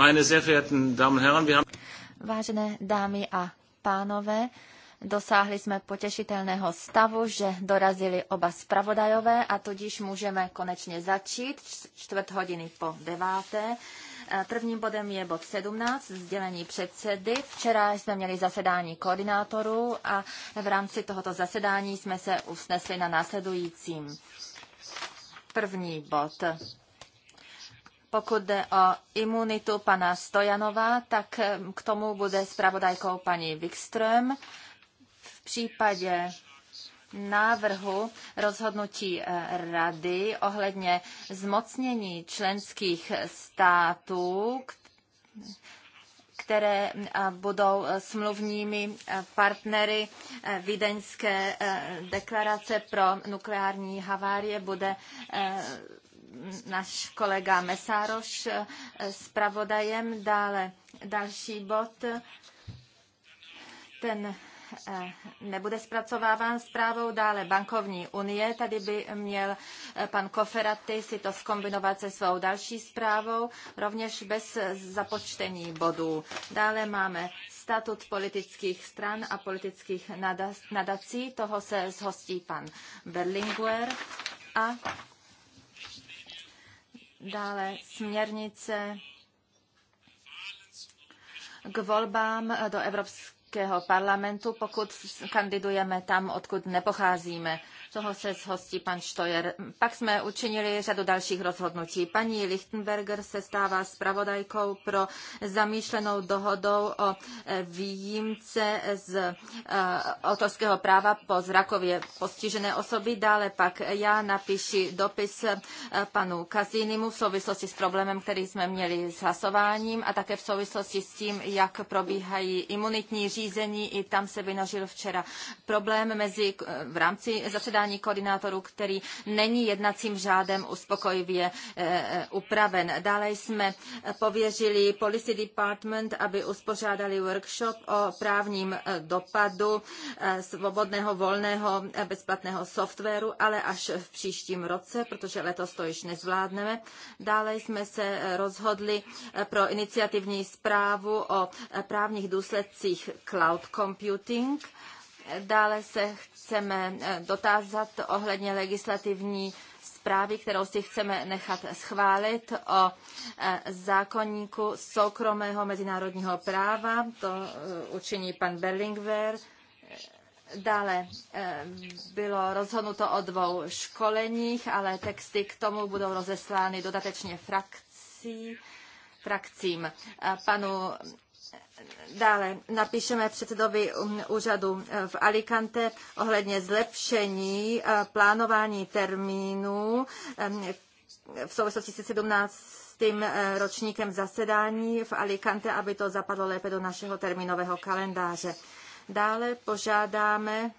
Meine sehr verehrten Damen und Herren, wir haben... Vážené dámy a pánové, dosáhli jsme potěšitelného stavu, že dorazili oba zpravodajové a tudíž můžeme konečně začít čtvrt hodiny po deváté. E, prvním bodem je bod 17, sdělení předsedy. Včera jsme měli zasedání koordinátorů a v rámci tohoto zasedání jsme se usnesli na následujícím. První bod pokud jde o imunitu pana Stojanova, tak eh, k tomu bude zpravodajkou paní Wikström. V případě návrhu rozhodnutí eh, Rady ohledně zmocnění členských států, které eh, budou smluvními partnery Vídeňské deklarace pro nukleární havárie, bude náš kolega Mesároš s eh, pravodajem. Dále další bod, ten eh, nebude zpracováván zprávou dále bankovní unie. Tady by měl eh, pan Koferaty si to skombinovat se svou další zprávou, rovněž bez započtení bodů. Dále máme statut politických stran a politických nadací. Toho se zhostí pan Berlinguer. A dále směrnice k volbám do Evropského parlamentu, pokud kandidujeme tam, odkud nepocházíme toho se zhostí pan Štojer. Pak jsme učinili řadu dalších rozhodnutí. Paní Lichtenberger se stává zpravodajkou pro zamýšlenou dohodou o e, výjimce z e, autorského práva po zrakově postižené osoby. Dále pak já napíši dopis e, panu Kazinimu v souvislosti s problémem, který jsme měli s hlasováním a také v souvislosti s tím, jak probíhají imunitní řízení. I tam se vynožil včera problém mezi v rámci zasedání zasedání koordinátorů, který není jednacím řádem uspokojivě eh, eh, upraven. Dále jsme pověřili Policy Department, aby uspořádali workshop o právním eh, dopadu svobodného, volného, bezplatného softwaru, ale až v příštím roce, protože letos to již nezvládneme. Dále jsme se rozhodli pro iniciativní zprávu o právních důsledcích cloud computing. Dále se chceme eh, dotázat ohledně legislativní zprávy, kterou si chceme nechat schválit o eh, zákonníku soukromého mezinárodního práva. To eh, učiní pan Berlingwer. Dále bylo rozhodnuto o dvou školeních, ale texty k tomu budou rozeslány dodatečně frakcí, frakcím. Panu Dále napíšeme předsedovi úřadu v Alicante ohledně zlepšení eh, plánování termínů eh, v souvislosti se 17 eh, ročníkem zasedání v Alicante, aby to zapadlo lépe do našeho termínového kalendáře. Dále požádáme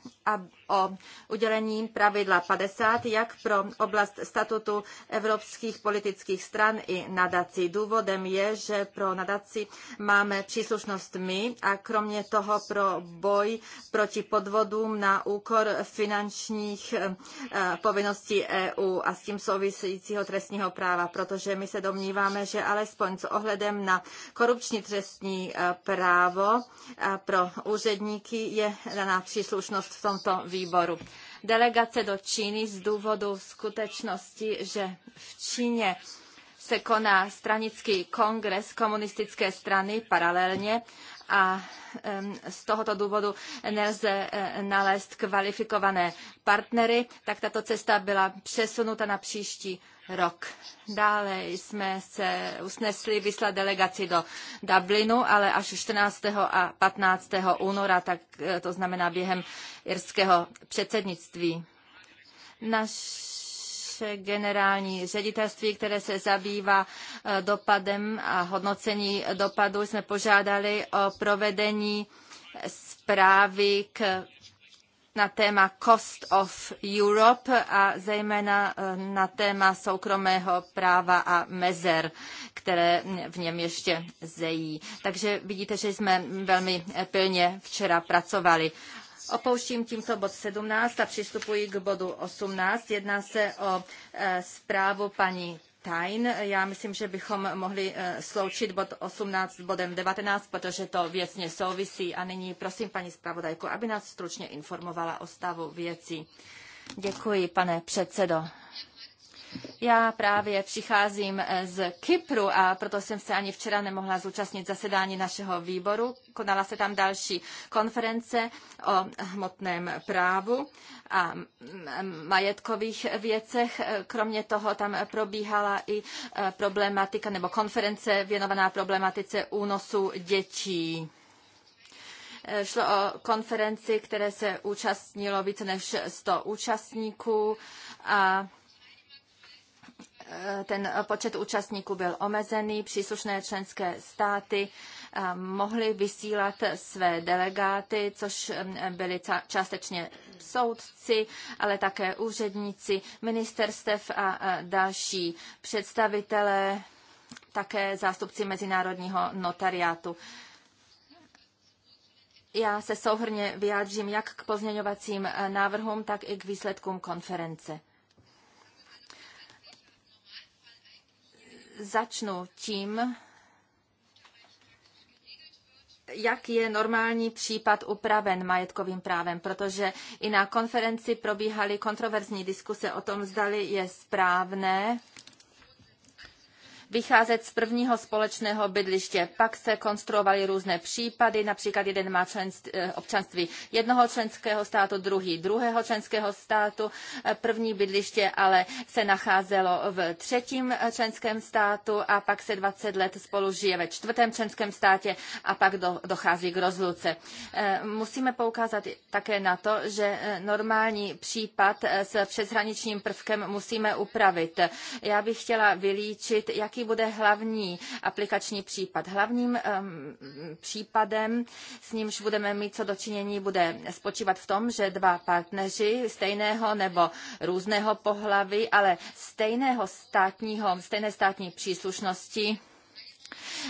o udělení pravidla 50, jak pro oblast statutu evropských politických stran i nadací. Důvodem je, že pro nadaci máme příslušnost my a kromě toho pro boj proti podvodům na úkor finančních eh, povinností EU a s tím souvisejícího trestního práva, protože my se domníváme, že alespoň s ohledem na korupční trestní eh, právo eh, pro úředníky podniky je daná příslušnost v tomto výboru. Delegace do Číny z důvodu skutečnosti, že v Číně se koná stranický kongres komunistické strany paralelně a z tohoto důvodu nelze e, nalézt kvalifikované partnery, tak tato cesta byla přesunuta na příští rok. Dále jsme se usnesli vyslat delegaci do Dublinu, ale až 14. a 15. února, tak eh, to znamená během irského předsednictví. Naš naše generální ředitelství, které se zabývá eh, dopadem a hodnocení dopadu, jsme požádali o provedení zprávy k na téma Cost of Europe a zejména eh, na téma soukromého práva a mezer, které v něm ještě zejí. Takže vidíte, že jsme velmi pilně včera pracovali. Opouštím tímto bod 17 a přistupuji k bodu 18. Jedná se o eh, zprávu paní tajn. Já myslím, že bychom mohli eh, sloučit bod 18 s bodem 19, protože to věcně souvisí. A nyní prosím paní zpravodajku, aby nás stručně informovala o stavu věcí. Děkuji, pane předsedo. Já právě přicházím eh, z Kypru a proto jsem se ani včera nemohla zúčastnit zasedání našeho výboru. Konala se tam další konference o hmotném právu a mm, mm, majetkových věcech. Eh, kromě toho tam probíhala i eh, problematika nebo konference věnovaná problematice únosu dětí. Šlo o konferenci, které se účastnilo více než 100 účastníků a Eh, ten počet účastníků byl omezený, příslušné členské státy eh, mohly vysílat své delegáty, což eh, byli částečně soudci, ale také úředníci ministerstev a další představitelé, také zástupci mezinárodního notariátu. Já se souhrně vyjádřím jak k pozměňovacím návrhům, tak i k výsledkům konference. Začnu tím, jak je normální případ upraven majetkovým právem, protože i na konferenci probíhaly kontroverzní diskuse o tom, zdali je správné vycházet z prvního společného bydliště. Pak se konstruovaly různé případy, například jeden má členství, eh, občanství jednoho členského státu, druhý druhého členského státu, eh, první bydliště ale se nacházelo v třetím eh, členském státu a pak se 20 let spolu žije ve čtvrtém členském státě a pak do, dochází k rozluce. Musíme poukázat také na to, že normální případ s přeshraničním prvkem musíme upravit. Já bych chtěla vylíčit, jaký jaký bude hlavní aplikační případ. Hlavním um, případem, s nímž budeme mít co dočinění, bude spočívat v tom, že dva partneři stejného nebo různého pohlavy, ale stejného státního, stejné státní příslušnosti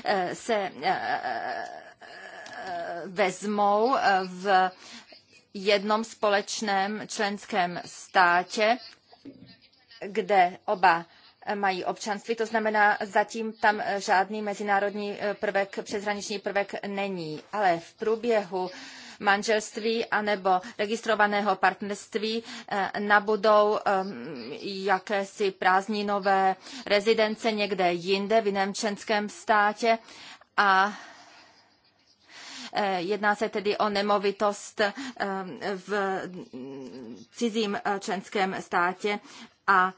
eh, se eh, eh, vezmou v jednom společném členském státě, kde oba Eh, mají občanství, to znamená, zatím tam eh, žádný mezinárodní eh, prvek, přeshraniční prvek není. Ale v průběhu manželství anebo registrovaného partnerství nabudou jakési prázdninové rezidence někde jinde, v jiném členském státě a Jedná se tedy o nemovitost v cizím členském státě a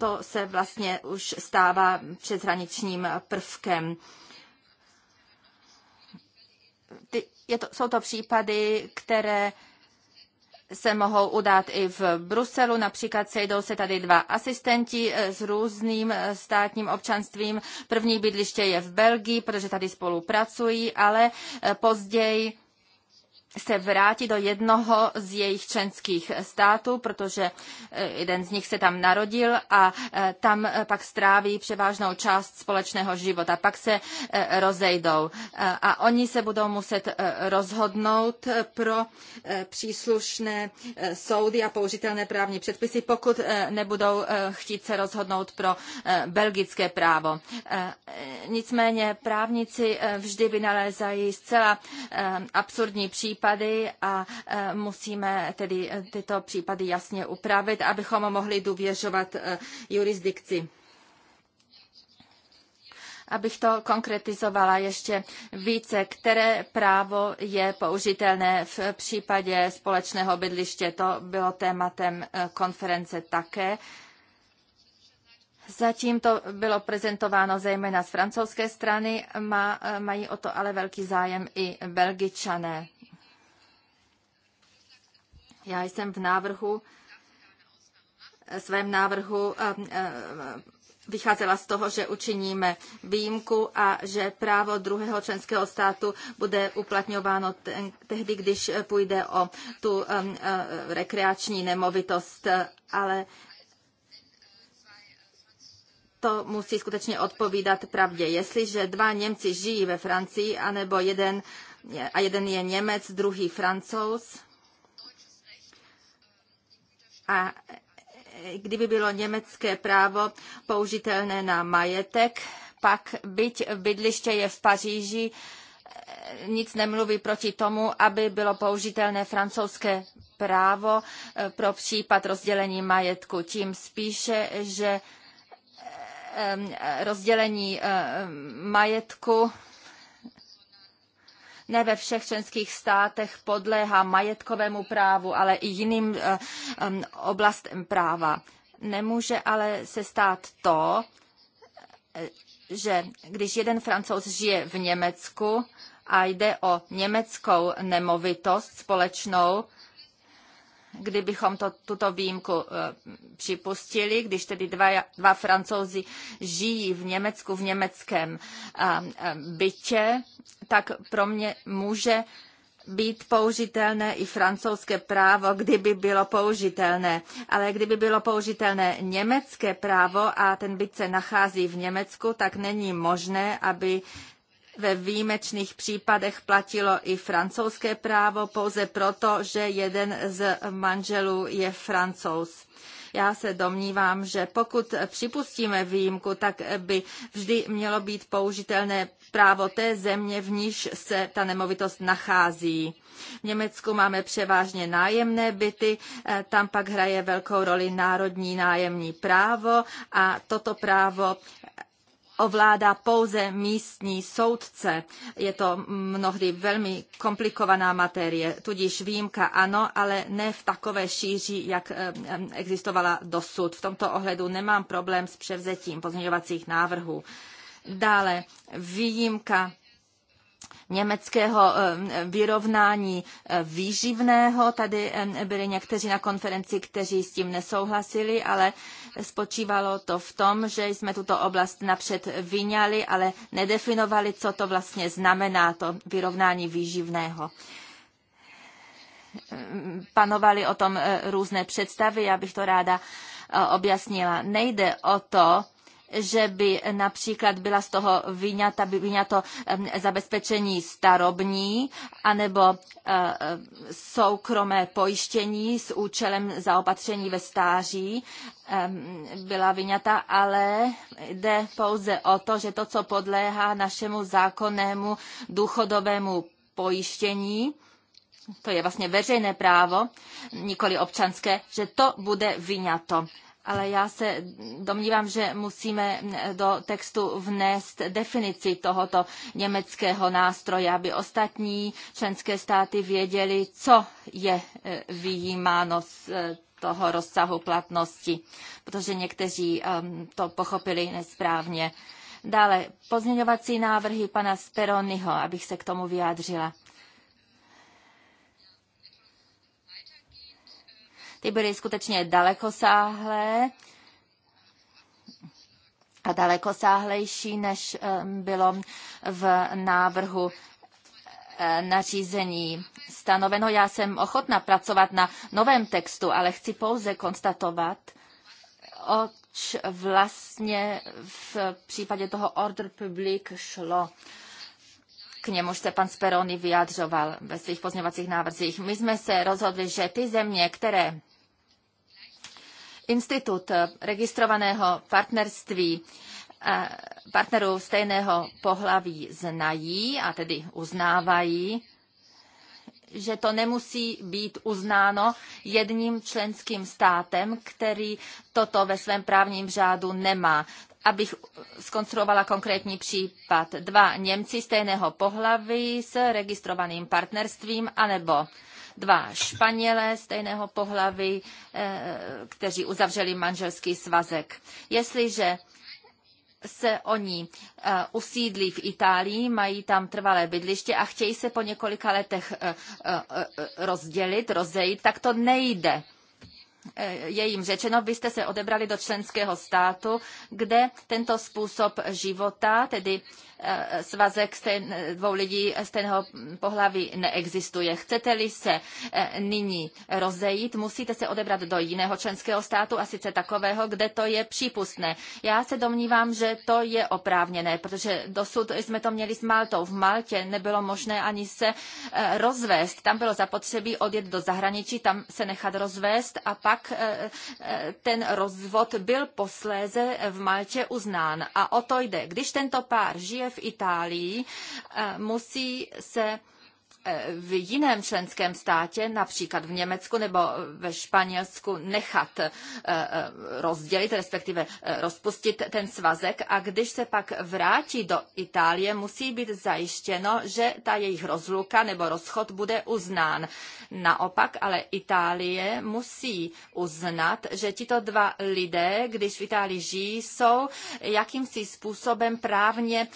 to se vlastně už stává přeshraničním prvkem. Ty, je to, jsou to případy, které se mohou udát i v Bruselu. Například sejdou se tady dva asistenti eh, s různým eh, státním občanstvím. První bydliště je v Belgii, protože tady spolupracují, ale eh, později se vrátí do jednoho z jejich členských států, protože eh, jeden z nich se tam narodil a eh, tam eh, pak stráví převážnou část společného života. Pak se rozejdou a oni se budou muset rozhodnout pro příslušné soudy a použitelné právní předpisy, pokud nebudou chtít se rozhodnout pro belgické právo. Nicméně právníci vždy vynalézají zcela absurdní případ, případy a e, musíme tedy e, tyto případy jasně upravit, abychom mohli důvěřovat e, jurisdikci. Abych to konkretizovala ještě více, které právo je použitelné v případě společného bydliště, to bylo tématem konference také. Zatím to bylo prezentováno zejména z francouzské strany, mají o to ale velký zájem i belgičané. Já jsem v návrhu, eh, svém návrhu eh, eh, vycházela z toho, že učiníme výjimku a že právo druhého členského státu bude uplatňováno tehdy, když půjde o tu rekreační nemovitost, ale to musí skutečně odpovídat pravdě. Jestliže dva Němci žijí ve Francii, anebo jeden a jeden je Němec, druhý Francouz, a kdyby bylo německé právo použitelné na majetek, pak byť bydliště je v Paříži, nic nemluví proti tomu, aby bylo použitelné francouzské právo eh, pro případ rozdělení majetku. Tím spíše, že eh, eh, rozdělení majetku ne ve všech členských státech podléhá majetkovému právu, ale i jiným eh, oblastem práva. Nemůže ale se stát to, eh, že když jeden francouz žije v Německu a jde o německou nemovitost společnou, kdybychom to, tuto výjimku eh, připustili, když tedy dva, dva francouzi žijí v Německu, v německém eh, eh, bytě, tak pro mě může být použitelné i francouzské právo, kdyby bylo použitelné. Ale kdyby bylo použitelné německé právo a ten byt se nachází v Německu, tak není možné, aby ve výjimečných případech platilo i francouzské právo pouze proto, že jeden z manželů je francouz. Já se domnívám, že pokud připustíme výjimku, tak by vždy mělo být použitelné právo té země, v níž se ta nemovitost nachází. V Německu máme převážně nájemné byty, eh, tam pak hraje velkou roli národní nájemní právo a toto právo ovládá pouze místní soudce. Je to mnohdy velmi komplikovaná materie, tudíž výjimka ano, ale ne v takové šíři, jak eh, existovala dosud. V tomto ohledu nemám problém s převzetím pozměňovacích návrhů. Dále výjimka německého vyrovnání e, výživného. Tady byli někteří na konferenci, kteří s tím nesouhlasili, ale spočívalo to v tom, že jsme tuto oblast napřed vyňali, ale nedefinovali, co to vlastně znamená, to vyrovnání výživného panovaly o tom e, různé představy, já bych to ráda e, objasnila. Nejde o to, že by například byla z toho vyňata, by vyňato zabezpečení starobní anebo eh, soukromé pojištění s účelem zaopatření ve stáří byla vyňata, ale jde pouze o to, že to, co podléhá našemu zákonnému důchodovému pojištění, to je vlastně veřejné právo, nikoli občanské, že to bude vyňato ale já se domnívám, že musíme do textu vnést definici tohoto německého nástroje, aby ostatní členské státy věděli, co je e, vyjímáno z e, toho rozsahu platnosti, protože někteří to pochopili nesprávně. Dále pozměňovací návrhy pana Speronyho, abych se k tomu vyjádřila. Ty byly skutečně dalekosáhlé a dalekosáhlejší, než bylo v návrhu e, nařízení stanoveno. Já jsem ochotna pracovat na novém textu, ale chci pouze konstatovat, oč vlastně v případě toho order public šlo. K němuž se pan Speroni vyjadřoval ve svých pozměňovacích návrzích. My jsme se rozhodli, že ty země, které institut eh, registrovaného partnerství eh, partnerů stejného pohlaví znají a tedy uznávají, že to nemusí být uznáno jedním členským státem, který toto ve svém právním řádu nemá. Abych skonstruovala konkrétní případ. Dva Němci stejného pohlaví s registrovaným partnerstvím, anebo dva Španělé stejného pohlavy, eh, kteří uzavřeli manželský svazek. Jestliže se oni eh, usídlí v Itálii, mají tam trvalé bydliště a chtějí se po několika letech eh, rozdělit, rozejít, tak to nejde Eh, je jim řečeno, vy jste se odebrali do členského státu, kde tento způsob života, tedy eh, svazek stejn, dvou lidí stejného pohlaví neexistuje. Chcete-li se eh, nyní rozejít, musíte se odebrat do jiného členského státu a sice takového, kde to je přípustné. Já se domnívám, že to je oprávněné, protože dosud jsme to měli s Maltou. V Maltě nebylo možné ani se rozvést. Tam bylo zapotřebí odjet do zahraničí, tam se nechat rozvést a pak pak eh, eh, ten rozvod byl posléze v Maltě uznán. A o to jde. Když tento pár žije v Itálii, eh, musí se Eh, v jiném členském státě, například v Německu nebo ve Španělsku, nechat eh, eh, rozdělit, respektive rozpustit ten svazek a když se pak vrátí do Itálie, musí být zajištěno, že ta jejich rozluka nebo rozchod bude uznán. Naopak ale Itálie musí uznat, že tito dva lidé, když v Itálii žijí, jsou jakýmsi způsobem právně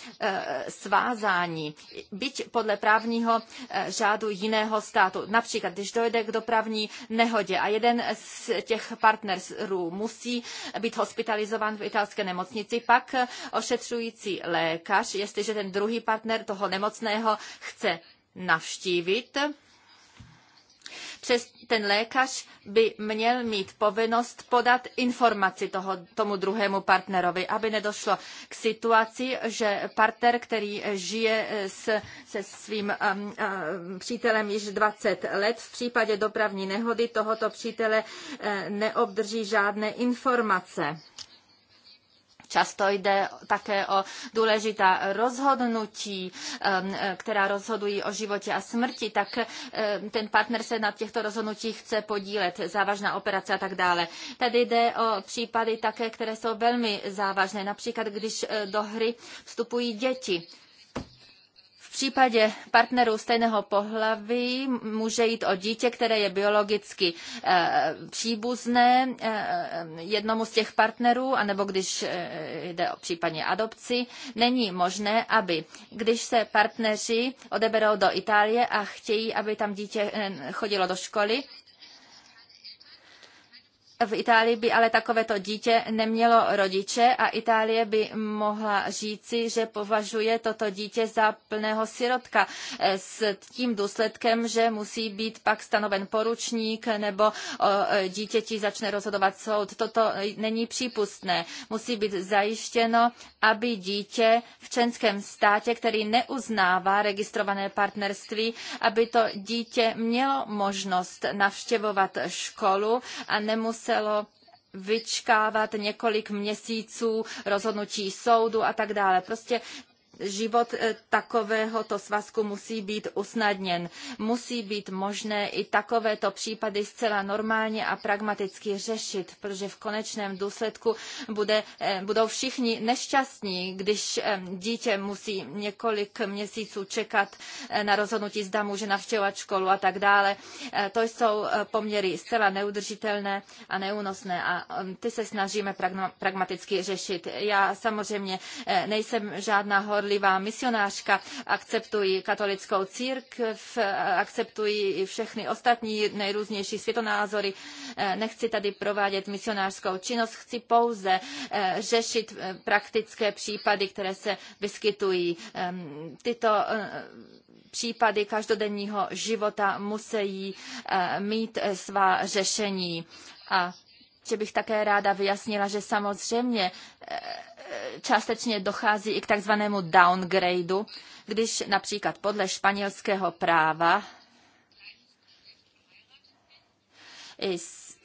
svázáni. Byť podle právního Eh, řádu jiného státu. Například, když dojde k dopravní nehodě a jeden z těch partnerů musí být hospitalizován v italské nemocnici, pak eh, ošetřující lékař, jestliže ten druhý partner toho nemocného chce navštívit, přes ten lékař by měl mít povinnost podat informaci toho, tomu druhému partnerovi, aby nedošlo k situaci, že partner, který žije s, se svým um, um, přítelem již 20 let, v případě dopravní nehody tohoto přítele uh, neobdrží žádné informace. Často jde také o důležitá rozhodnutí, eh, která rozhodují o životě a smrti, tak eh, ten partner se na těchto rozhodnutích chce podílet, závažná operace a tak dále. Tady jde o případy také, které jsou velmi závažné, například když eh, do hry vstupují děti případě partnerů stejného pohlaví může jít o dítě, které je biologicky eh, příbuzné eh, jednomu z těch partnerů, anebo když eh, jde o případně adopci, není možné, aby když se partneři odeberou do Itálie a chtějí, aby tam dítě chodilo do školy, v Itálii by ale takovéto dítě nemělo rodiče a Itálie by mohla říci, že považuje toto dítě za plného sirotka eh, s tím důsledkem, že musí být pak stanoven poručník nebo o eh, dítěti začne rozhodovat soud. Toto není přípustné. Musí být zajištěno, aby dítě v členském státě, který neuznává registrované partnerství, aby to dítě mělo možnost navštěvovat školu a nemusí muselo vyčkávat několik měsíců rozhodnutí soudu a tak dále. Prostě život eh, takovéhoto svazku musí být usnadněn. Musí být možné i takovéto případy zcela normálně a pragmaticky řešit, protože v konečném důsledku bude, eh, budou všichni nešťastní, když eh, dítě musí několik měsíců čekat na rozhodnutí, zda může navštěvovat školu a tak dále. To jsou poměry zcela neudržitelné a neúnosné a ty se snažíme pragmaticky řešit. Já samozřejmě nejsem žádná hor horlivá misionářka. Akceptuji katolickou církev, akceptuji i všechny ostatní nejrůznější světonázory. Eh, nechci tady provádět misionářskou činnost, chci pouze eh, řešit eh, praktické případy, které se vyskytují. Ehm, tyto případy každodenního života musí mít svá řešení. A že bych také ráda vyjasnila, že samozřejmě částečně dochází i k takzvanému downgradu, když například podle španělského práva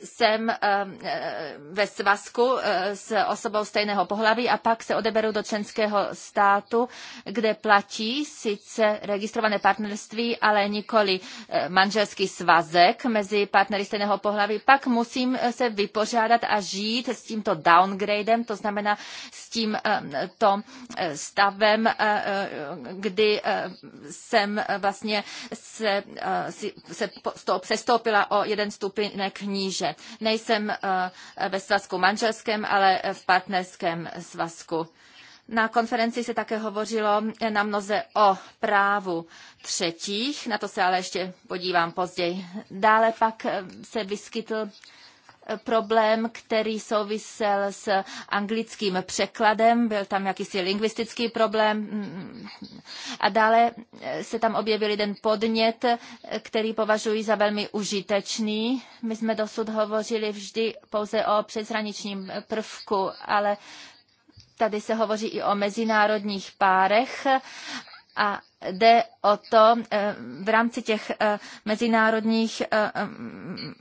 jsem eh, eh, ve svazku eh, s osobou stejného pohlaví a pak se odeberu do členského státu, kde platí sice registrované partnerství, ale nikoli manželský svazek mezi partnery stejného pohlaví, pak musím se vypořádat a žít s tímto downgradem, to znamená s tím to stavem, kdy jsem vlastně se, se, se, se stoupila o jeden stupinek níže. Nejsem eh, ve svazku manželském, ale v partnerském svazku. Na konferenci se také hovořilo na mnoze o právu třetích, na to se ale ještě podívám později. Dále pak eh, se vyskytl problém, který souvisel s anglickým překladem, byl tam jakýsi lingvistický problém a dále se tam objevil jeden podnět, který považuji za velmi užitečný. My jsme dosud hovořili vždy pouze o přeshraničním prvku, ale tady se hovoří i o mezinárodních párech a jde o to eh, v rámci těch eh, mezinárodních eh,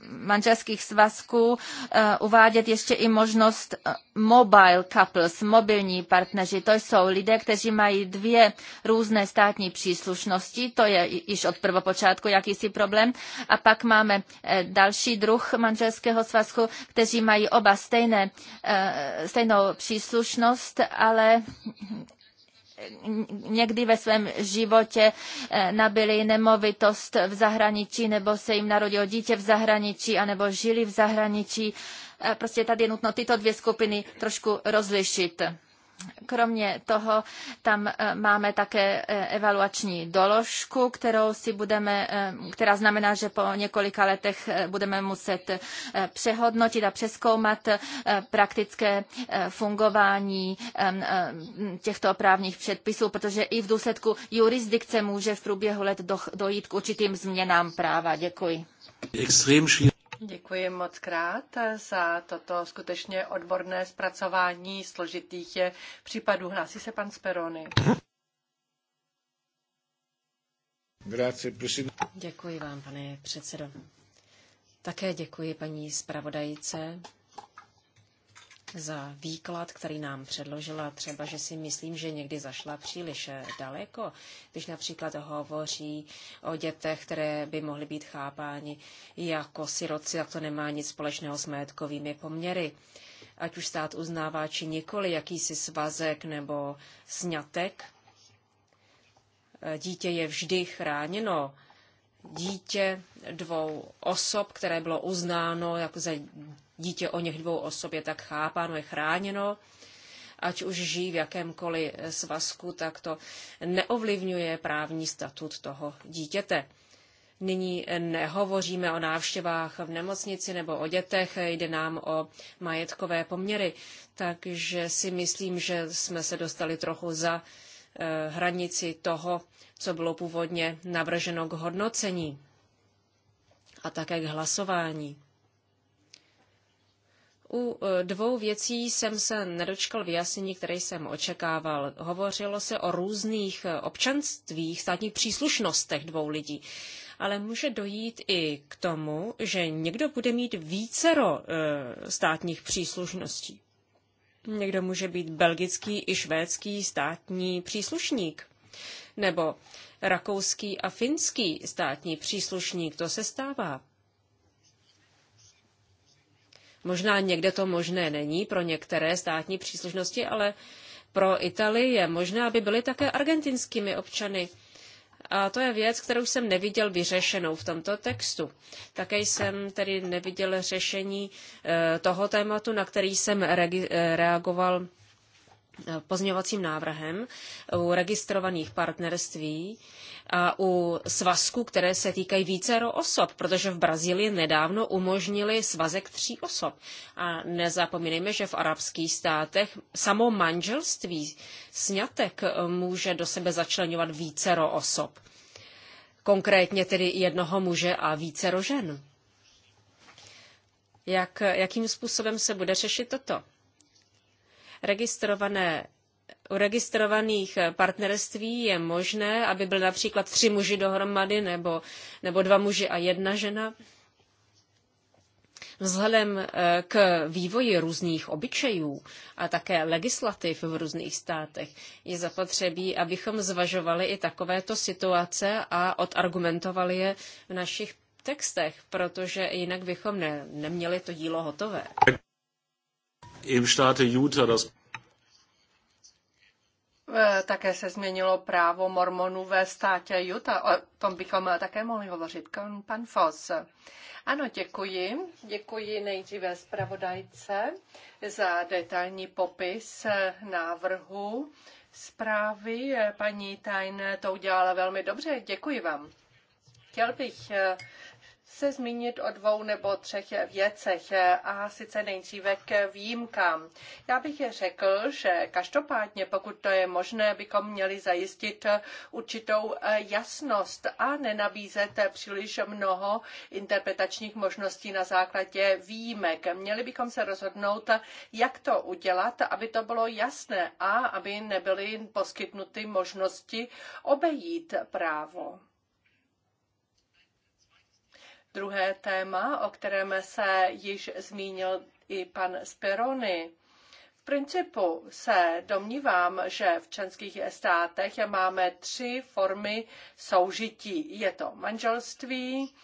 manželských svazků uvádět ještě i možnost mobile couples, mobilní partneři. To jsou lidé, kteří mají dvě různé státní příslušnosti, to je již od prvopočátku jakýsi problém. A pak máme další druh manželského svazku, kteří mají oba stejné, stejnou příslušnost, ale někdy ve svém životě eh, nabili nemovitost v zahraničí, nebo se jim narodilo dítě v zahraničí, anebo žili v zahraničí. Eh, prostě tady je nutno tyto dvě skupiny trošku rozlišit. Kromě toho tam eh, máme také eh, evaluační doložku, kterou si budeme, eh, která znamená, že po několika letech budeme muset přehodnotit a přeskoumat praktické fungování těchto právních předpisů, protože i v důsledku jurisdikce může v průběhu let dojít k určitým změnám práva. Děkuji. Extrém Děkuji moc krát za toto skutečně odborné zpracování složitých případů. Hlásí se pan Speroni. Děkuji vám, pane předsedo. Také děkuji paní zpravodajce za výklad, který nám předložila, třeba, že si myslím, že někdy zašla příliš eh, daleko, když například hovoří o dětech, které by mohly být chápáni jako siroci, tak to nemá nic společného s majetkovými poměry. Ať už stát uznává či nikoli jakýsi svazek nebo sňatek, eh, dítě je vždy chráněno dítě dvou osob, které bylo uznáno jako za dítě o něch dvou osob, je tak chápáno, je chráněno. Ať už žijí v jakémkoliv svazku, tak to neovlivňuje právní statut toho dítěte. Nyní nehovoříme o návštěvách v nemocnici nebo o dětech, jde nám o majetkové poměry, takže si myslím, že jsme se dostali trochu za eh, hranici toho, co bylo původně navrženo k hodnocení a také k hlasování. U e, dvou věcí jsem se nedočkal vyjasnění, které jsem očekával. Hovořilo se o různých e, občanstvích, státních příslušnostech dvou lidí. Ale může dojít i k tomu, že někdo bude mít vícero e, státních příslušností. Někdo může být belgický i švédský státní příslušník nebo rakouský a finský státní příslušník. To se stává. Možná někde to možné není pro některé státní příslušnosti, ale pro Italii je možné, aby byly také argentinskými občany. A to je věc, kterou jsem neviděl vyřešenou v tomto textu. Také jsem tedy neviděl řešení eh, toho tématu, na který jsem eh, reagoval pozměňovacím návrhem u registrovaných partnerství a u svazků, které se týkají vícero osob, protože v Brazílii nedávno umožnili svazek tří osob. A nezapomínejme, že v arabských státech samo manželství sňatek může do sebe začlenovat vícero osob. Konkrétně tedy jednoho muže a vícero žen. Jak, jakým způsobem se bude řešit toto? registrované u registrovaných partnerství je možné, aby byly například tři muži dohromady nebo, nebo dva muži a jedna žena. Vzhledem eh, k vývoji různých obyčejů a také legislativ v různých státech je zapotřebí, abychom zvažovali i takovéto situace a odargumentovali je v našich textech, protože jinak bychom ne, neměli to dílo hotové im Utah das eh, také se změnilo právo mormonů ve státě Utah. O tom bychom eh, také mohli hovořit. Pan Foss. Ano, děkuji. Děkuji nejdříve zpravodajce za detailní popis eh, návrhu zprávy. Paní Tajn to udělala velmi dobře. Děkuji vám. Chtěl bych se zmínit o dvou nebo třech věcech a sice nejdříve k výjimkám. Já bych je řekl, že každopádně, pokud to je možné, bychom měli zajistit určitou jasnost a nenabízet příliš mnoho interpretačních možností na základě výjimek. Měli bychom se rozhodnout, jak to udělat, aby to bylo jasné a aby nebyly poskytnuty možnosti obejít právo. Druhé téma, o kterém se již zmínil i pan Speroni, principu se domnívám, že v členských státech máme tři formy soužití. Je to manželství,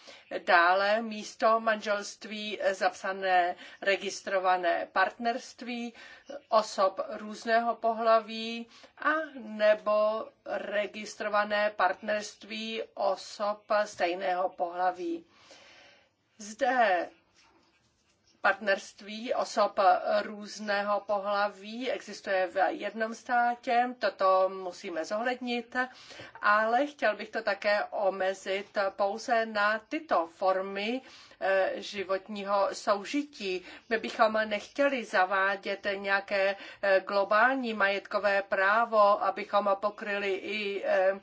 dále místo manželství zapsané registrované partnerství osob různého pohlaví a nebo registrované partnerství osob stejného pohlaví zde partnerství osob různého pohlaví existuje v jednom státě, toto musíme zohlednit, ale chtěl bych to také omezit pouze na tyto formy eh, životního soužití. My bychom nechtěli zavádět nějaké eh, globální majetkové právo, abychom pokryli i eh,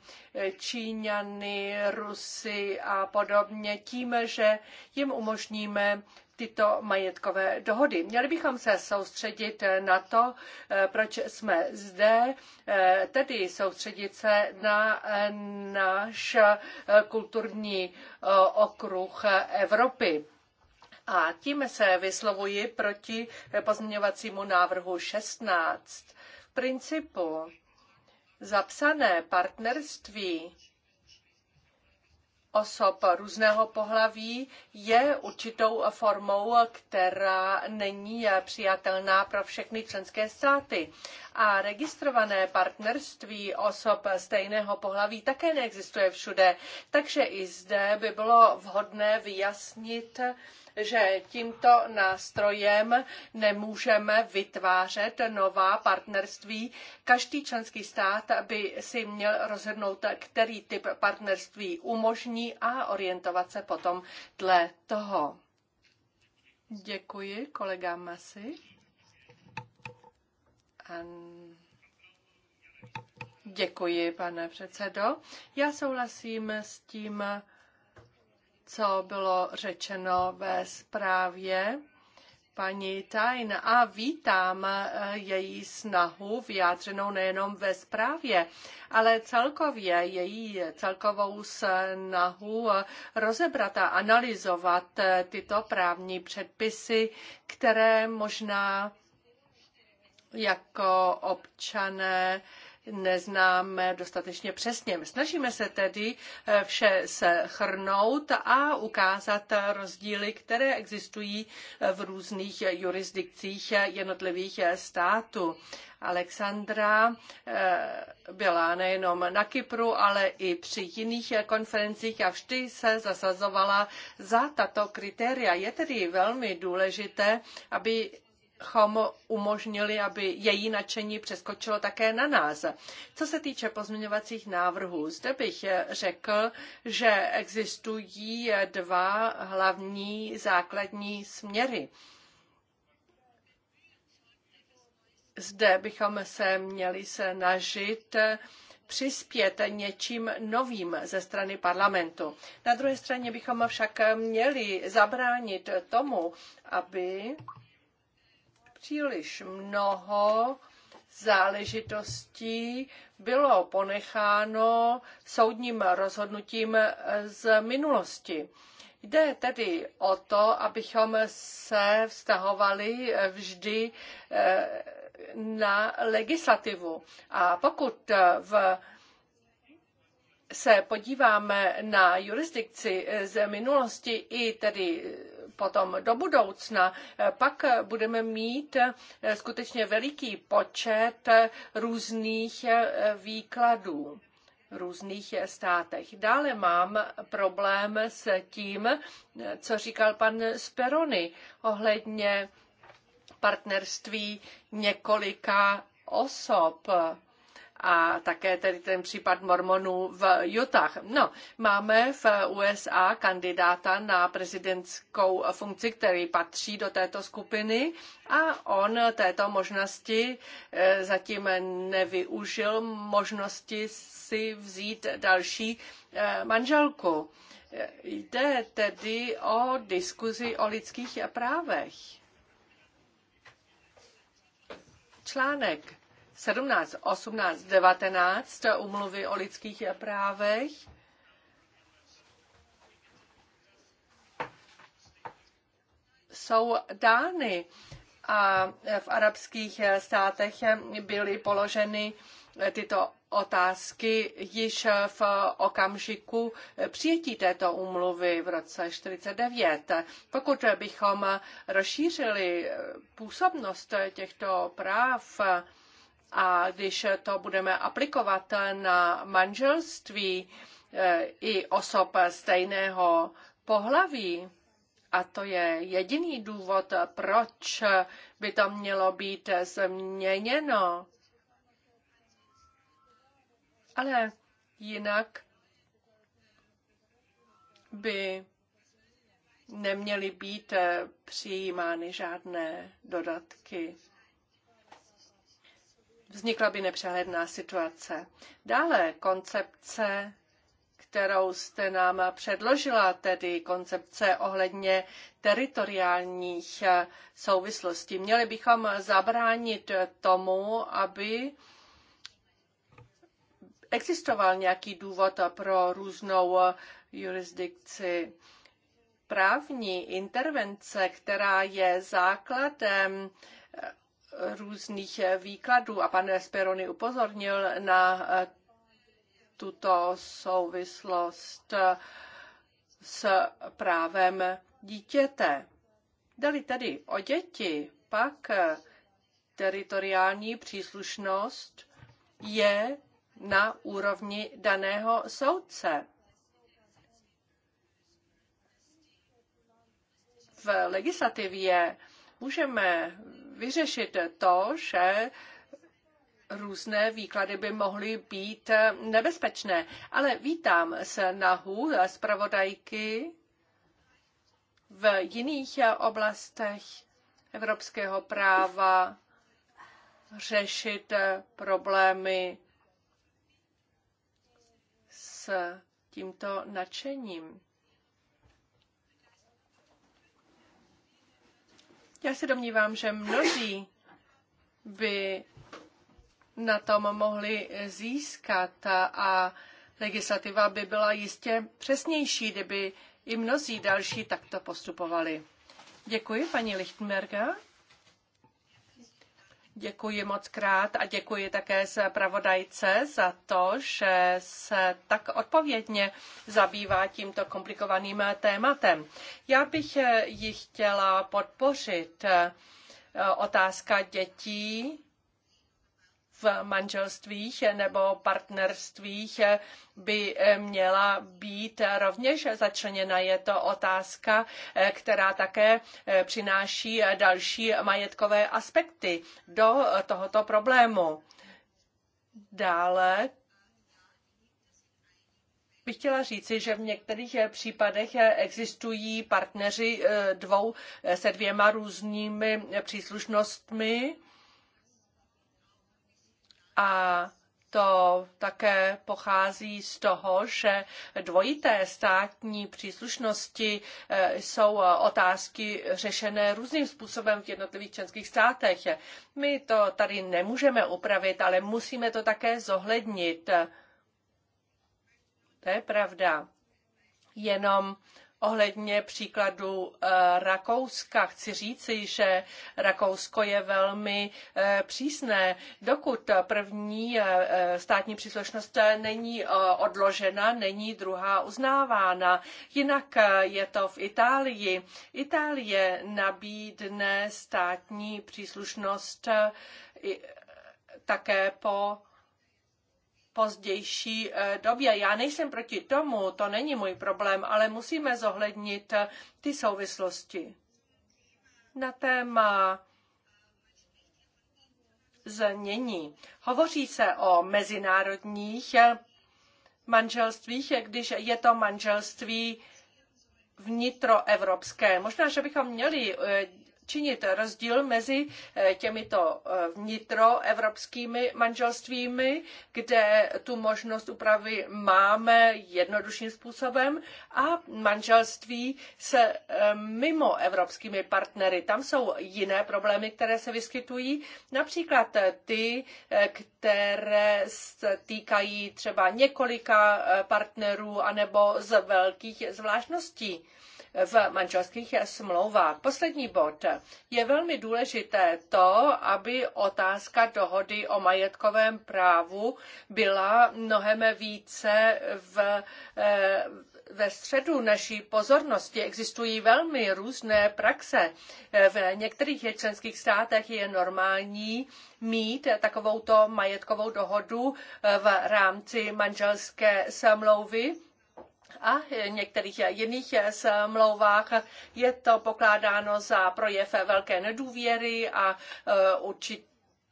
Číňany, Rusy a podobně tím, že jim umožníme tyto majetkové dohody. Měli bychom se soustředit na to, eh, proč jsme zde, eh, tedy soustředit se na eh, náš kulturní okruh Evropy. A tím se vyslovuji proti pozměňovacímu návrhu 16. V principu zapsané partnerství osob různého pohlaví je určitou formou, která není přijatelná pro všechny členské státy. A registrované partnerství osob stejného pohlaví také neexistuje všude, takže i zde by bylo vhodné vyjasnit, že tímto nástrojem nemůžeme vytvářet nová partnerství. Každý členský stát by si měl rozhodnout, který typ partnerství umožní a orientovat se potom dle toho. Děkuji, kolega Masy. An... Děkuji, pane předsedo. Já souhlasím s tím, co bylo řečeno ve zprávě paní Tajn a vítám eh, její snahu vyjádřenou nejenom ve zprávě, ale celkově její celkovou snahu eh, rozebrat a analyzovat eh, tyto právní předpisy, které možná jako občané neznáme dostatečně přesně. Snažíme se tedy eh, vše shrnout a ukázat rozdíly, které existují eh, v různých jurisdikcích eh, jednotlivých států. Alexandra byla nejenom na Kypru, ale i při jiných konferencích a vždy se zasazovala za tato kritéria. Je tedy velmi důležité, aby abychom umožnili, aby její nadšení přeskočilo také na nás. Co se týče pozměňovacích návrhů, zde bych řekl, že existují dva hlavní základní směry. Zde bychom se měli snažit přispět něčím novým ze strany parlamentu. Na druhé straně bychom však měli zabránit tomu, aby příliš mnoho záležitostí bylo ponecháno soudním rozhodnutím z minulosti. Jde tedy o to, abychom se vztahovali vždy eh, na legislativu. A pokud eh, v se podíváme na jurisdikci eh, z minulosti i tedy potom do budoucna, eh, pak budeme mít eh, skutečně veliký počet eh, různých výkladů různých státech. Dále mám problém s tím, co říkal pan Sperony ohledně partnerství několika osob a také tedy ten případ mormonů v Jutách. No, máme v USA kandidáta na prezidentskou funkci, který patří do této skupiny a on této možnosti eh, zatím nevyužil možnosti si vzít další eh, manželku. Eh, jde tedy o diskuzi o lidských právech. Článek 17, 18, 19 umluvy o lidských právech. jsou dány a v arabských státech byly položeny tyto otázky již v okamžiku přijetí této úmluvy v roce 49. Pokud bychom rozšířili působnost těchto práv, a když to budeme aplikovat na manželství eh, i osob stejného pohlaví, a to je jediný důvod, proč by to mělo být změněno. Ale jinak by neměly být přijímány žádné dodatky vznikla by nepřehledná situace. Dále koncepce kterou jste nám předložila, tedy koncepce ohledně teritoriálních eh, souvislostí. Měli bychom zabránit tomu, aby existoval nějaký důvod pro různou eh, jurisdikci. Právní intervence, která je základem eh, různých výkladů a pan Speroni upozornil na eh, tuto souvislost eh, s právem dítěte. Dali tedy o děti, pak eh, teritoriální příslušnost je na úrovni daného soudce. V legislativě můžeme vyřešit to, že různé výklady by mohly být nebezpečné. Ale vítám snahu zpravodajky v jiných oblastech evropského práva řešit problémy s tímto nadšením. Já se domnívám, že mnozí by na tom mohli získat a legislativa by byla jistě přesnější, kdyby i mnozí další takto postupovali. Děkuji, paní Lichtenberger. Děkuji moc krát a děkuji také zpravodajce za to, že se tak odpovědně zabývá tímto komplikovaným tématem. Já bych ji chtěla podpořit. Otázka dětí v manželstvích nebo partnerstvích by měla být rovněž začleněna. Je to otázka, která také přináší další majetkové aspekty do tohoto problému. Dále bych chtěla říci, že v některých případech existují partneři dvou se dvěma různými příslušnostmi a to také pochází z toho, že dvojité státní příslušnosti eh, jsou eh, otázky řešené různým způsobem v jednotlivých členských státech. My to tady nemůžeme upravit, ale musíme to také zohlednit. To je pravda. Jenom Ohledně příkladu eh, Rakouska chci říci, že Rakousko je velmi eh, přísné. Dokud první eh, státní příslušnost není odložena, není druhá uznávána. Jinak je to v Itálii. Itálie nabídne státní příslušnost také po pozdější eh, době. Já nejsem proti tomu, to není můj problém, ale musíme zohlednit eh, ty souvislosti. Na téma znění. Hovoří se o mezinárodních eh, manželstvích, když je to manželství vnitroevropské. Možná, že bychom měli činit rozdíl mezi eh, těmito eh, vnitroevropskými manželstvími, kde tu možnost úpravy máme jednodušším způsobem, a manželství se eh, mimo evropskými partnery. Tam jsou jiné problémy, které se vyskytují, například ty, které se týkají třeba několika partnerů anebo z velkých zvláštností v manželských smlouvách. Poslední bod. Je velmi důležité to, aby otázka dohody o majetkovém právu byla mnohem více v eh, ve středu naší pozornosti existují velmi různé praxe. Eh, v některých členských státech je normální mít takovouto majetkovou dohodu eh, v rámci manželské smlouvy a některých jiných smlouvách je to pokládáno za projev velké nedůvěry a e, určitě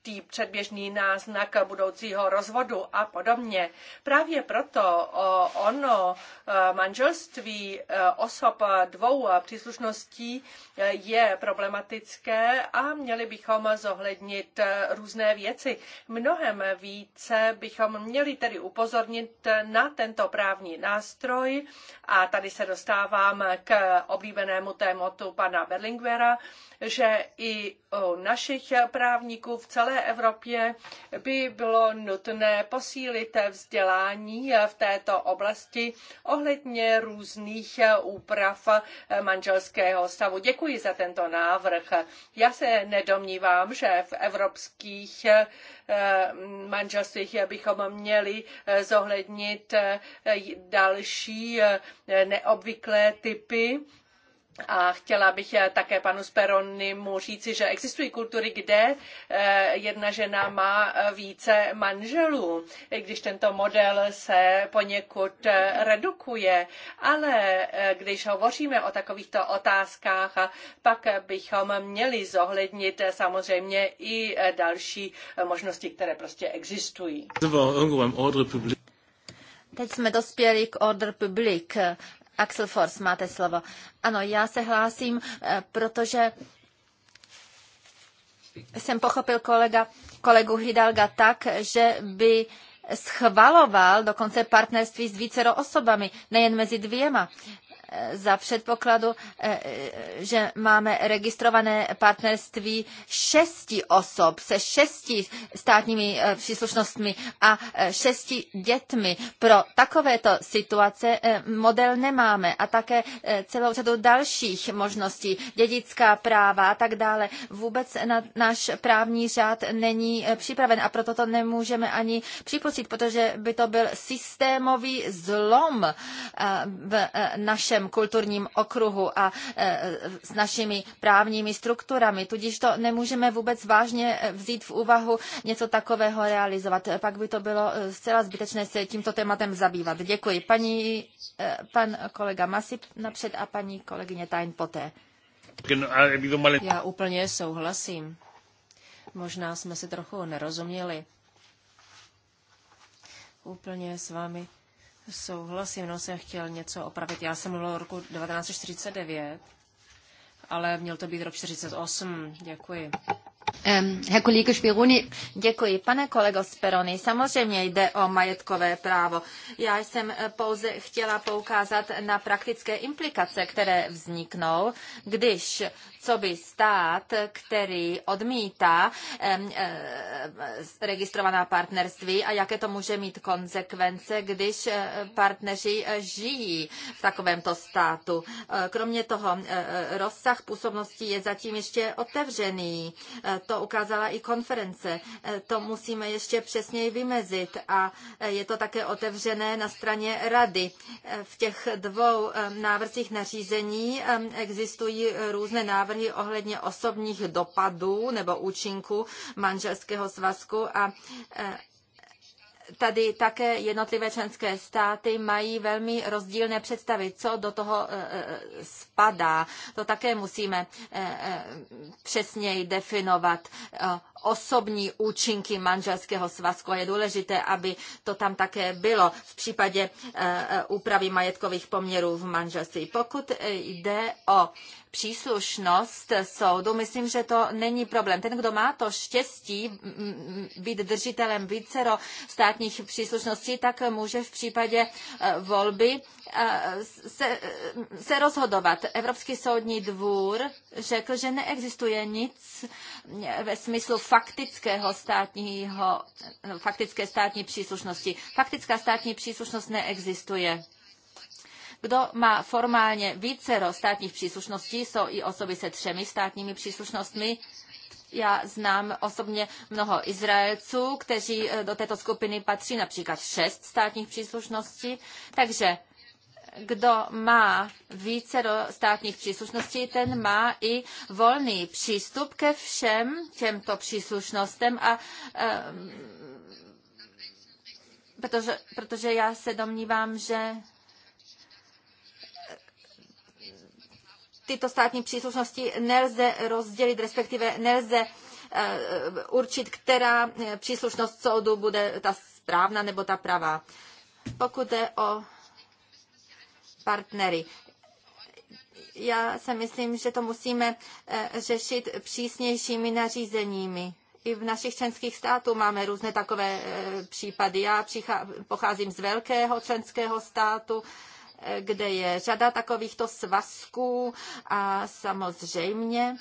určitý předběžný náznak budoucího rozvodu a podobně. Právě proto ono e, manželství e, osob dvou příslušností e, je problematické a měli bychom zohlednit různé věci. Mnohem více bychom měli tedy upozornit na tento právní nástroj a tady se dostávám k oblíbenému tématu pana Berlinguera, že i u našich právníků v celé Evropě by bylo nutné posílit vzdělání v této oblasti ohledně různých úprav manželského stavu. Děkuji za tento návrh. Já se nedomnívám, že v evropských eh, manželstvích bychom měli zohlednit další eh, neobvyklé typy a chtěla bych eh, také panu Speronimu říci, že existují kultury, kde eh, jedna žena má eh, více manželů, i když tento model se poněkud redukuje. Ale když hovoříme o takovýchto otázkách, pak bychom měli zohlednit samozřejmě i další možnosti, které prostě existují. Teď jsme dospěli k order public. Axel Force, máte slovo. Ano, já se hlásím, eh, protože jsem pochopil kolega, kolegu Hidalga tak, že by schvaloval dokonce partnerství s vícero osobami, nejen mezi dvěma za předpokladu, e, e, že máme registrované partnerství šesti osob se šesti státními e, příslušnostmi a šesti dětmi. Pro takovéto situace model nemáme a také celou řadu dalších možností, dědická práva a tak dále. Vůbec na náš právní řád není připraven a proto to nemůžeme ani připustit, protože by to byl systémový zlom v našem našem kulturním okruhu a e, s našimi právními strukturami, tudíž to nemůžeme vůbec vážně e, vzít v úvahu něco takového realizovat. Pak by to bylo e, zcela zbytečné se tímto tématem zabývat. Děkuji. Paní, pan kolega Masip napřed a paní kolegyně Tajn poté. Já úplně souhlasím. Možná jsme si trochu nerozuměli. Úplně s vámi Souhlasím, no jsem chtěl něco opravit. Já jsem mluvil o roku 1949, ale měl to být rok 48. Děkuji. Herr Kollege Speroni. Děkuji, pane kolego Speroni. Samozřejmě jde o majetkové právo. Já jsem eh, pouze chtěla poukázat na praktické implikace, které vzniknou, když co by stát, který odmítá eh, registrovaná partnerství a jaké to může mít konsekvence, když eh, partneři eh, žijí v takovémto státu. Kromě toho rozsah působnosti je zatím ještě otevřený. To ukázala i konference. To musíme ještě přesněji vymezit a je to také otevřené na straně rady. V těch dvou návrzích nařízení existují různé návrhy návrhy ohledně osobních dopadů nebo účinků manželského svazku a e, tady také jednotlivé členské státy mají velmi rozdílné představy, co do toho e, e, spadá. To také musíme přesněji definovat osobní účinky manželského svazku a je důležité, aby to tam také bylo v případě eh, eh, úpravy majetkových poměrů v manželství. Pokud jde o příslušnost soudu, myslím, že to není problém. Ten, kdo má to štěstí být držitelem vícero státních příslušností, tak může v případě eh, volby se, se rozhodovat. Evropský soudní dvůr řekl, že neexistuje nic ve smyslu faktického státního, faktické státní příslušnosti. Faktická státní příslušnost neexistuje. Kdo má formálně vícero státních příslušností, jsou i osoby se třemi státními příslušnostmi. Já znám osobně mnoho Izraelců, kteří do této skupiny patří, například šest státních příslušností. Takže kdo má více do státních příslušností, ten má i volný přístup ke všem těmto příslušnostem a eh, protože, protože já se domnívám, že tyto státní příslušnosti nelze rozdělit, respektive nelze eh, určit, která příslušnost soudu bude ta správná nebo ta pravá. Pokud je o partnery. Já si myslím, že to musíme eh, řešit přísnějšími nařízeními i v našich členských států máme různé takové eh, případy. Já pocházím z velkého členského státu, eh, kde je řada takovýchto svazků a samozřejmě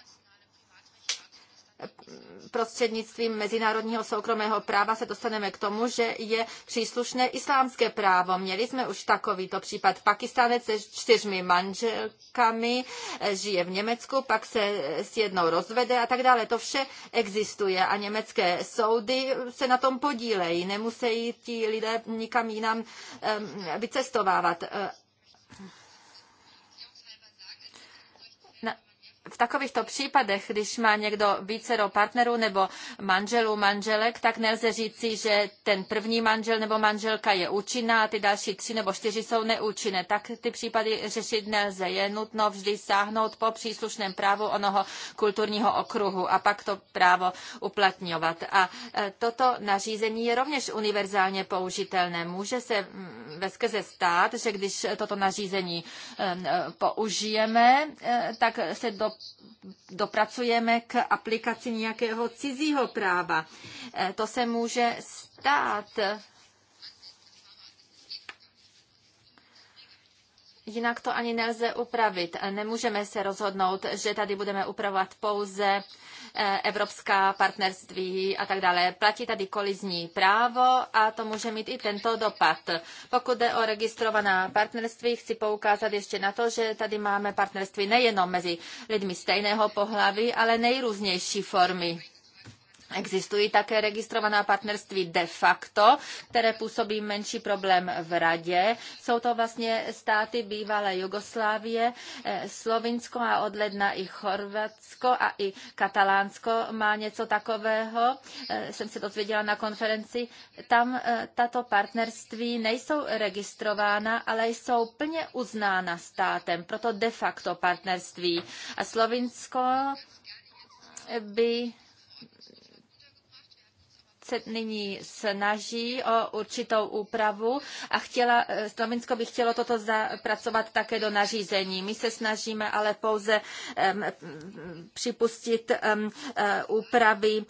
prostřednictvím mezinárodního soukromého práva se dostaneme k tomu, že je příslušné islámské právo. Měli jsme už takovýto případ. Pakistánec se čtyřmi manželkami eh, žije v Německu, pak se s jednou rozvede a tak dále. To vše existuje a německé soudy se na tom podílejí. Nemusí ti lidé nikam jinam vycestovávat. Eh, v takovýchto případech, když má někdo vícero partnerů nebo manželů, manželek, tak nelze říci, že ten první manžel nebo manželka je účinná a ty další tři nebo čtyři jsou neúčinné. Tak ty případy řešit nelze. Je nutno vždy sáhnout po příslušném právu onoho kulturního okruhu a pak to právo uplatňovat. A e, toto nařízení je rovněž univerzálně použitelné. Může se ve skrze stát, že když toto nařízení e, e, použijeme, tak se do do, dopracujeme k aplikaci nějakého cizího práva. E, to se může stát. Jinak to ani nelze upravit. E, nemůžeme se rozhodnout, že tady budeme upravovat pouze Eh, evropská partnerství a tak dále. Platí tady kolizní právo a to může mít i tento dopad. Pokud jde o registrovaná partnerství, chci poukázat ještě na to, že tady máme partnerství nejenom mezi lidmi stejného pohlaví, ale nejrůznější formy Existují také registrovaná partnerství de facto, které působí menší problém v radě. Jsou to vlastně státy bývalé Jugoslávie, eh, Slovinsko a od ledna i Chorvatsko a i Katalánsko má něco takového. Eh, jsem se dozvěděla na konferenci. Tam eh, tato partnerství nejsou registrována, ale jsou plně uznána státem, proto de facto partnerství. A Slovinsko by se nyní snaží o určitou úpravu a chtěla, Slovinsko by chtělo toto zapracovat také do nařízení. My se snažíme ale pouze um, připustit um, úpravy uh,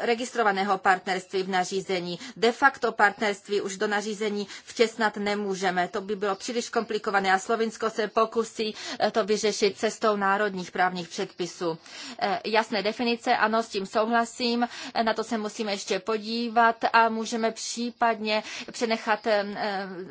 registrovaného partnerství v nařízení. De facto partnerství už do nařízení vtěsnat nemůžeme. To by bylo příliš komplikované a Slovinsko se pokusí eh, to vyřešit cestou národních právních předpisů. Jasné definice, ano, s tím souhlasím, na to se musíme ještě podívat a můžeme případně přenechat eh,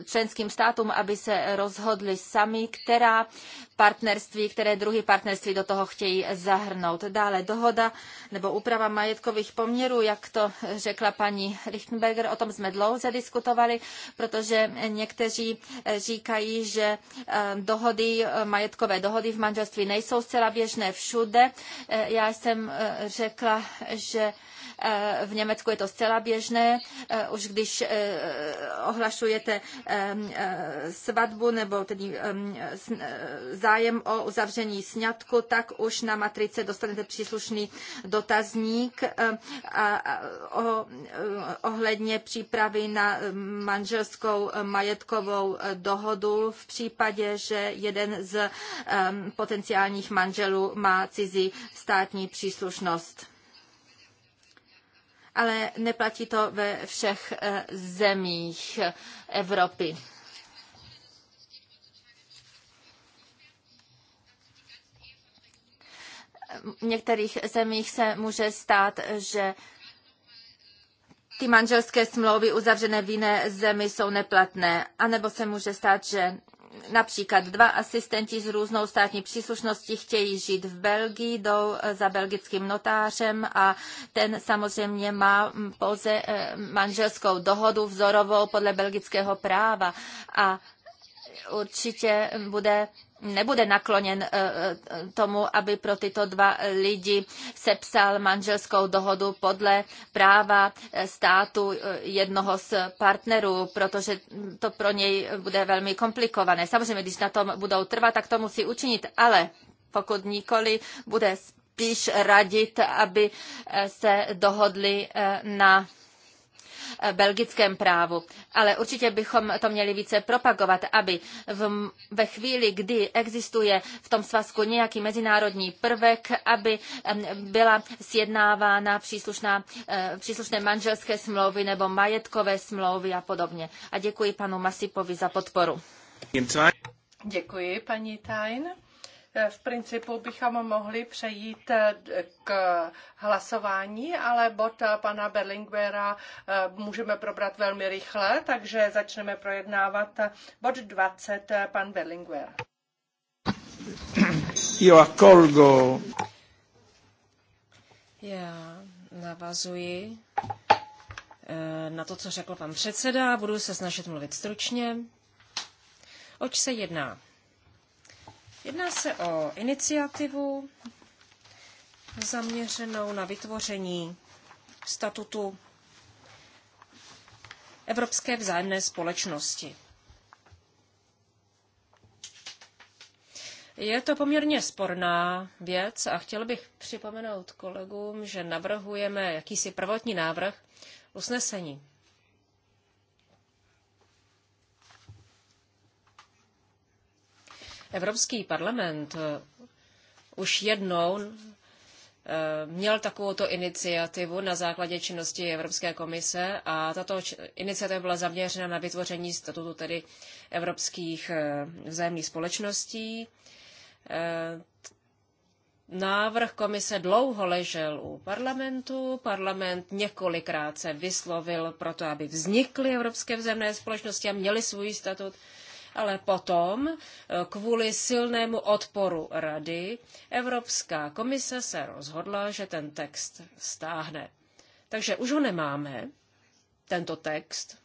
členským státům, aby se rozhodli sami, která partnerství, které druhy partnerství do toho chtějí zahrnout. Dále dohoda nebo úprava majetkových poměrů, jak to řekla paní Lichtenberger, o tom jsme dlouze diskutovali, protože někteří říkají, že eh, dohody, eh, majetkové dohody v manželství nejsou zcela běžné všude. Já jsem řekla, že Eh, v Německu je to zcela běžné. Eh, už když eh, ohlašujete ehm, svatbu nebo tedy ehm, zájem o uzavření sňatku, tak už na matrice dostanete příslušný dotazník ohledně přípravy na manželskou majetkovou dohodu v případě, že jeden z ehm, potenciálních manželů má cizí státní příslušnost ale neplatí to ve všech eh, zemích eh, Evropy. V některých zemích se může stát, že ty manželské smlouvy uzavřené v jiné zemi jsou neplatné, anebo se může stát, že například dva asistenti s různou státní příslušností chtějí žít v Belgii, jdou eh, za belgickým notářem a ten samozřejmě má mm, pouze eh, manželskou dohodu vzorovou podle belgického práva a určitě bude nebude nakloněn eh, eh, tomu, aby pro tyto dva lidi sepsal manželskou dohodu podle práva eh, státu jednoho z partnerů, protože to pro něj bude velmi komplikované. Samozřejmě, když na tom budou trvat, tak to musí učinit, ale pokud nikoli, bude spíš radit, aby se dohodli na Eh, belgickém právu. Ale určitě bychom to měli více propagovat, aby v, ve chvíli, kdy existuje v tom svazku nějaký mezinárodní prvek, aby byla sjednávána příslušná, eh, příslušné manželské smlouvy nebo majetkové smlouvy a podobně. A děkuji panu Masipovi za podporu. Děkuji, paní Tajn. Eh, v principu bychom mohli přejít eh, k hlasování, ale bod eh, pana Berlinguera můžeme probrat velmi rychle, takže začneme projednávat bod 20, pan Berlinguer. Io Já navazuji na to, co řekl pan předseda, budu se snažit mluvit stručně. Oč se jedná? Jedná se o iniciativu zaměřenou na vytvoření statutu Evropské vzájemné společnosti. Je to poměrně sporná věc a chtěl bych připomenout kolegům, že navrhujeme jakýsi prvotní návrh usnesení. Evropský parlament eh, už jednou eh, měl takovouto iniciativu na základě činnosti Evropské komise a tato iniciativa byla zaměřena na vytvoření statutu tedy evropských eh, vzájemných společností. Návrh komise dlouho ležel u parlamentu, parlament několikrát se vyslovil proto aby vznikly evropské vzájemné společnosti a měly svůj statut ale potom eh, kvůli silnému odporu rady Evropská komise se rozhodla, že ten text stáhne. Takže už ho nemáme, tento text.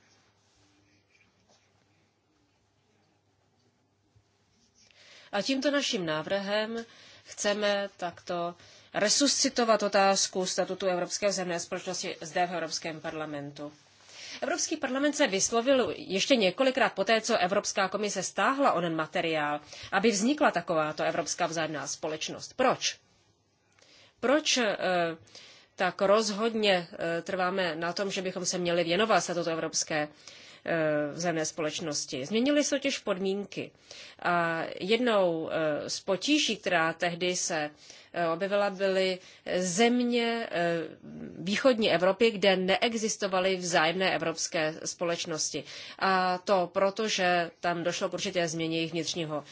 A tímto naším návrhem chceme takto resuscitovat otázku statutu Evropské zemné společnosti zde v Evropském parlamentu. Evropský parlament se vyslovil ještě několikrát poté, co Evropská komise stáhla onen materiál, aby vznikla takováto Evropská vzájemná společnost. Proč? Proč eh, tak rozhodně eh, trváme na tom, že bychom se měli věnovat toto Evropské v eh, vzájemné společnosti. Změnily se totiž podmínky. A jednou eh, z potíží, která tehdy se eh, objevila, byly země východní Evropy, kde neexistovaly vzájemné evropské společnosti. A to proto, že tam došlo k určité změně jejich vnitřního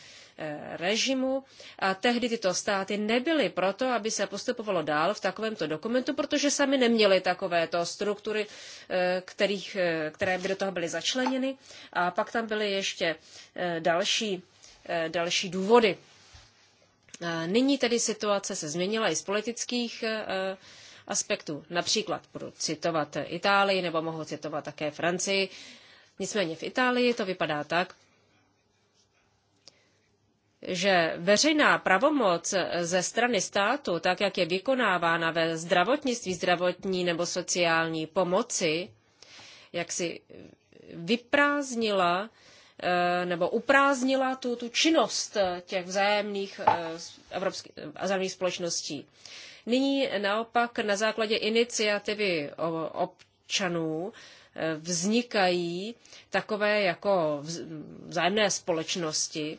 režimu a tehdy tyto státy nebyly proto, aby se postupovalo dál v takovémto dokumentu, protože sami neměli takovéto struktury, eh, kterých, eh, které by do toho byly začleněny. A pak tam byly ještě eh, další, další důvody. Nyní tedy situace se změnila i z politických aspektů. Například budu citovat Itálii nebo mohu citovat také Francii. Nicméně v Itálii to vypadá tak, že veřejná pravomoc ze strany státu, tak jak je vykonávána ve zdravotnictví, zdravotní nebo sociální pomoci, jak si vyprázdnila eh, nebo uprázdnila tu, tu činnost těch vzájemných eh, evropských eh, vzájemných společností. Nyní naopak na základě iniciativy občanů vznikají takové jako vzájemné společnosti,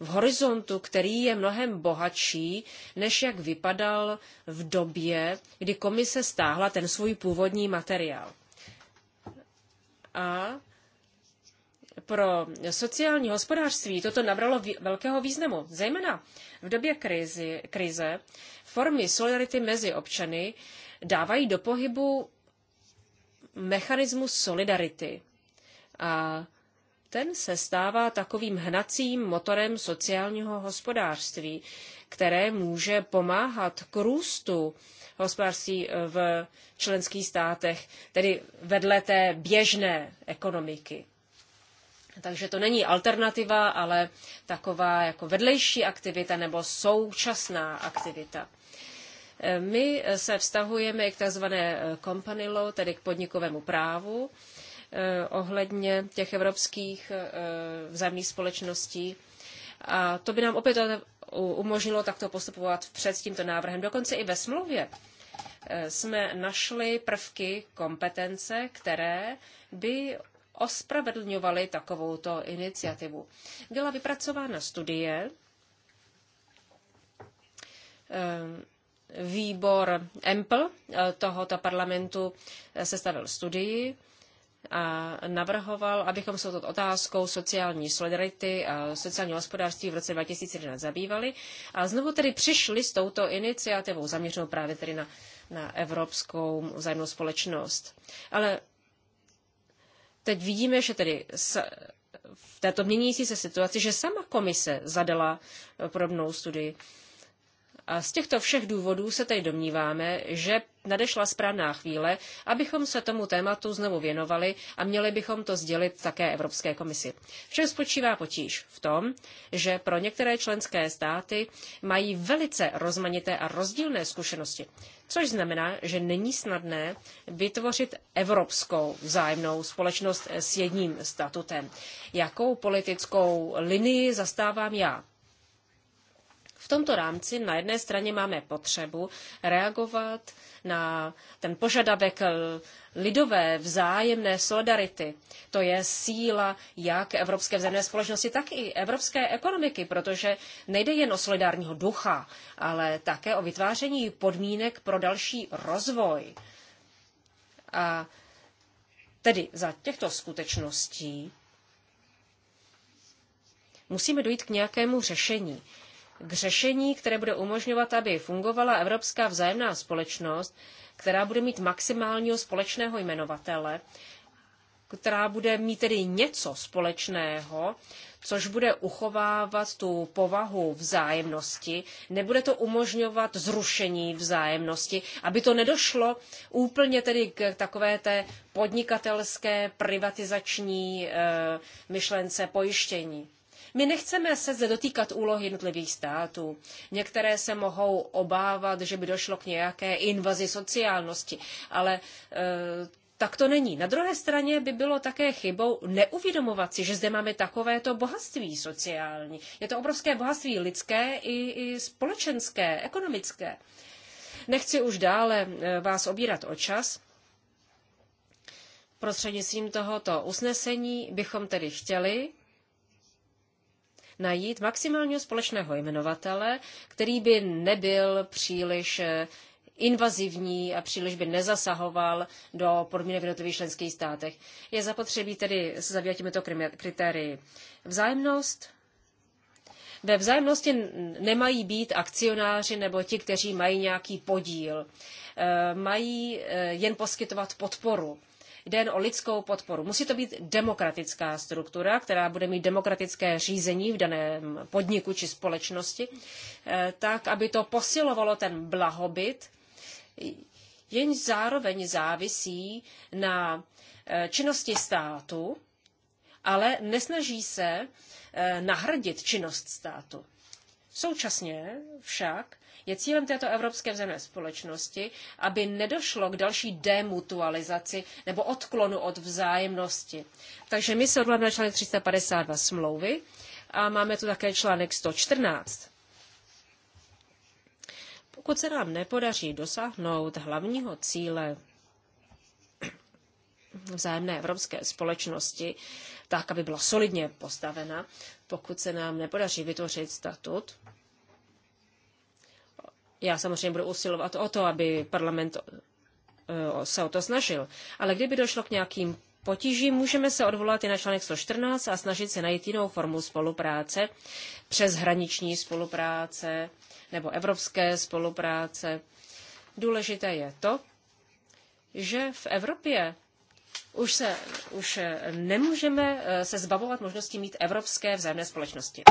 v horizontu, který je mnohem bohatší, než jak vypadal v době, kdy komise stáhla ten svůj původní materiál. A pro sociální hospodářství toto nabralo velkého významu, zejména v době krizi, krize. Formy solidarity mezi občany dávají do pohybu mechanismus solidarity. A ten se stává takovým hnacím motorem sociálního hospodářství, které může pomáhat k růstu hospodářství eh, v členských státech, tedy vedle té běžné ekonomiky. Takže to není alternativa, ale taková jako vedlejší aktivita nebo současná aktivita. Eh, my se vztahujeme k tzv. Eh, company law, tedy k podnikovému právu, Eh, ohledně těch evropských eh, vzájemných společností. A to by nám opět umožnilo takto postupovat před tímto návrhem. Dokonce i ve smlouvě eh, jsme našli prvky kompetence, které by ospravedlňovaly takovouto iniciativu. Byla vypracována studie, výbor EMPL tohoto parlamentu sestavil studii, a navrhoval, abychom se touto otázkou sociální solidarity a sociálního hospodářství v roce 2011 zabývali a znovu tedy přišli s touto iniciativou zaměřenou právě tedy na, na evropskou vzájemnou společnost. Ale teď vidíme, že tedy s, v této měnící se situaci, že sama komise zadala podobnou studii. A z těchto všech důvodů se tedy domníváme, že nadešla správná chvíle, abychom se tomu tématu znovu věnovali a měli bychom to sdělit také Evropské komisi. V čem spočívá potíž? V tom, že pro některé členské státy mají velice rozmanité a rozdílné zkušenosti, což znamená, že není snadné vytvořit evropskou vzájemnou společnost s jedním statutem. Jakou politickou linii zastávám já? V tomto rámci na jedné straně máme potřebu reagovat na ten požadavek lidové vzájemné solidarity. To je síla jak evropské vzájemné společnosti, tak i evropské ekonomiky, protože nejde jen o solidárního ducha, ale také o vytváření podmínek pro další rozvoj. A tedy za těchto skutečností musíme dojít k nějakému řešení k řešení, které bude umožňovat, aby fungovala evropská vzájemná společnost, která bude mít maximálního společného jmenovatele, která bude mít tedy něco společného, což bude uchovávat tu povahu vzájemnosti. Nebude to umožňovat zrušení vzájemnosti, aby to nedošlo úplně tedy k takové té podnikatelské privatizační e, myšlence pojištění. My nechceme se zde dotýkat úlohy jednotlivých států. Některé se mohou obávat, že by došlo k nějaké invazi sociálnosti, ale e, tak to není. Na druhé straně by bylo také chybou neuvědomovat si, že zde máme takovéto bohatství sociální. Je to obrovské bohatství lidské i, i společenské, ekonomické. Nechci už dále e, vás obírat o čas. Prostřednictvím tohoto usnesení bychom tedy chtěli, najít maximálního společného jmenovatele, který by nebyl příliš eh, invazivní a příliš by nezasahoval do podmínek jednotlivých členských státech. Je zapotřebí tedy se zabývat těmito kritérii. Vzájemnost. Ve vzájemnosti nemají být akcionáři nebo ti, kteří mají nějaký podíl. Eh, mají eh, jen poskytovat podporu Jde jen o lidskou podporu. Musí to být demokratická struktura, která bude mít demokratické řízení v daném podniku či společnosti, eh, tak, aby to posilovalo ten blahobyt, jenž zároveň závisí na eh, činnosti státu, ale nesnaží se eh, nahradit činnost státu. Současně však je cílem této evropské vzájemné společnosti, aby nedošlo k další demutualizaci nebo odklonu od vzájemnosti. Takže my se odvoláme na článek 352 smlouvy a máme tu také článek 114. Pokud se nám nepodaří dosáhnout hlavního cíle vzájemné evropské společnosti, tak, aby byla solidně postavena, pokud se nám nepodaří vytvořit statut, já samozřejmě budu usilovat o to, aby parlament eh, se o to snažil. Ale kdyby došlo k nějakým potížím, můžeme se odvolat i na článek 114 a snažit se najít jinou formu spolupráce, přes hraniční spolupráce nebo evropské spolupráce. Důležité je to, že v Evropě už, se, už nemůžeme eh, se zbavovat možnosti mít evropské vzájemné společnosti.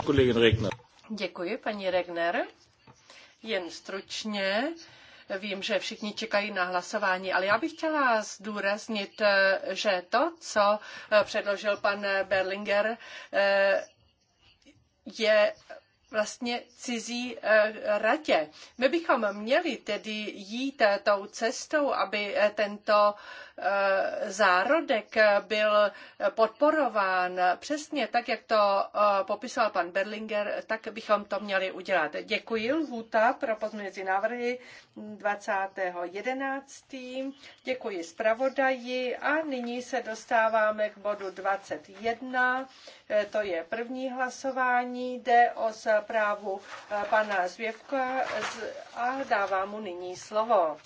Děkuji, paní Regner. Jen stručně, vím, že všichni čekají na hlasování, ale já bych chtěla zdůraznit, eh, že to, co eh, předložil pan Berlinger, eh, je vlastně cizí radě. My bychom měli tedy jít tou cestou, aby tento Eh, zárodek byl podporován přesně tak, jak to eh, popisoval pan Berlinger, tak bychom to měli udělat. Děkuji. Lhůta pro pozměňovací návrhy 20.11. Děkuji zpravodaji a nyní se dostáváme k bodu 21. Eh, to je první hlasování. Jde o zprávu pana Zvěvka a dávám mu nyní slovo.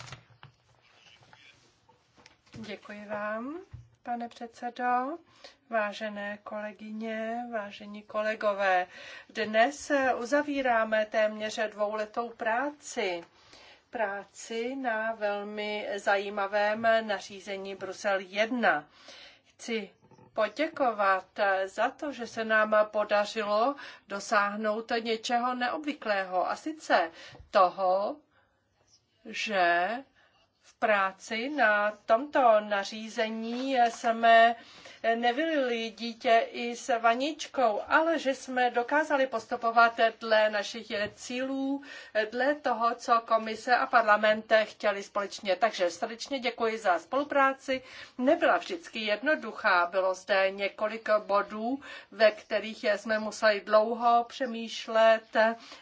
Děkuji vám, pane předsedo, vážené kolegyně, vážení kolegové. Dnes uzavíráme téměř dvouletou práci práci na velmi zajímavém nařízení Brusel 1. Chci poděkovat za to, že se nám podařilo dosáhnout něčeho neobvyklého, a sice toho, že práci na tomto nařízení jsme nevylili dítě i s vaničkou, ale že jsme dokázali postupovat dle našich cílů, dle toho, co komise a parlament chtěli společně. Takže srdečně děkuji za spolupráci. Nebyla vždycky jednoduchá, bylo zde několik bodů, ve kterých jsme museli dlouho přemýšlet,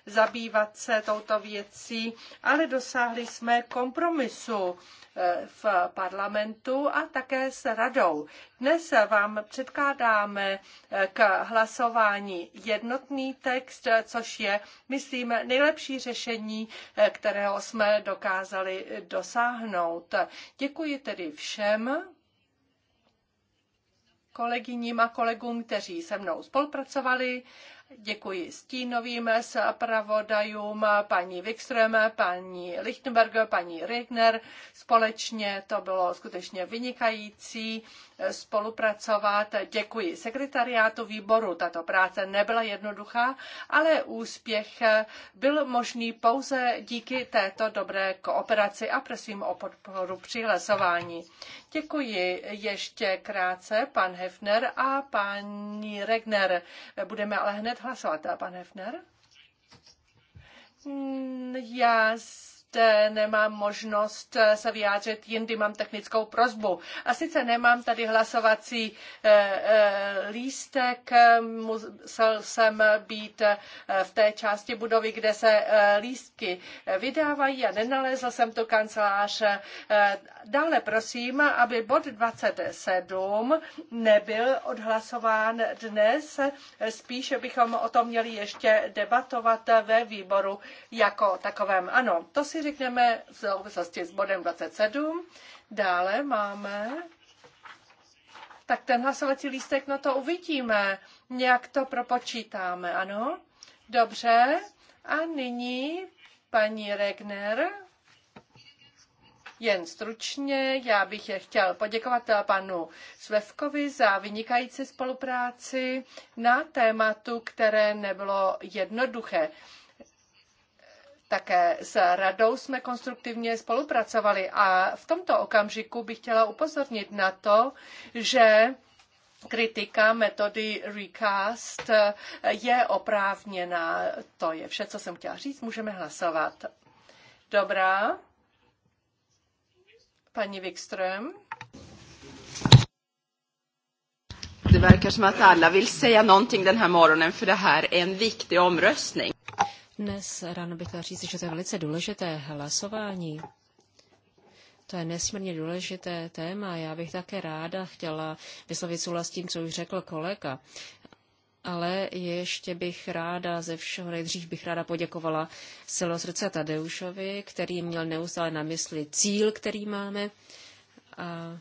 zabývat se touto věcí, ale dosáhli jsme kompromisu eh, v parlamentu a také s radou. Dnes vám předkládáme eh, k hlasování jednotný text, eh, což je, myslím, nejlepší řešení, eh, kterého jsme dokázali dosáhnout. Děkuji tedy všem kolegyním a kolegům, kteří se mnou spolupracovali Děkuji stínovým zpravodajům, paní Wikström, paní Lichtenberg, paní Regner. Společně to bylo skutečně vynikající spolupracovat. Děkuji sekretariátu výboru. Tato práce nebyla jednoduchá, ale úspěch byl možný pouze díky této dobré kooperaci a prosím o podporu při hlasování. Děkuji ještě krátce, pan Hefner a paní Regner. Budeme ale hned hlasovat, a pan Hefner? Já zde nemám možnost se vyjádřit, jindy mám technickou prozbu. A sice nemám tady hlasovací eh, eh, lístek, musel jsem být eh, v té části budovy, kde se lístky vydávají a nenalezl jsem tu kancelář Dále prosím, aby bod 27 nebyl odhlasován dnes, spíše bychom o tom měli ještě debatovat ve výboru jako takovém. Ano, to si řekneme v souvislosti s bodem 27. Dále máme tak ten hlasovací lístek, no to uvidíme. Nějak to propočítáme, ano? Dobře. A nyní paní Regner. Jen stručně, já bych je chtěl poděkovat panu Svevkovi za vynikající spolupráci na tématu, které nebylo jednoduché. Také s radou jsme konstruktivně spolupracovali a v tomto okamžiku bych chtěla upozornit na to, že kritika metody recast je oprávněná. To je vše, co jsem chtěla říct. Můžeme hlasovat. Dobrá. Paní Wikström. Det verkar som att alla vill säga någonting den här morgonen, för det här är en viktig omröstning. Dnes ráno bych chtěla říct, že to je velice důležité hlasování. To je nesmírně důležité téma. Já bych také ráda chtěla vyslovit souhlas s tím, co už řekl kolega ale ještě bych ráda ze všeho nejdřív bych ráda poděkovala Silo srdce Tadeušovi, který měl neustále na mysli cíl, který máme a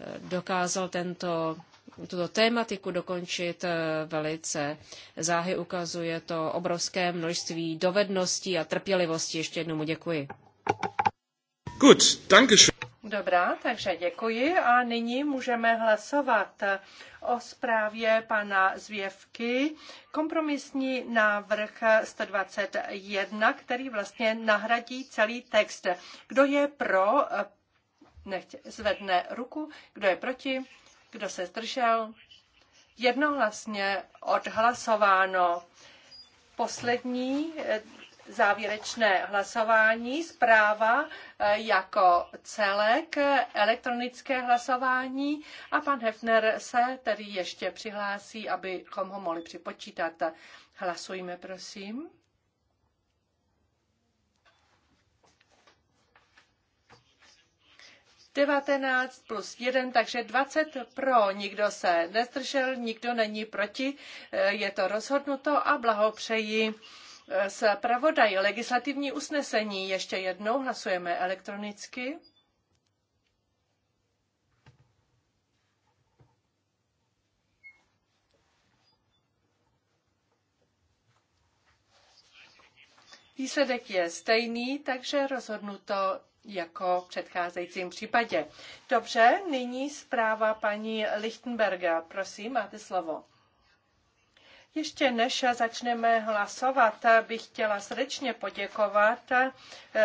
e, dokázal tento, tuto tématiku dokončit e, velice záhy. Ukazuje to obrovské množství dovedností a trpělivosti. Ještě jednou mu děkuji. Gut, danke schön. Dobrá, takže děkuji a nyní můžeme hlasovat o zprávě pana Zvěvky. Kompromisní návrh 121, který vlastně nahradí celý text. Kdo je pro, nechť zvedne ruku, kdo je proti, kdo se zdržel. Jednohlasně odhlasováno. Poslední závěrečné hlasování, zpráva eh, jako celek, elektronické hlasování a pan Hefner se tedy ještě přihlásí, abychom ho mohli připočítat. Hlasujme, prosím. Devatenáct plus jeden, takže dvacet pro. Nikdo se nezdržel, nikdo není proti. Eh, je to rozhodnuto a blahopřeji Zpravodaj legislativní usnesení ještě jednou hlasujeme elektronicky. Výsledek je stejný, takže rozhodnuto jako v předcházejícím případě. Dobře, nyní zpráva paní Lichtenberga. Prosím, máte slovo. Ještě než začneme hlasovat, bych chtěla srdečně poděkovat eh,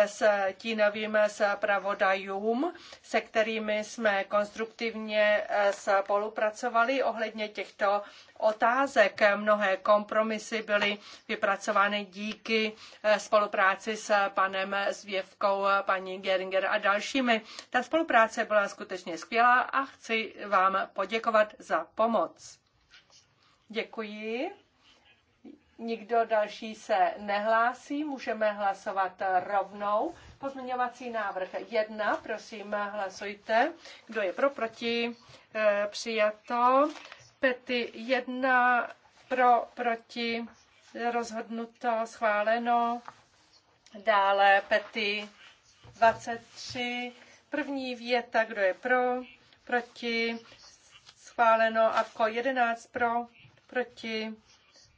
s tínovým zpravodajům, se kterými jsme konstruktivně eh, spolupracovali ohledně těchto otázek. Mnohé kompromisy byly vypracovány díky eh, spolupráci s panem Zvěvkou, paní Geringer a dalšími. Ta spolupráce byla skutečně skvělá a chci vám poděkovat za pomoc. Děkuji. Nikdo další se nehlásí, můžeme hlasovat rovnou. Pozměňovací návrh 1, prosím, hlasujte. Kdo je pro, proti, eh, přijato. Pety 1, pro, proti, rozhodnuto, schváleno. Dále pety 23, první věta, kdo je pro, proti, schváleno. Apko 11 pro, proti,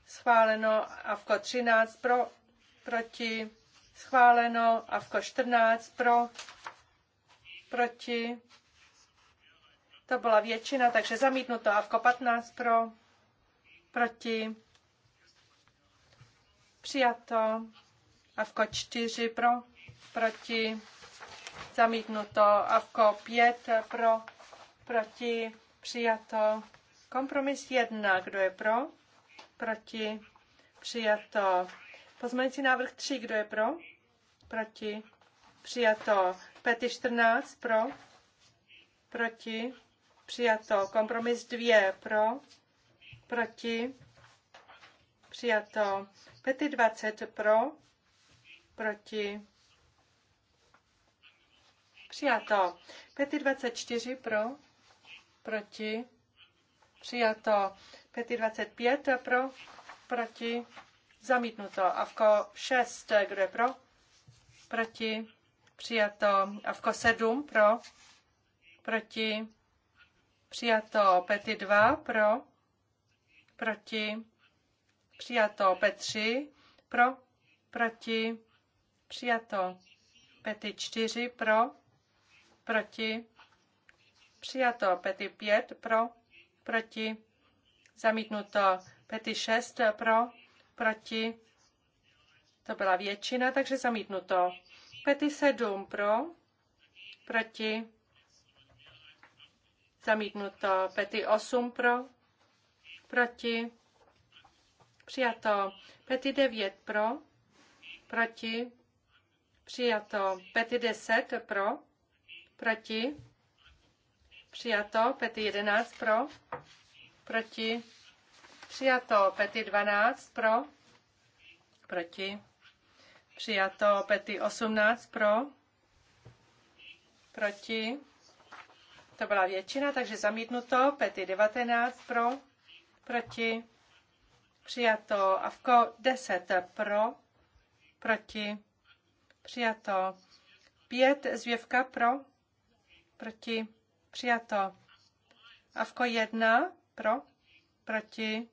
schváleno, AVKO 13 pro, proti, schváleno, AVKO 14 pro, proti, to byla většina, takže zamítnuto, AVKO 15 pro, proti, přijato, AVKO 4 pro, proti, zamítnuto, AVKO 5 pro, proti, přijato, kompromis 1, kdo je pro? Proti? Přijato. Pozměňující návrh 3. Kdo je pro? Proti? Přijato. Pety 14. Pro? Proti? Přijato. Kompromis 2. Pro? Proti? Přijato. Pety 20. Pro? Proti? Přijato. Pety 24. Pro? Proti? Přijato. Pety 25 pro, proti, zamítnuto. Avko 6, kdo je pro, proti, přijato. a vko 7 pro, proti, přijato. Pety 2 pro, proti, přijato. Pet 3 pro, proti, přijato. Pety 4 pro, proti, přijato. Pety 5 pro, proti, zamítnuto. Pety 6 pro, proti, to byla většina, takže zamítnuto. Pety 7 pro, proti, zamítnuto. Pety 8 pro, proti, přijato. Pety 9 pro, proti, přijato. Pety 10 pro, proti, přijato. Pety 11 pro, proti, přijato pety 12 pro, proti, přijato pety 18 pro, proti, to byla většina, takže zamítnuto, pety 19 pro, proti, přijato, avko 10 pro, proti, přijato, 5 zvěvka pro, proti, přijato, avko 1 pro? Proti?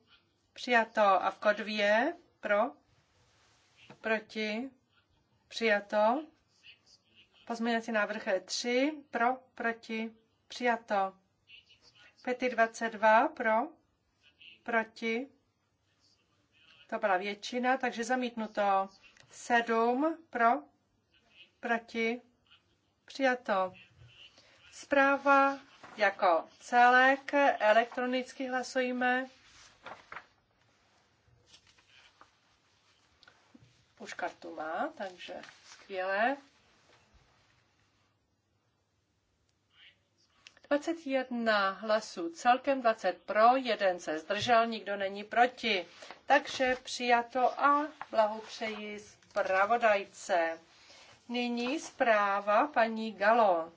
Přijato. A v kodvě? Pro? Proti? Přijato. Pozměňovací návrh 3. Pro? Proti? Přijato. Pety 22. Pro? Proti? To byla většina, takže zamítnuto. 7. Pro? Proti? Přijato. Zpráva jako celek. Elektronicky hlasujeme. Už kartu má, takže skvělé. 21 hlasů, celkem 20 pro, jeden se zdržel, nikdo není proti. Takže přijato a blahopřeji zpravodajce. Nyní zpráva paní Galo.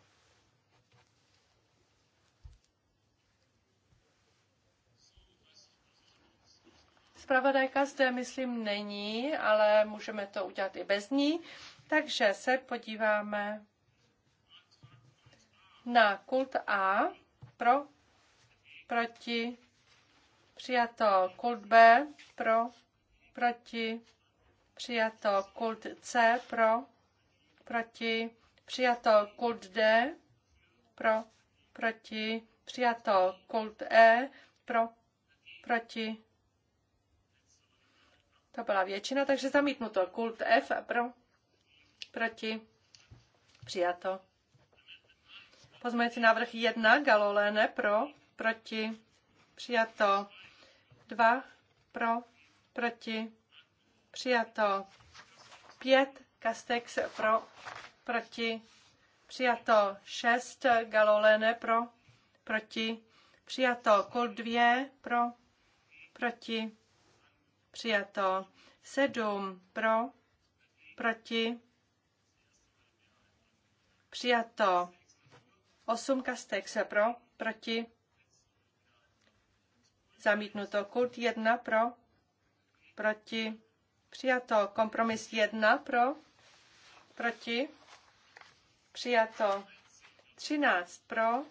Spravodajka zde, myslím, není, ale můžeme to udělat i bez ní. Takže se podíváme na kult A pro, proti, přijato kult B pro, proti, přijato kult C pro, proti, přijato kult D pro, proti, přijato kult E pro, proti, to byla většina, takže zamítnuto. Kult F pro, proti, přijato. Pozměňující návrh 1, Galolene pro, proti, přijato. 2, pro, proti, přijato. 5, Castex pro, proti, přijato. 6, Galolene pro, proti, přijato. Kult 2, pro, proti, Přijato. 7 pro, proti, přijato. 8 se pro, proti, zamítnuto. Kult 1 pro, proti, přijato. Kompromis 1 pro, proti, přijato. 13 pro,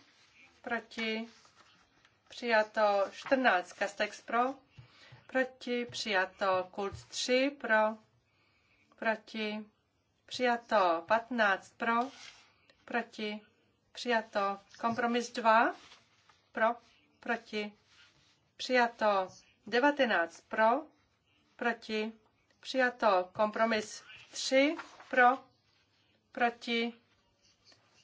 proti, přijato. 14 kastex pro, proti, přijato. Kult 3 pro, proti, přijato. 15 pro, proti, přijato. Kompromis 2 pro, proti, přijato. 19 pro, proti, přijato. Kompromis 3 pro, proti,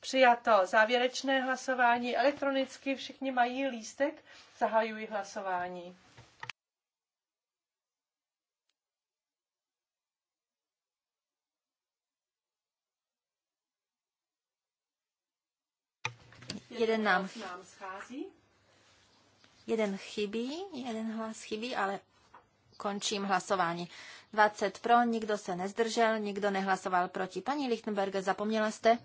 Přijato. Závěrečné hlasování. Elektronicky všichni mají lístek. Zahajuji hlasování. jeden nám, schází. Jeden chybí, jeden hlas chybí, ale končím hlasování. 20 pro, nikdo se nezdržel, nikdo nehlasoval proti. Paní Lichtenberger, zapomněla jste?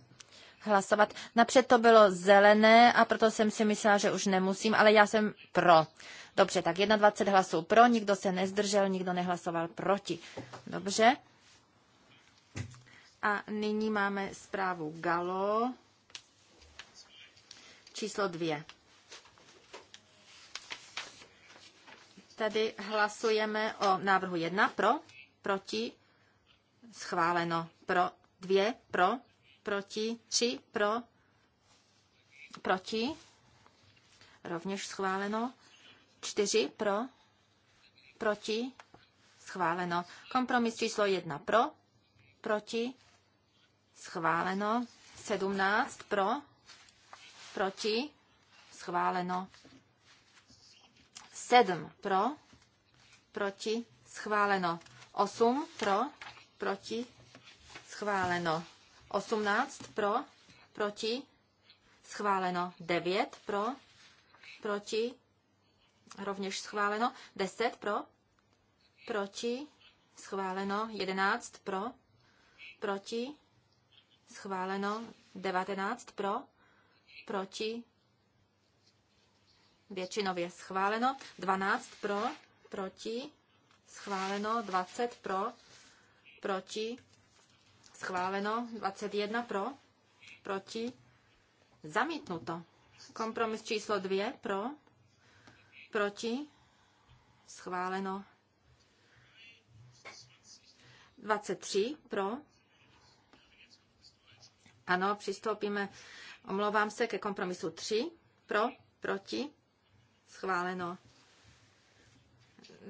hlasovat. Napřed to bylo zelené a proto jsem si myslela, že už nemusím, ale já jsem pro. Dobře, tak 21 hlasů pro, nikdo se nezdržel, nikdo nehlasoval proti. Dobře. A nyní máme zprávu Galo číslo dvě. Tady hlasujeme o návrhu 1 pro, proti, schváleno pro 2 pro, proti 3 pro, proti, rovněž schváleno 4 pro, proti, schváleno. Kompromis číslo 1 pro, proti, schváleno 17 pro, proti, schváleno. 7 pro, proti, schváleno. 8 pro, proti, schváleno. 18 pro, proti, schváleno. 9 pro, proti, rovněž schváleno. 10 pro, proti, schváleno. 11 pro, proti, schváleno. 19 pro, proti, většinově schváleno, 12 pro, proti, schváleno, 20 pro, proti, schváleno, 21 pro, proti, zamítnuto. Kompromis číslo 2 pro, proti, schváleno, 23 pro, ano, přistoupíme Omlouvám se ke kompromisu 3. Pro, proti, schváleno.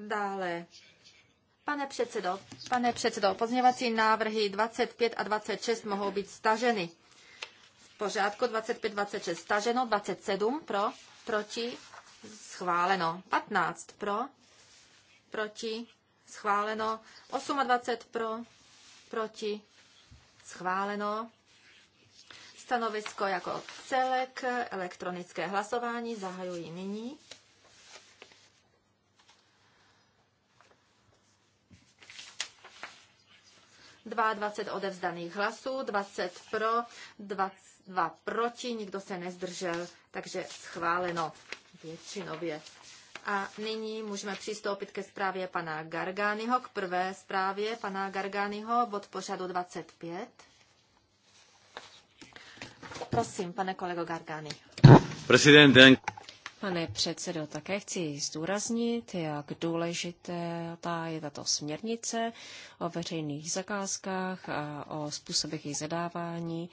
Dále. Pane předsedo, pane předsedo, pozměvací návrhy 25 a 26 mohou být staženy. V pořádku 25, 26 staženo, 27 pro, proti, schváleno. 15 pro, proti, schváleno. 28 pro, proti, schváleno. Stanovisko jako celek, elektronické hlasování zahajuji nyní. Dva odevzdaných hlasů, 20 pro, 22 proti, nikdo se nezdržel, takže schváleno většinově. A nyní můžeme přistoupit ke zprávě pana Garganiho, k prvé zprávě pana Garganiho, bod pořadu 25. Prosím, pane kolego Gargani. Pane předsedo, také chci zdůraznit, jak důležité ta je tato směrnice o veřejných zakázkách a o způsobech jejich zadávání.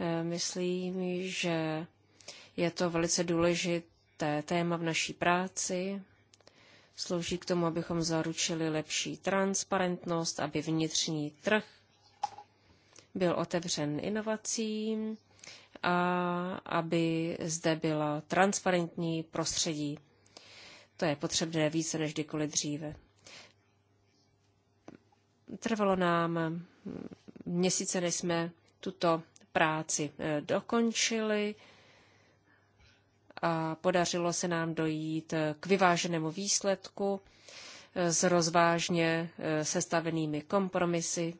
E, myslím, že je to velice důležité téma v naší práci. Slouží k tomu, abychom zaručili lepší transparentnost, aby vnitřní trh byl otevřen inovacím a aby zde bylo transparentní prostředí. To je potřebné více než kdykoliv dříve. Trvalo nám hm, měsíce, než jsme tuto práci eh, dokončili a podařilo se nám dojít eh, k vyváženému výsledku eh, s rozvážně sestavenými kompromisy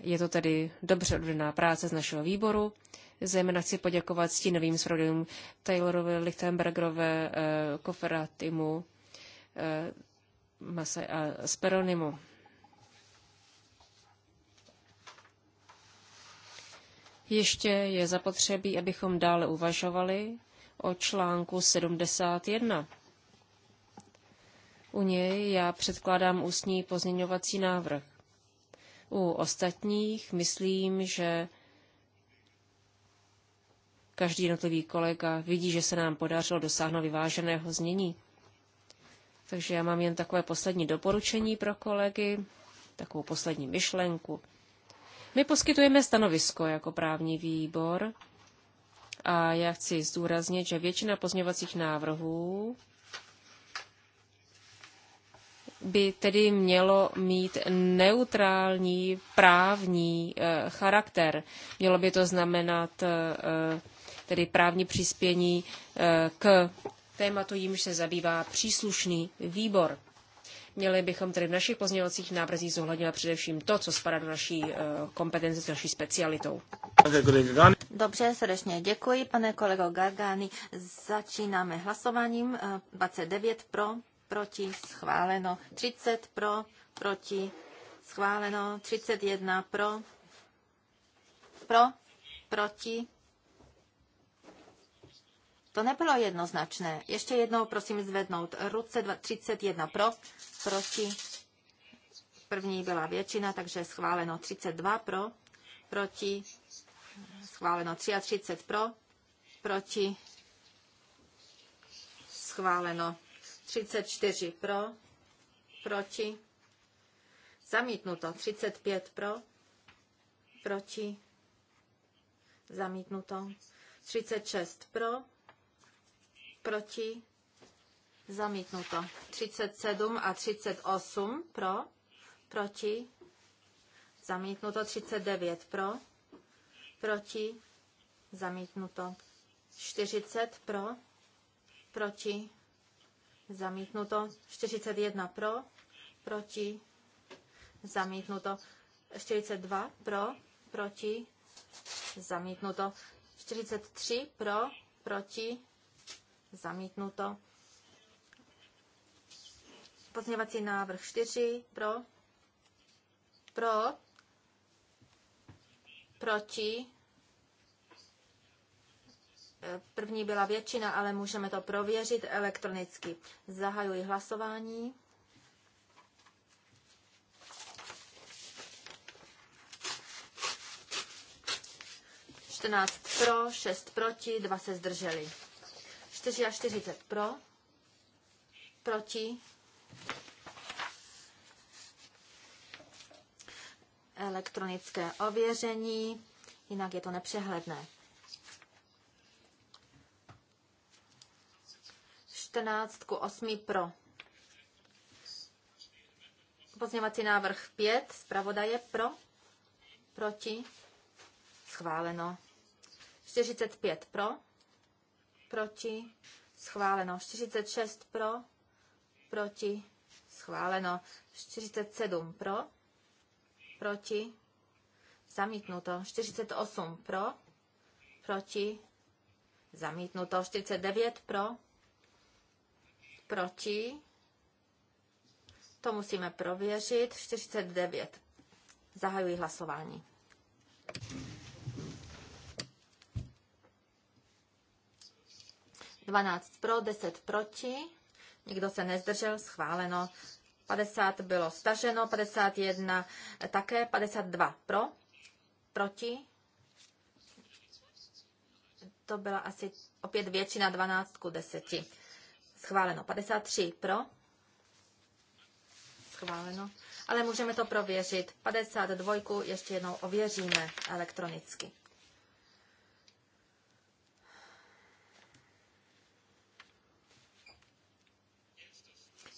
je to tedy dobře odvedená práce z našeho výboru. Zejména chci poděkovat stínovým zpravodajům Taylorovi, Lichtenbergerové, eh, Koferatimu, eh, Mase a Speronimu. Ještě je zapotřebí, abychom dále uvažovali o článku 71. U něj já předkládám ústní pozměňovací návrh. U ostatních myslím, že každý jednotlivý kolega vidí, že se nám podařilo dosáhnout vyváženého znění. Takže já mám jen takové poslední doporučení pro kolegy, takovou poslední myšlenku. My poskytujeme stanovisko jako právní výbor a já chci zdůraznit, že většina pozměňovacích návrhů by tedy mělo mít neutrální právní eh, charakter. Mělo by to znamenat eh, eh, tedy právní přispění k tématu, jimž se zabývá příslušný výbor. Měli bychom tedy v našich pozměňovacích návrzích zohledňovat především to, co spadá do naší kompetence, s naší specialitou. Dobře, srdečně děkuji, pane kolego Gargány. Začínáme hlasováním. 29 pro, proti, schváleno. 30 pro, proti, schváleno. 31 pro, pro, proti. To nebylo jednoznačné. Ještě jednou prosím zvednout ruce 31 pro, proti. První byla většina, takže schváleno 32 pro, proti, schváleno 33 pro, proti, schváleno 34 pro, proti, zamítnuto. 35 pro, proti, zamítnuto. 36 pro, proti, zamítnuto. 37 a 38 pro, proti, zamítnuto. 39 pro, proti, zamítnuto. 40 pro, proti, zamítnuto 41 pro, proti, zamítnuto 42 pro, proti, zamítnuto 43 pro, proti, zamítnuto. Pozměňovací návrh 4 pro, pro, proti, První byla většina, ale můžeme to prověřit elektronicky. Zahajuji hlasování. pro, 6 proti, 2 se zdrželi. 40 pro, proti, elektronické ověření, jinak je to nepřehledné. 14 ku 8 pro. Pozněvací návrh 5, zpravodaje pro, proti, schváleno. 45 pro, proti, schváleno. 46 pro, proti, schváleno. 47 pro, proti, zamítnuto. 48 pro, proti, zamítnuto. 49 pro, proti, to musíme prověřit, 49. Zahajuji hlasování. Dvanáct pro, 10 proti, nikdo se nezdržel, schváleno. 50 bylo staženo, 51 také, 52 pro, proti. To byla asi opět většina 12 ku 10. Schváleno. 53 pro. Schváleno. Ale můžeme to prověřit. 52 ještě jednou ověříme elektronicky.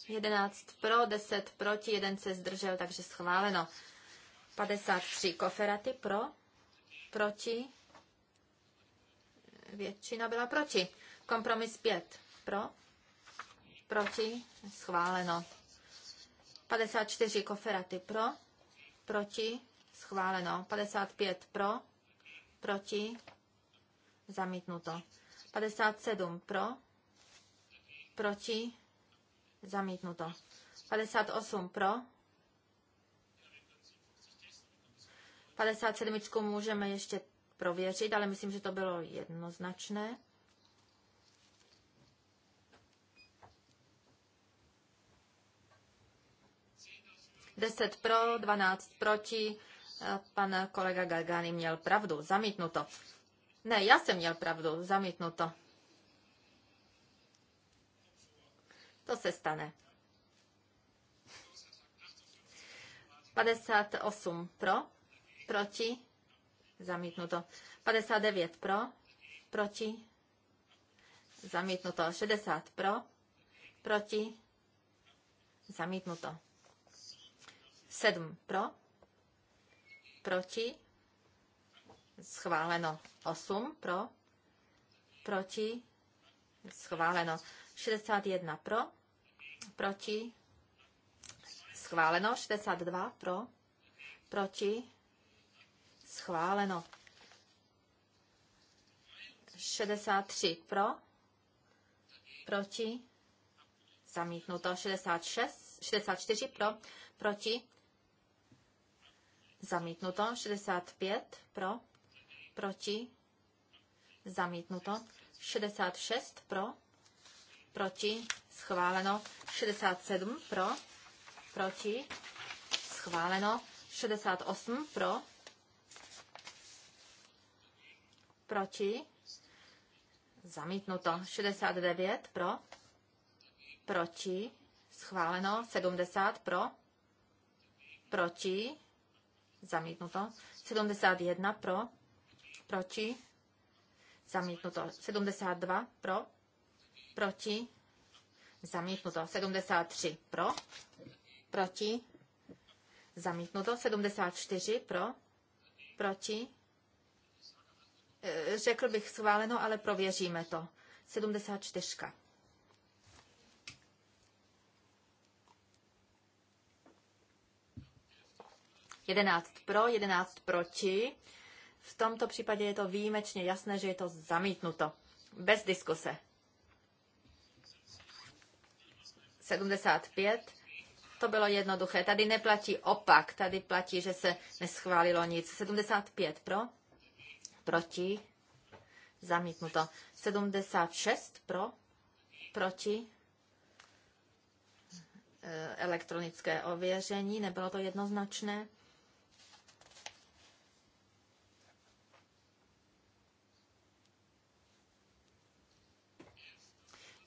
Jedenáct pro, deset proti, jeden se zdržel, takže schváleno. 53 koferaty pro, proti, většina byla proti. Kompromis 5 pro, proti, schváleno. 54 koferaty pro, proti, schváleno. 55 pro, proti, zamítnuto. 57 pro, proti, zamítnuto. 58 pro, 57 můžeme ještě prověřit, ale myslím, že to bylo jednoznačné. 10 pro, 12 proti. Pan kolega Galgani měl pravdu, zamítnuto. Ne, já jsem měl pravdu, zamítnuto. To se stane. 58 pro, proti, zamítnuto. 59 pro, proti, zamítnuto. 60 pro, proti, zamítnuto. 7 pro, proti, schváleno 8 pro, proti, schváleno 61 pro, proti, schváleno 62 pro, proti, schváleno 63 pro, proti, zamítnuto 66, 64 pro, proti, Zamítnuto. 65 pro. Proti. Zamítnuto. 66 pro. Proti. Schváleno. 67 pro. Proti. Schváleno. 68 pro. Proti. Zamítnuto. 69 pro. Proti. Schváleno. 70 pro. Proti zamítnuto. 71 pro, proti, zamítnuto. 72 pro, proti, zamítnuto. 73 pro, proti, zamítnuto. 74 pro, proti, eh, řekl bych schváleno, ale prověříme to. 74. 11 pro, 11 proti. V tomto případě je to výjimečně jasné, že je to zamítnuto. Bez diskuse. 75. To bylo jednoduché. Tady neplatí opak. Tady platí, že se neschválilo nic. 75 pro, proti, zamítnuto. 76 pro, proti, eh, elektronické ověření, nebylo to jednoznačné.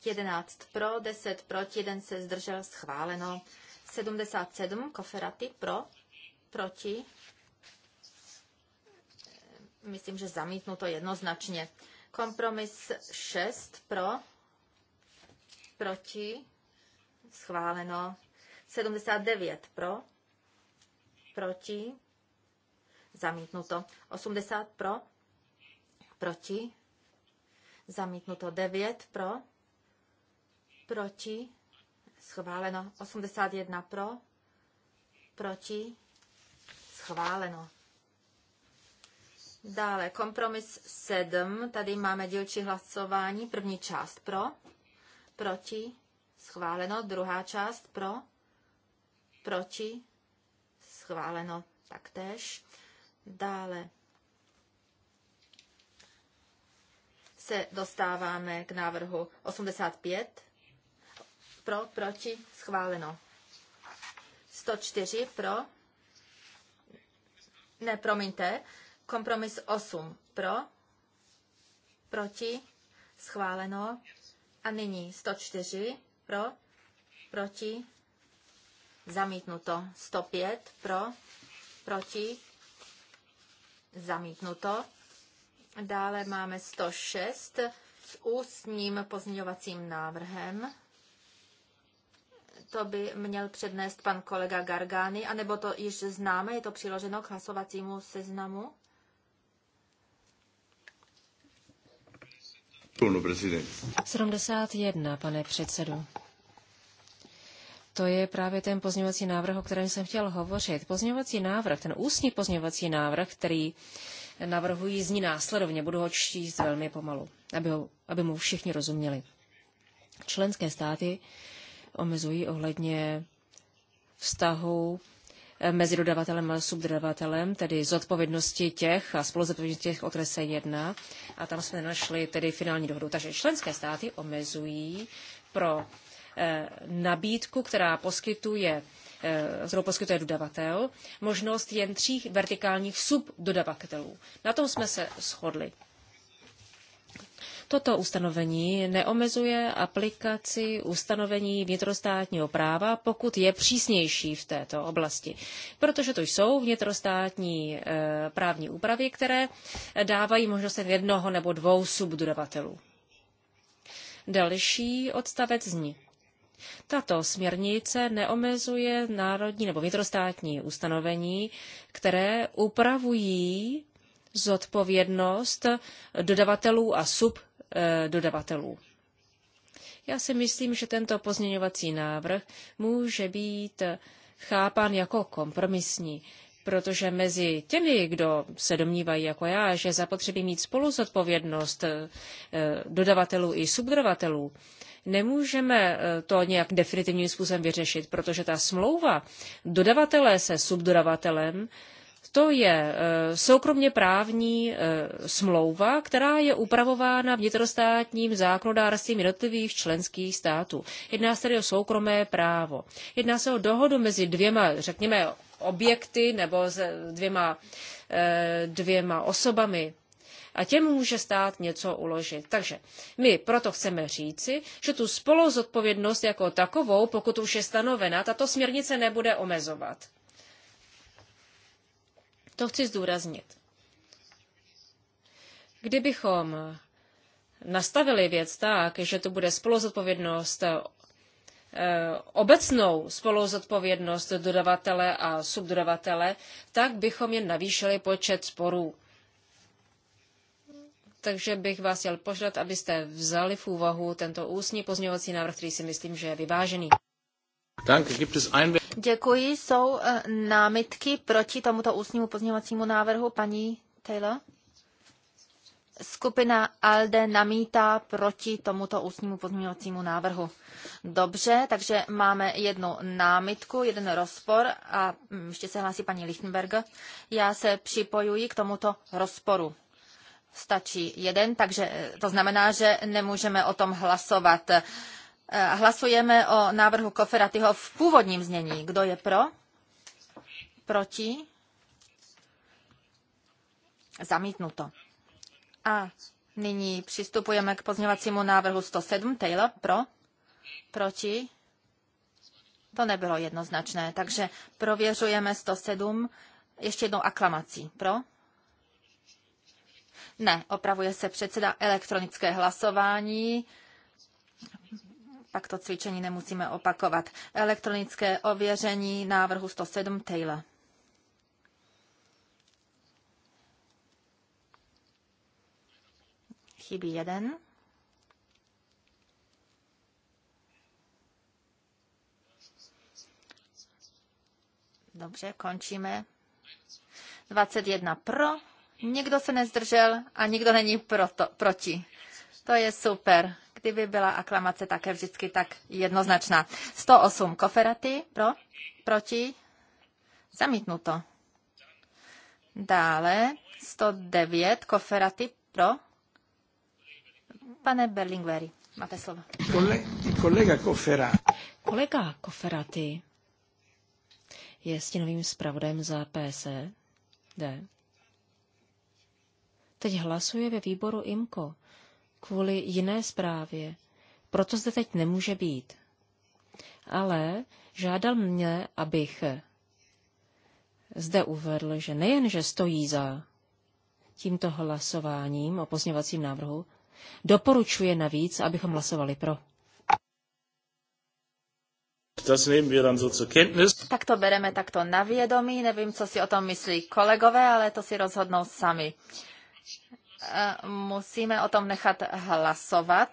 11 pro, 10 proti, 1 se zdržel, schváleno. 77 koferaty pro, proti. Myslím, že zamítnu to jednoznačně. Kompromis 6 pro, proti, schváleno. 79 pro, proti, zamítnuto. 80 pro, proti, zamítnuto. 9 pro, proti, schváleno. 81 pro, proti, schváleno. Dále kompromis 7. Tady máme dílčí hlasování. První část pro, proti, schváleno. Druhá část pro, proti, schváleno taktéž. Dále se dostáváme k návrhu 85 pro, proti, schváleno. 104 pro, ne, promiňte, kompromis 8 pro, proti, schváleno. A nyní 104 pro, proti, zamítnuto. 105 pro, proti, zamítnuto. Dále máme 106 s ústním pozměňovacím návrhem to by měl přednést pan kolega Gargány, anebo to již známe, je to přiloženo k hlasovacímu seznamu. Plno, 71, pane předsedu. To je právě ten pozměňovací návrh, o kterém jsem chtěl hovořit. Pozměňovací návrh, ten ústní pozměňovací návrh, který navrhují zní následovně. Budu ho číst velmi pomalu, aby, ho, aby mu všichni rozuměli. Členské státy omezují ohledně vztahu eh, mezi dodavatelem a subdodavatelem, tedy zodpovědnosti těch a spoluzodpovědnosti těch, o které se jedná. A tam jsme našli tedy finální dohodu. Takže členské státy omezují pro eh, nabídku, která poskytuje eh, kterou poskytuje dodavatel, možnost jen tří vertikálních subdodavatelů. Na tom jsme se shodli. Toto ustanovení neomezuje aplikaci ustanovení vnitrostátního práva, pokud je přísnější v této oblasti, protože to jsou vnitrostátní eh, právní úpravy, které dávají možnost jednoho nebo dvou subdodavatelů. Další odstavec zní. Tato směrnice neomezuje národní nebo vnitrostátní ustanovení, které upravují zodpovědnost dodavatelů a sub E, dodavatelů. Já si myslím, že tento pozměňovací návrh může být chápán jako kompromisní, protože mezi těmi, kdo se domnívají jako já, že zapotřebí mít zodpovědnost e, dodavatelů i subdodavatelů, nemůžeme e, to nějak definitivním způsobem vyřešit, protože ta smlouva dodavatele se subdodavatelem to je eh, soukromně právní eh, smlouva, která je upravována vnitrostátním zákonodárstvím jednotlivých členských států. Jedná se tedy o soukromé právo. Jedná se o dohodu mezi dvěma, řekněme, objekty nebo s dvěma, eh, dvěma osobami. A těm může stát něco uložit. Takže my proto chceme říci, že tu spoluzodpovědnost jako takovou, pokud už je stanovena, tato směrnice nebude omezovat. To chci zdůraznit. Kdybychom nastavili věc tak, že to bude spoluzodpovědnost eh, obecnou spoluzodpovědnost dodavatele a subdodavatele, tak bychom jen navýšili počet sporů. Takže bych vás chtěl požádat, abyste vzali v úvahu tento ústní pozměňovací návrh, který si myslím, že je vyvážený. Děkuji. Jsou eh, námitky proti tomuto ústnímu pozměňovacímu návrhu paní Taylor? Skupina ALDE namítá proti tomuto ústnímu pozměňovacímu návrhu. Dobře, takže máme jednu námitku, jeden rozpor a hm, ještě se hlásí paní Lichtenberg. Já se připojuji k tomuto rozporu stačí jeden, takže eh, to znamená, že nemůžeme o tom hlasovat. Eh, hlasujeme o návrhu Koferatyho v původním znění. Kdo je pro? Proti? Zamítnuto. A nyní přistupujeme k pozměňovacímu návrhu 107. Taylor, pro? Proti? To nebylo jednoznačné, takže prověřujeme 107 ještě jednou aklamací. Pro? Ne, opravuje se předseda elektronické hlasování pak to cvičení nemusíme opakovat. Elektronické ověření návrhu 107 Taylor. Chybí jeden. Dobře, končíme. 21 pro, nikdo se nezdržel a nikdo není proto, proti. To je super perspektivy byla aklamace také vždycky tak jednoznačná. 108 koferaty pro, proti, zamítnuto. Dále 109 koferaty pro. Pane Berlingveri, máte slovo. Kolega Koferaty. Kolega Koferaty je stěnovým zpravodajem za PSD. E. Teď hlasuje ve výboru IMKO kvůli jiné zprávě. Proto zde teď nemůže být. Ale žádal mě, abych zde uvedl, že nejen, že stojí za tímto hlasováním o pozněvacím návrhu, doporučuje navíc, abychom hlasovali pro. Tak to bereme takto na vědomí, nevím, co si o tom myslí kolegové, ale to si rozhodnou sami. Eh, musíme o tom nechat hlasovat.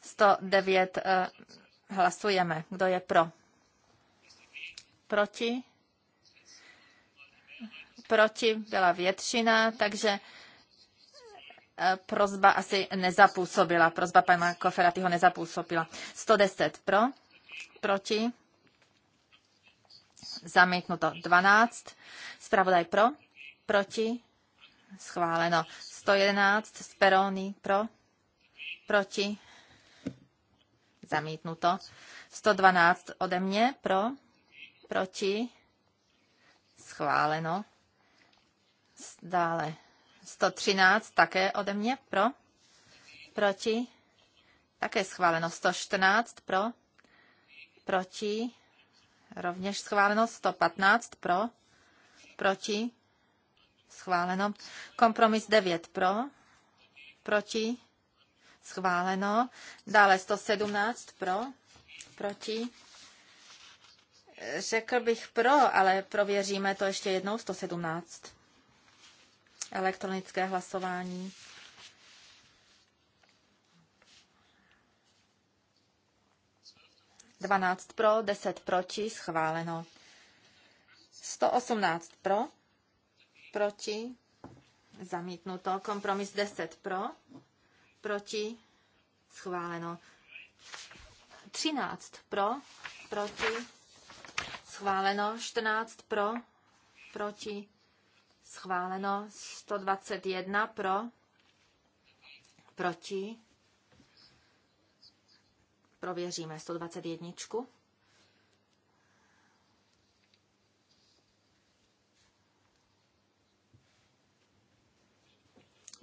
109 eh, hlasujeme. Kdo je pro? Proti? Proti byla většina, takže eh, prozba asi nezapůsobila. Prozba pana Koferatyho nezapůsobila. 110 pro, proti, zamítnuto 12. Spravodaj pro, proti, Schváleno. 111 z Perony pro. Proti. Zamítnuto. 112 ode mě pro. Proti. Schváleno. Dále. 113 také ode mě pro. Proti. Také schváleno. 114 pro. Proti. Rovněž schváleno. 115 pro. Proti. Schváleno. Kompromis 9 pro. Proti. Schváleno. Dále 117 pro. Proti. Řekl bych pro, ale prověříme to ještě jednou. 117. Elektronické hlasování. Dvanáct pro, deset proti, schváleno. 118 pro, proti, zamítnuto. Kompromis 10 pro, proti, schváleno. 13 pro, proti, schváleno. 14 pro, proti, schváleno. 121 pro, proti, prověříme 121.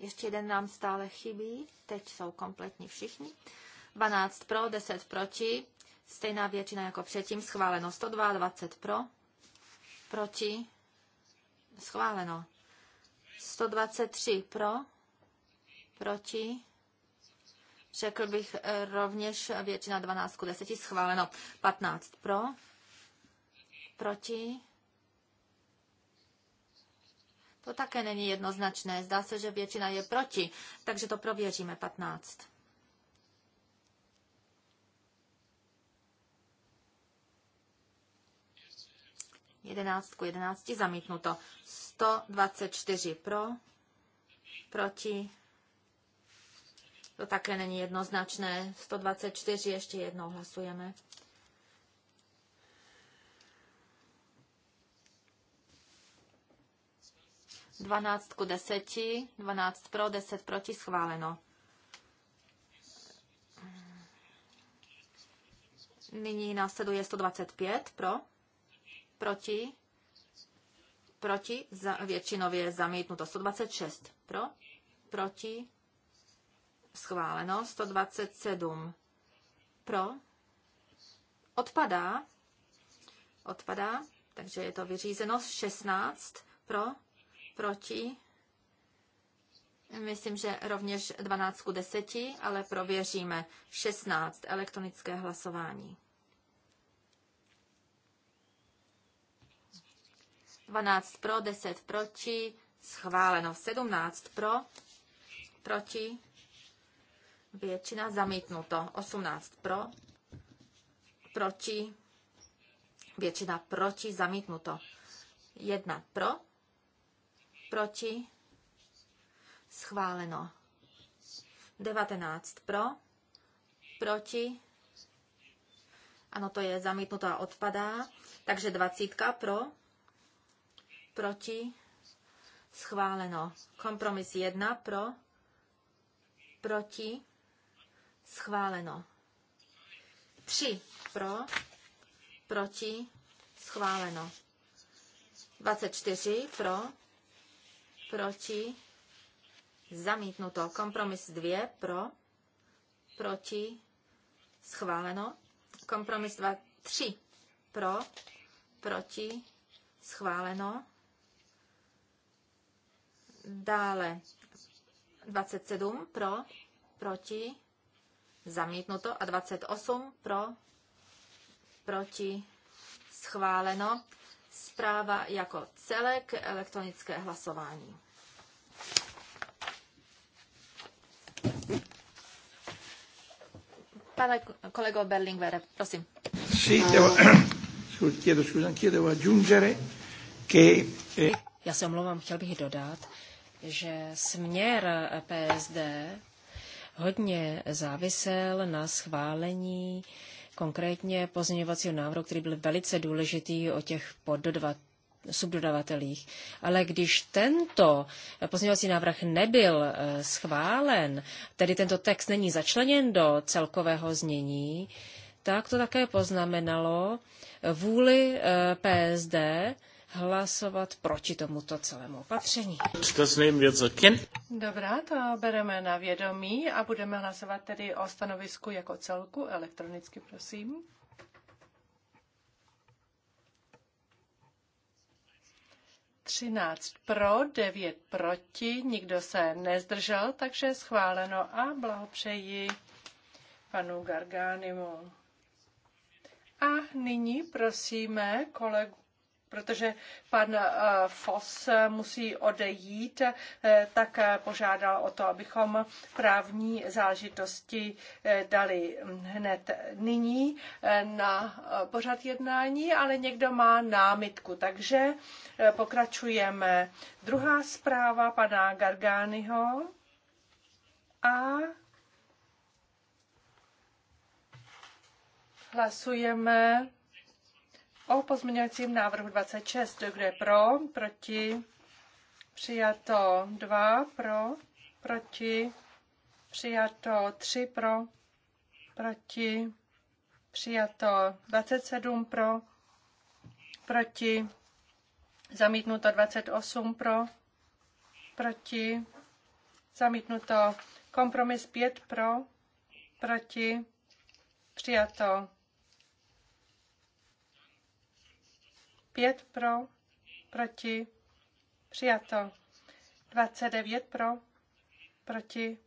Ještě jeden nám stále chybí. Teď jsou kompletní všichni. 12 pro, 10 proti. Stejná většina jako předtím. Schváleno 122 pro, proti. Schváleno. 123 pro, proti. Řekl bych eh, rovněž většina 12 ku 10 schváleno. 15 pro, proti to také není jednoznačné. Zdá se, že většina je proti, takže to prověříme 15. Jedenáctku, jedenácti, zamítnuto. 124 pro, proti. To také není jednoznačné. 124 ještě jednou hlasujeme. 12 ku 10, 12 pro, 10 proti, schváleno. Nyní následuje 125 pro, proti, proti, za, většinově zamítnuto. 126 pro, proti, schváleno. 127 pro, odpadá, odpadá, takže je to vyřízeno. 16 pro, proti. Myslím, že rovněž 12 k 10, ale prověříme 16 elektronické hlasování. 12 pro, 10 proti, schváleno 17 pro, proti, většina zamítnuto, 18 pro, proti, většina proti, zamítnuto, 1 pro, proti, schváleno. 19 pro, proti, ano, to je zamítnuto a odpadá, takže 20 pro, proti, schváleno. Kompromis 1 pro, proti, schváleno. 3 pro, proti, schváleno. 24 pro, proti, zamítnuto. Kompromis 2 pro, proti, schváleno. Kompromis 2, 3 pro, proti, schváleno. Dále 27 pro, proti, zamítnuto a 28 pro, proti, schváleno. Zpráva jako celek, elektronické hlasování. Pane kolego Berlingvere, prosím. Sì, devo, ah. chiedo scusa, devo aggiungere che... Eh, Já se omlouvám, chtěl bych dodat, že směr PSD hodně závisel na schválení konkrétně pozměňovacího návrhu, který byl velice důležitý o těch poddodavatelích subdodavatelích. Ale když tento pozměňovací návrh nebyl e, schválen, tedy tento text není začleněn do celkového znění, tak to také poznamenalo vůli e, PSD hlasovat proti tomuto celému opatření. Dobrá, to bereme na vědomí a budeme hlasovat tedy o stanovisku jako celku elektronicky, prosím. Třináct pro, devět proti, nikdo se nezdržel, takže schváleno a blahopřeji panu Garganimu. A nyní prosíme kolegu protože pan eh, Foss musí odejít, eh, tak eh, požádal o to, abychom právní záležitosti dali hm, hned nyní na pořad jednání, ale někdo má námitku, takže pokračujeme. Druhá zpráva pana Gargányho a hlasujeme o pozměňovacím návrhu 26. Kdo je pro? Proti? Přijato 2 pro, proti, přijato 3 pro, proti, přijato 27 pro, proti, zamítnuto 28 pro, proti, zamítnuto kompromis 5 pro, proti, přijato 5 pro, proti, přijato. 29 pro, proti,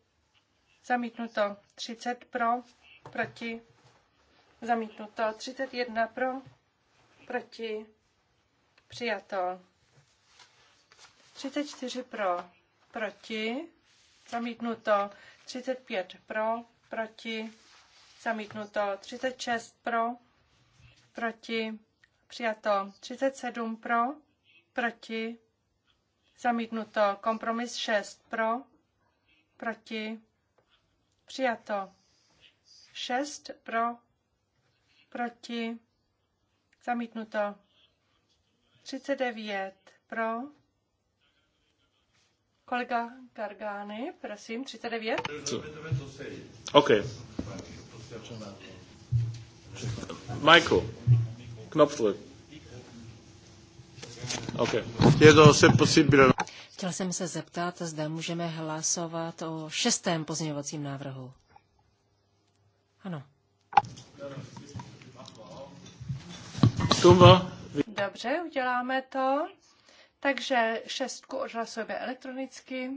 zamítnuto. 30 pro, proti, zamítnuto. 31 pro, proti, přijato. 34 pro, proti, zamítnuto. 35 pro, proti, zamítnuto. 36 pro, proti, Přijato 37 pro, proti, zamítnuto. Kompromis 6 pro, proti, přijato. 6 pro, proti, zamítnuto. 39 pro, kolega Gargány, prosím, 39. Co? OK. Michael. Knopf drücken. Okay. Chtěl jsem se zeptat, zda můžeme hlasovat o šestém pozměňovacím návrhu. Ano. Dobře, uděláme to. Takže šestku odhlasujeme elektronicky.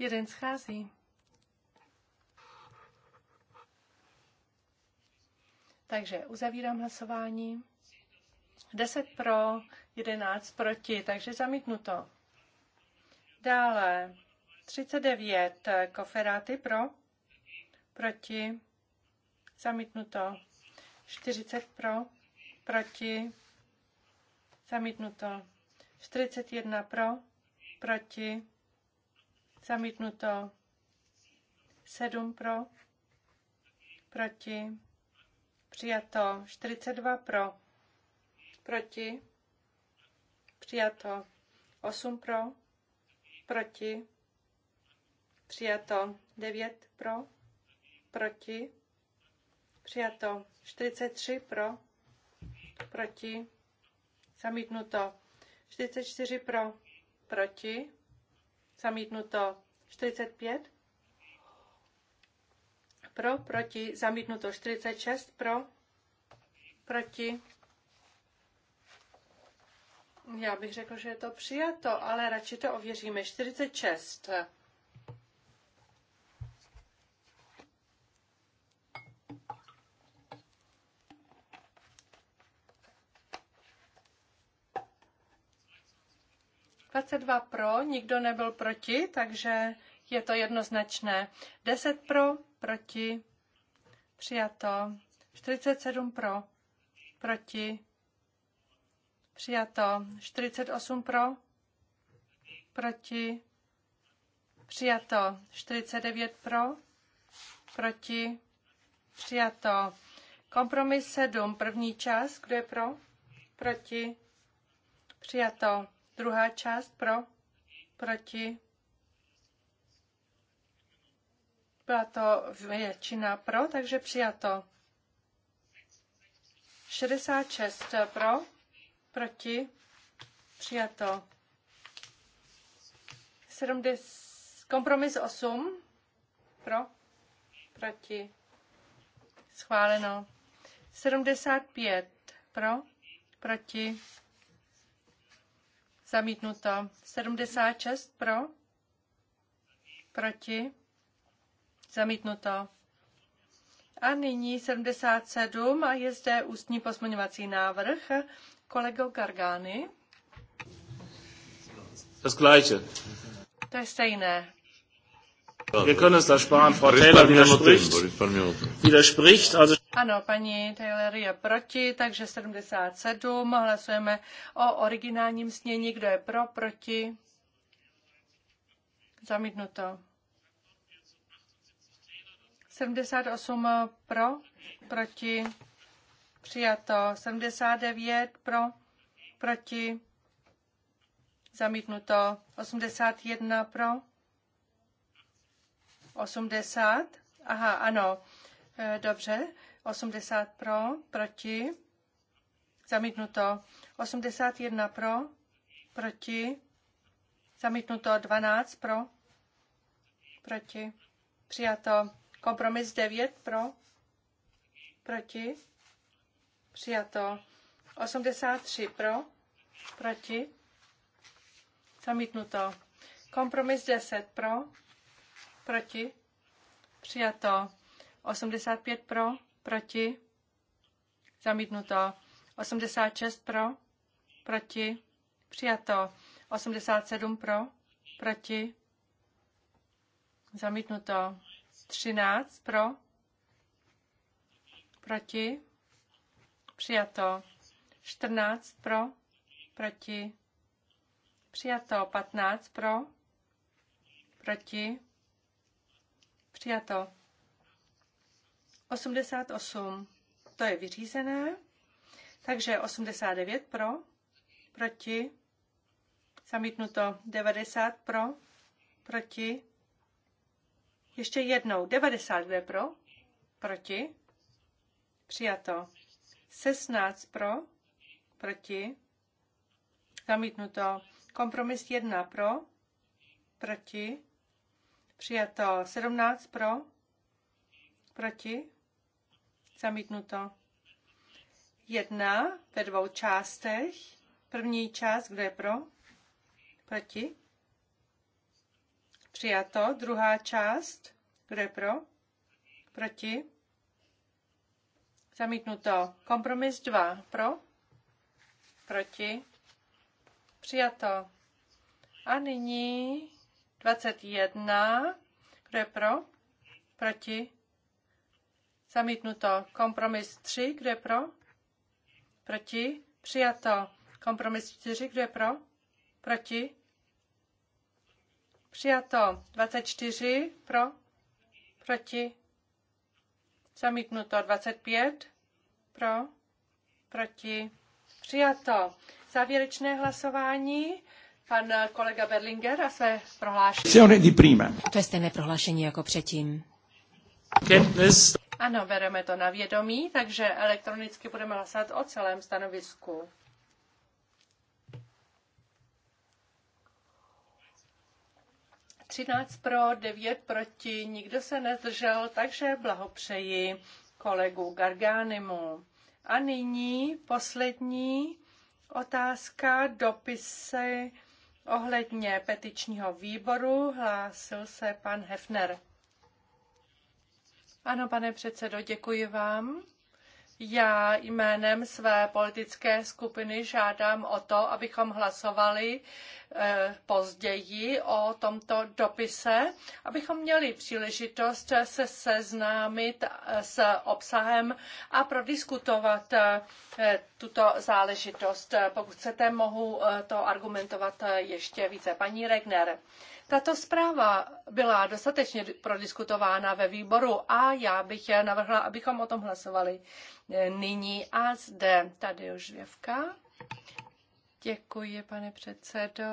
Jeden schází. Takže uzavírám hlasování. 10 pro, 11 proti, takže zamítnuto. Dále 39 koferáty pro, proti, zamítnuto. 40 pro, proti, zamítnuto. 41 pro, proti, Zamítnuto. 7 pro. Proti. Přijato. 42 pro. Proti. Přijato. 8 pro. Proti. Přijato. 9 pro. Proti. Přijato. 43 pro. Proti. Zamítnuto. 44 pro. Proti. Zamítnuto 45. Pro, proti, zamítnuto 46. Pro, proti. Já bych řekl, že je to přijato, ale radši to ověříme. 46. 22 pro, nikdo nebyl proti, takže je to jednoznačné. 10 pro, proti, přijato. 47 pro, proti, přijato. 48 pro, proti, přijato. 49 pro, proti, přijato. Kompromis 7, první část, kdo je pro, proti, přijato. Druhá část pro, proti. Byla to většina pro, takže přijato. 66 pro, proti, přijato. 70, kompromis 8 pro, proti, schváleno. 75 pro, proti, Zamítnuto. 76 pro. Proti. Zamítnuto. A nyní 77 a je zde ústní pozměňovací návrh kolego Gargány. Das gleiche. To je stejné. Wir können es da sparen. Frau Taylor widerspricht, widerspricht also ano, paní Taylor je proti, takže 77. Hlasujeme o originálním snění. Kdo je pro, proti? Zamítnuto. 78 pro, proti, přijato. 79 pro, proti, zamítnuto. 81 pro, 80. Aha, ano, e, dobře. 80 pro, proti, zamítnuto. 81 pro, proti, zamítnuto. 12 pro, proti, přijato. Kompromis 9 pro, proti, přijato. 83 pro, proti, zamítnuto. Kompromis 10 pro, proti, přijato. 85 pro, proti, zamítnuto. 86 pro, proti, přijato. 87 pro, proti, zamítnuto. 13 pro, proti, přijato. 14 pro, proti, přijato. 15 pro, proti, přijato. 88, to je vyřízené. Takže 89 pro, proti, zamítnuto 90 pro, proti, ještě jednou 92 pro, proti, přijato 16 pro, proti, zamítnuto kompromis 1 pro, proti, přijato 17 pro, proti, Zamítnuto. Jedna ve dvou částech. První část, kdo je pro? Proti? Přijato. Druhá část, kdo je pro? Proti? Zamítnuto. Kompromis 2. Pro? Proti? Přijato. A nyní 21. Kdo je pro? Proti? Zamítnuto. Kompromis 3, kdo je pro? Proti? Přijato. Kompromis 4, kdo je pro? Proti? Přijato. 24 pro? Proti? Zamítnuto. 25 pro? Proti? Přijato. Závěrečné hlasování pan kolega Berlinger a své prohlášení. To je stejné prohlášení jako předtím. Ano, bereme to na vědomí, takže elektronicky budeme hlasovat o celém stanovisku. Třináct pro, devět proti, nikdo se nezdržel, takže blahopřeji kolegu Garganimu. A nyní poslední otázka, dopisy ohledně petičního výboru. Hlásil se pan Hefner. Ano, pane předsedo, děkuji vám. Já jménem své politické skupiny žádám o to, abychom hlasovali eh, později o tomto dopise, abychom měli příležitost se seznámit eh, s obsahem a prodiskutovat eh, tuto záležitost. Pokud chcete, mohu to argumentovat ještě více. Paní Regner, tato zpráva byla dostatečně prodiskutována ve výboru a já bych navrhla, abychom o tom hlasovali eh, nyní a zde. Tady už Žvěvka. Děkuji, pane předsedo.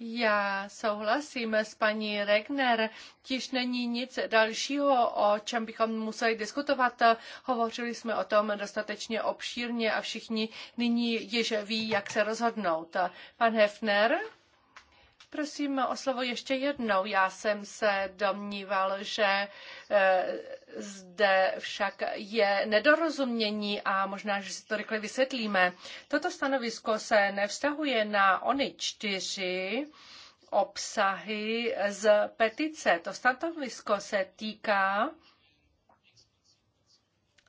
Já souhlasím s paní Regner. Tiž není nic dalšího, o čem bychom museli diskutovat. Hovořili jsme o tom dostatečně obšírně a všichni nyní již ví, jak se rozhodnout. Pan Hefner? Prosím o slovo ještě jednou. Já jsem se domníval, že eh, zde však je nedorozumění a možná, že si to rychle vysvětlíme. Toto stanovisko se nevztahuje na ony čtyři obsahy z petice. To stanovisko se týká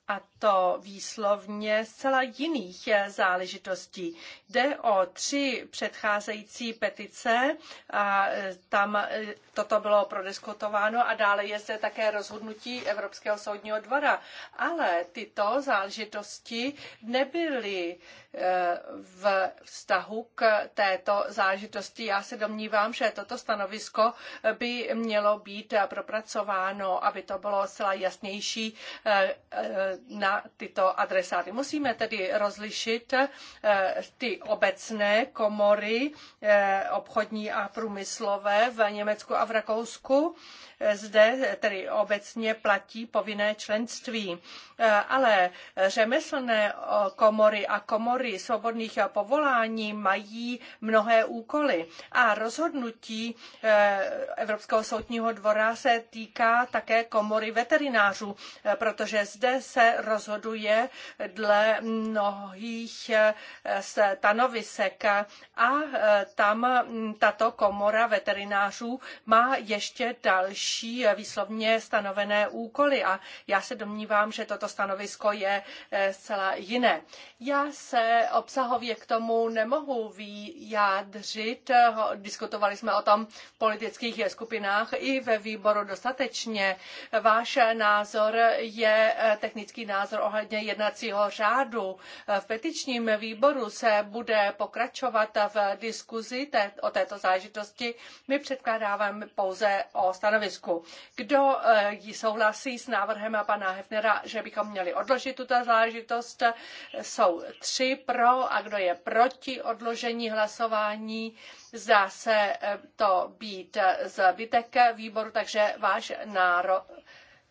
a to výslovně zcela jiných záležitostí. Jde o tři předcházející petice a e, tam e, toto bylo prodiskutováno a dále je zde také rozhodnutí Evropského soudního dvora. Ale tyto záležitosti nebyly e, v vztahu k této záležitosti. Já se domnívám, že toto stanovisko by mělo být propracováno, aby to bylo zcela jasnější na tyto adresáty. Musíme tedy rozlišit eh, ty obecné komory eh, obchodní a průmyslové v Německu a v Rakousku zde tedy obecně platí povinné členství. E, ale řemeslné komory a komory svobodných povolání mají mnohé úkoly a rozhodnutí e, Evropského soudního dvora se týká také komory veterinářů, e, protože zde se rozhoduje dle mnohých stanovisek a tam tato komora veterinářů má ještě další další výslovně stanovené úkoly a já se domnívám, že toto stanovisko je eh, zcela jiné. Já se obsahově k tomu nemohu vyjádřit, diskutovali jsme o tom v politických skupinách i ve výboru dostatečně. Váš názor je eh, technický názor ohledně jednacího řádu. Eh, v petičním výboru se bude pokračovat v diskuzi o této záležitosti. My předkládáme pouze o stanovisku. Rakousku. Kdo eh, souhlasí s návrhem pana Hefnera, že bychom měli odložit tuto záležitost, jsou tři pro a kdo je proti odložení hlasování, zdá se eh, to být zbytek výboru, takže váš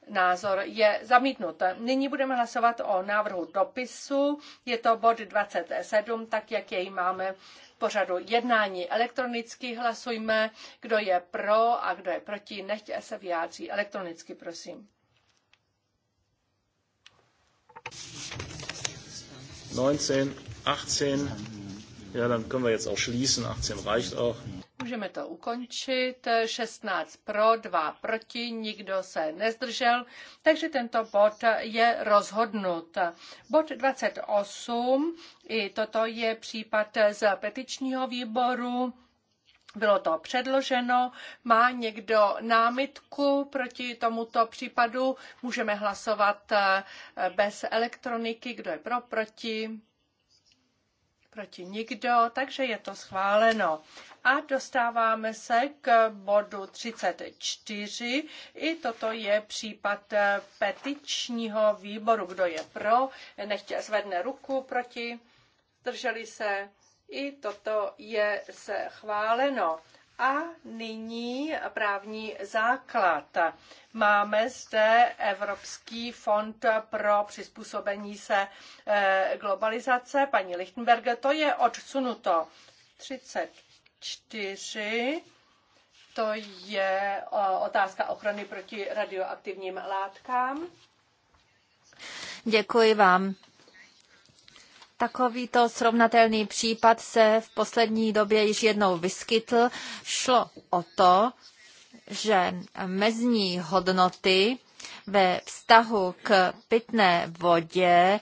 názor je zamítnut. Nyní budeme hlasovat o návrhu dopisu. Je to bod 27, tak jak jej máme pořadu jednání. Elektronicky hlasujme, kdo je pro a kdo je proti. Nechť se vyjádří elektronicky, prosím. Neunzehn, achtzehn. Ja, dann können wir jetzt auch schließen. 18 reicht auch. Můžeme to ukončit. 16 pro, 2 proti, nikdo se nezdržel, takže tento bod je rozhodnut. Bod 28, i toto je případ z petičního výboru. Bylo to předloženo. Má někdo námitku proti tomuto případu? Můžeme hlasovat eh, bez elektroniky. Kdo je pro, proti? proti nikdo, takže je to schváleno. A dostáváme se k bodu 34. I toto je případ petičního výboru. Kdo je pro, nechtě zvedne ruku proti, drželi se. I toto je schváleno. A nyní právní základ. Máme zde Evropský fond pro přizpůsobení se eh, globalizace. Paní Lichtenberg, to je odsunuto 34. To je otázka ochrany proti radioaktivním látkám. Děkuji vám. Takovýto srovnatelný případ se v poslední době již jednou vyskytl. Šlo o to, že mezní hodnoty ve vztahu k pitné vodě,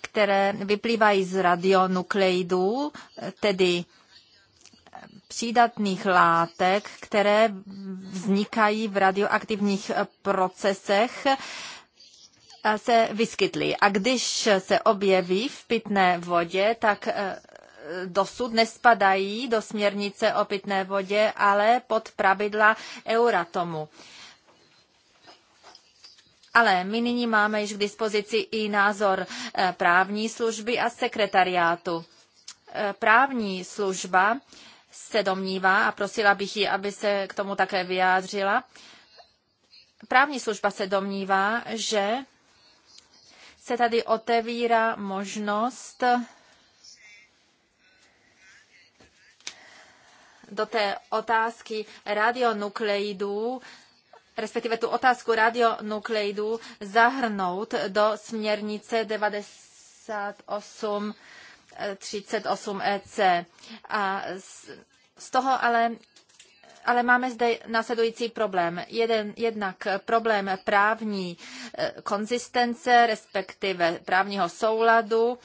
které vyplývají z radionukleidů, tedy přídatných látek, které vznikají v radioaktivních procesech, Eh, se vyskytly. A když se objeví v pitné vodě, tak eh, dosud nespadají do směrnice o pitné vodě, ale pod pravidla Euratomu. Ale my nyní máme již k dispozici i názor eh, právní služby a sekretariátu. Právní služba se domnívá, a prosila bych ji, aby se k tomu také vyjádřila, právní služba se domnívá, že se tady otevírá možnost do té otázky radionukleidů, respektive tu otázku radionukleidů zahrnout do směrnice 98 38 EC. A z toho ale ale máme zde následující problém. Jeden, jednak problém právní eh, konzistence, respektive právního souladu,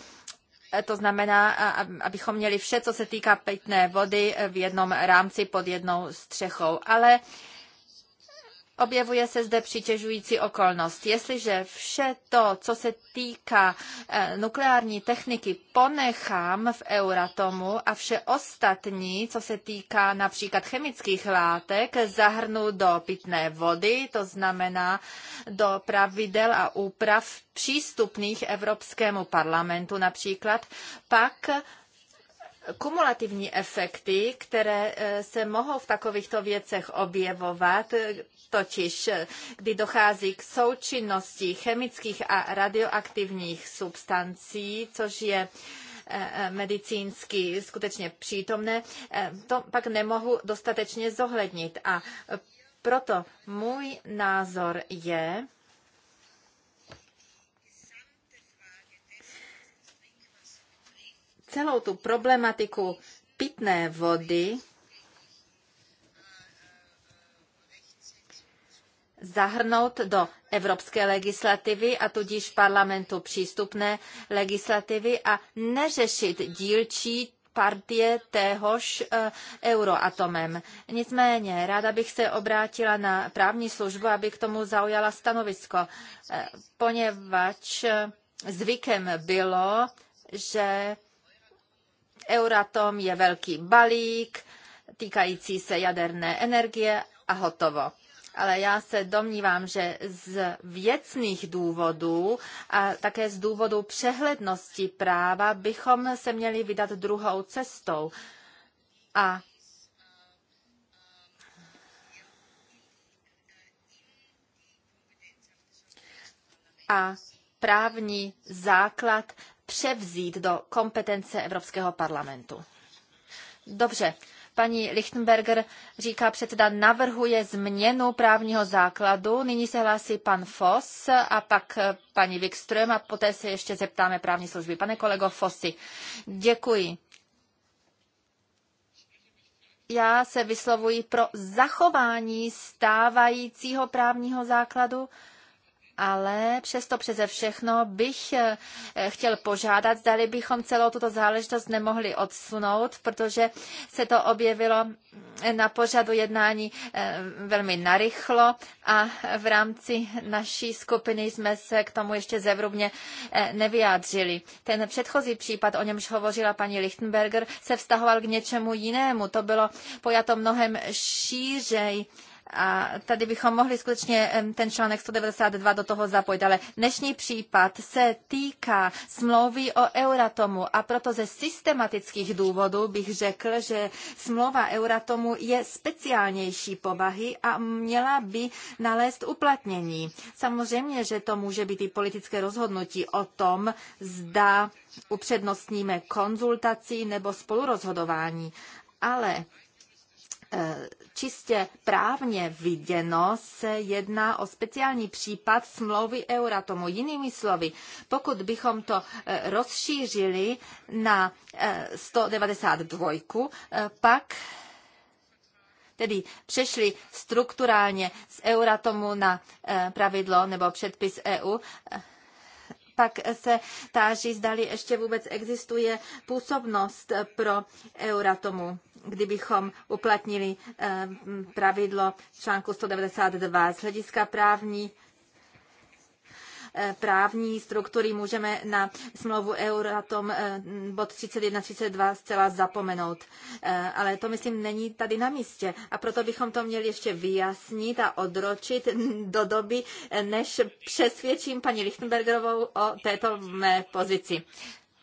eh, to znamená, abychom měli vše, co se týká pitné vody eh, v jednom rámci pod jednou střechou. Ale Objevuje se zde přitěžující okolnost. Jestliže vše to, co se týká eh, nukleární techniky, ponechám v Euratomu a vše ostatní, co se týká například chemických látek, zahrnu do pitné vody, to znamená do pravidel a úprav přístupných Evropskému parlamentu například, pak kumulativní efekty, které eh, se mohou v takovýchto věcech objevovat, eh, totiž eh, kdy dochází k součinnosti chemických a radioaktivních substancí, což je medicínsky skutečně přítomné, to pak nemohu dostatečně zohlednit. A proto můj názor je, celou tu problematiku pitné vody zahrnout do evropské legislativy a tudíž parlamentu přístupné legislativy a neřešit dílčí partie téhož eh, euroatomem. Nicméně, ráda bych se obrátila na právní službu, aby k tomu zaujala stanovisko, eh, poněvadž eh, zvykem bylo, že Euratom je velký balík týkající se jaderné energie a hotovo ale já se domnívám, že z věcných důvodů a také z důvodu přehlednosti práva bychom se měli vydat druhou cestou. A a právní základ převzít do kompetence Evropského parlamentu. Dobře, paní Lichtenberger říká předseda, navrhuje změnu právního základu. Nyní se hlásí pan Foss a pak paní Wikström a poté se ještě zeptáme právní služby. Pane kolego Fossi, děkuji. Já se vyslovuji pro zachování stávajícího právního základu ale přesto přeze všechno bych eh, chtěl požádat, zdali bychom celou tuto záležitost nemohli odsunout, protože se to objevilo eh, na pořadu jednání eh, velmi narychlo a v rámci naší skupiny jsme se k tomu ještě zevrubně nevyjádřili. Ten předchozí případ, o němž hovořila paní Lichtenberger, se vztahoval k něčemu jinému. To bylo pojato mnohem šířej a tady bychom mohli skutečně ten článek 192 do toho zapojit, ale dnešní případ se týká smlouvy o Euratomu a proto ze systematických důvodů bych řekl, že smlouva Euratomu je speciálnější povahy a měla by nalézt uplatnění. Samozřejmě, že to může být i politické rozhodnutí o tom, zda upřednostníme konzultaci nebo spolurozhodování. Ale Eh, čistě právně viděno se jedná o speciální případ smlouvy Euratomu. Jinými slovy, pokud bychom to eh, rozšířili na 192, eh, pak tedy přešli strukturálně z Euratomu na pravidlo nebo předpis EU, pak se táží, zdali ještě vůbec existuje působnost pro Euratomu kdybychom uplatnili eh, pravidlo článku 192. Z hlediska právní eh, právní struktury můžeme na smlouvu Euratom eh, bod 31-32 zcela zapomenout. Ale to, myslím, není tady na místě. A proto bychom to měli ještě vyjasnit a odročit do doby, než přesvědčím paní Lichtenbergerovou o této mé pozici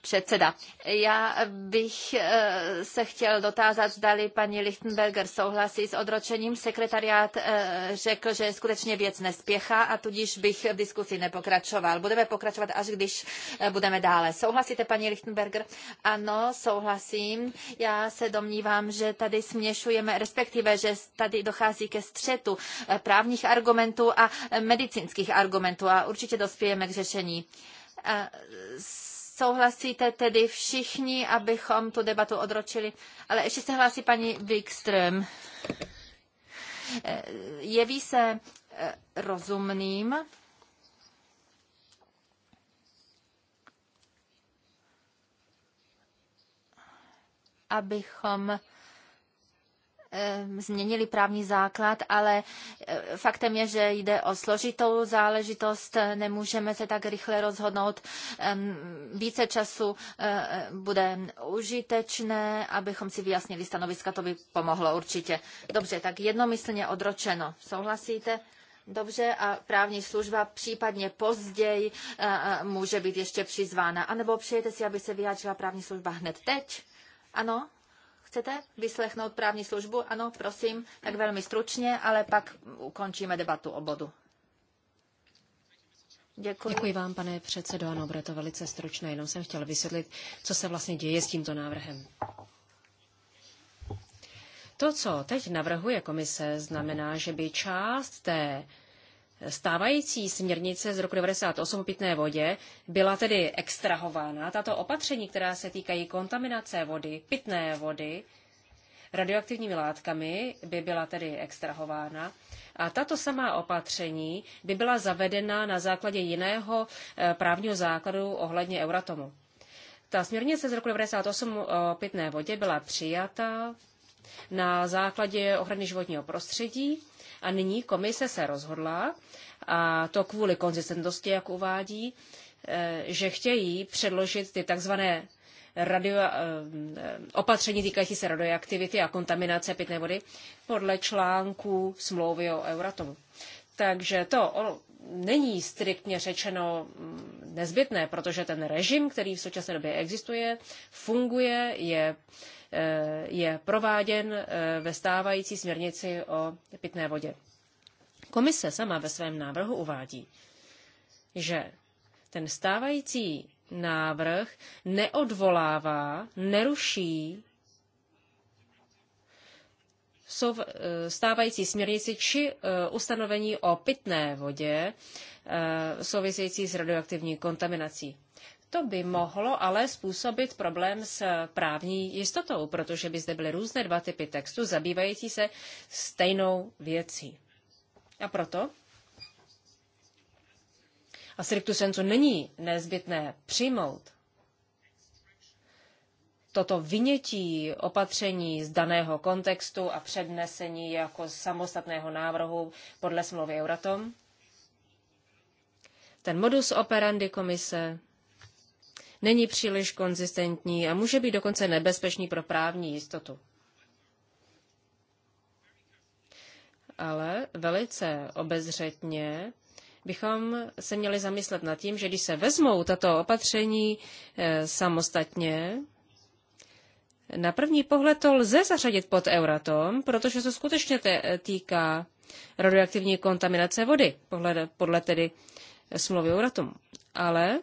předseda. Já bych eh, se chtěl dotázat, zdali paní Lichtenberger souhlasí s odročením. Sekretariát eh, řekl, že skutečně věc nespěchá a tudíž bych v diskusi nepokračoval. Budeme pokračovat, až když eh, budeme dále. Souhlasíte, paní Lichtenberger? Ano, souhlasím. Já se domnívám, že tady směšujeme, respektive, že tady dochází ke střetu právních argumentů a medicínských argumentů a určitě dospějeme k řešení Souhlasíte tedy všichni, abychom tu debatu odročili? Ale ještě se hlásí paní Wikström. Eh, jeví se eh, rozumným, abychom Ehm, změnili právní základ, ale e, faktem je, že jde o složitou záležitost, nemůžeme se tak rychle rozhodnout. Ehm, více času e, bude užitečné, abychom si vyjasnili stanoviska, to by pomohlo určitě. Dobře, tak jednomyslně odročeno. Souhlasíte? Dobře, a právní služba případně později e, může být ještě přizvána. A nebo přejete si, aby se vyjádřila právní služba hned teď? Ano, Chcete vyslechnout právní službu? Ano, prosím, tak velmi stručně, ale pak ukončíme debatu o bodu. Děkuji. Děkuji vám, pane předsedo. Ano, bude to velice stručné. Jenom jsem chtěl vysvětlit, co se vlastně děje s tímto návrhem. To, co teď navrhuje komise, znamená, že by část té Stávající směrnice z roku 1998 o pitné vodě byla tedy extrahována. Tato opatření, která se týkají kontaminace vody, pitné vody, radioaktivními látkami by byla tedy extrahována. A tato samá opatření by byla zavedena na základě jiného eh, právního základu ohledně Euratomu. Ta směrnice z roku 1998 o pitné vodě byla přijata na základě ochrany životního prostředí a nyní komise se rozhodla, a to kvůli konzistentnosti, jak uvádí, e, že chtějí předložit ty takzvané radio, e, e, opatření týkající se radioaktivity a kontaminace pitné vody podle článků smlouvy o Euratomu. Takže to není striktně řečeno mm, nezbytné, protože ten režim, který v současné době existuje, funguje, je je prováděn eh, ve stávající směrnici o pitné vodě. Komise sama ve svém návrhu uvádí, že ten stávající návrh neodvolává, neruší eh, stávající směrnici či eh, ustanovení o pitné vodě související s radioaktivní kontaminací. To by mohlo ale způsobit problém s právní jistotou, protože by zde byly různé dva typy textu zabývající se stejnou věcí. A proto a strictu sensu není nezbytné přijmout toto vynětí opatření z daného kontextu a přednesení jako samostatného návrhu podle smlouvy Euratom. Ten modus operandi komise není příliš konzistentní a může být dokonce nebezpečný pro právní jistotu. Ale velice obezřetně bychom se měli zamyslet nad tím, že když se vezmou tato opatření eh, samostatně, na první pohled to lze zařadit pod Euratom, protože se skutečně týká radioaktivní kontaminace vody, podle, podle tedy smlouvy Euratom. Ale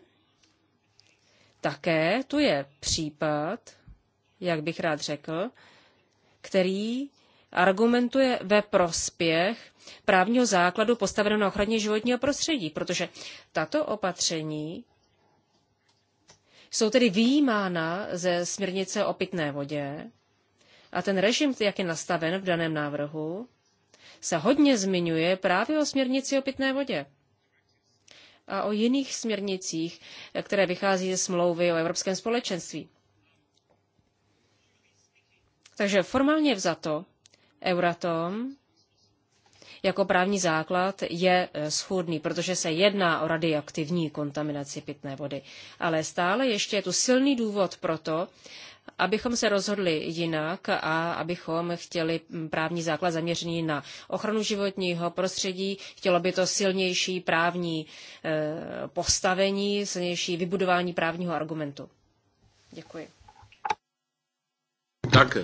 také to je případ, jak bych rád řekl, který argumentuje ve prospěch právního základu postaveného na ochraně životního prostředí, protože tato opatření jsou tedy výjímána ze směrnice o pitné vodě a ten režim, jak je nastaven v daném návrhu, se hodně zmiňuje právě o směrnici o pitné vodě a o jiných směrnicích, eh, které vychází ze smlouvy o Evropském společenství. Takže formálně vzato Euratom jako právní základ je eh, schůdný, protože se jedná o radioaktivní kontaminaci pitné vody. Ale stále ještě je tu silný důvod pro to, abychom se rozhodli jinak a abychom chtěli právní základ zaměřený na ochranu životního prostředí, chtělo by to silnější právní eh, postavení, silnější vybudování právního argumentu. Děkuji. Tak,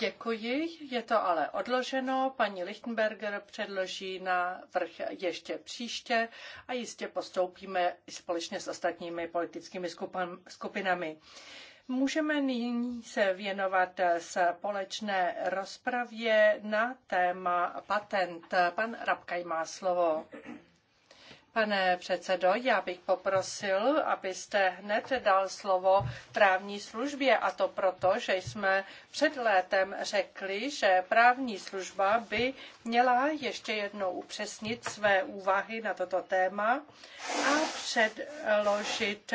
Děkuji, je to ale odloženo. Paní Lichtenberger předloží na vrch ještě příště a jistě postoupíme společně s ostatními politickými skupinami. Můžeme nyní se věnovat společné rozpravě na téma patent. Pan Rabkaj má slovo. Pane předsedo, já bych poprosil, abyste hned dal slovo právní službě a to proto, že jsme před létem řekli, že právní služba by měla ještě jednou upřesnit své úvahy na toto téma a předložit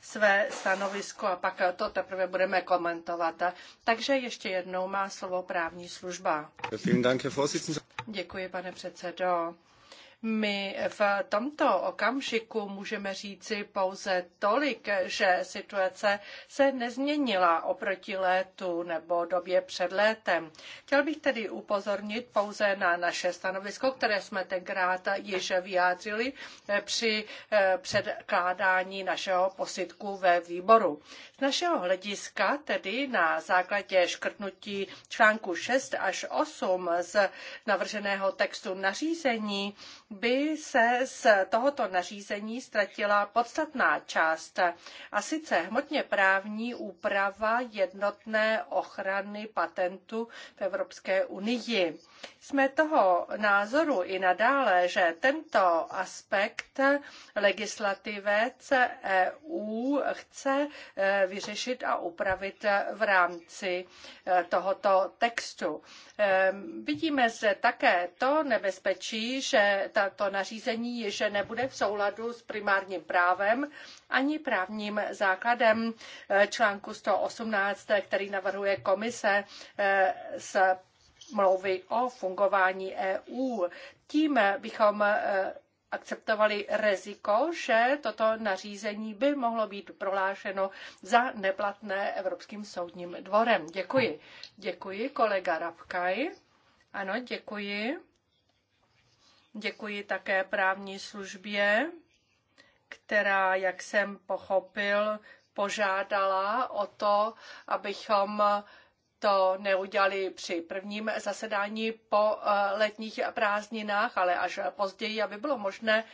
své stanovisko a pak to teprve budeme komentovat. Takže ještě jednou má slovo právní služba. Děkuji, pane předsedo. My v tomto okamžiku můžeme říci pouze tolik, že situace se nezměnila oproti létu nebo době před létem. Chtěl bych tedy upozornit pouze na naše stanovisko, které jsme tenkrát již vyjádřili při eh, předkládání našeho posudku ve výboru. Z našeho hlediska tedy na základě škrtnutí článku 6 až 8 z navrženého textu nařízení by se z tohoto nařízení ztratila podstatná část, a sice hmotně právní úprava jednotné ochrany patentu v Evropské unii. Jsme toho názoru i nadále, že tento aspekt legislativec EU chce eh, vyřešit a upravit v rámci eh, tohoto textu. Eh, vidíme zde také to nebezpečí, že tato nařízení již nebude v souladu s primárním právem ani právním základem článku 118, který navrhuje komise s smlouvy o fungování EU. Tím bychom eh, akceptovali riziko, že toto nařízení by mohlo být prohlášeno za neplatné Evropským soudním dvorem. Děkuji. Děkuji, kolega Rabkaj. Ano, děkuji. Děkuji také právní službě, která, jak jsem pochopil, požádala o to, abychom to neudělali při prvním zasedání po eh, letních prázdninách, ale až později, aby bylo možné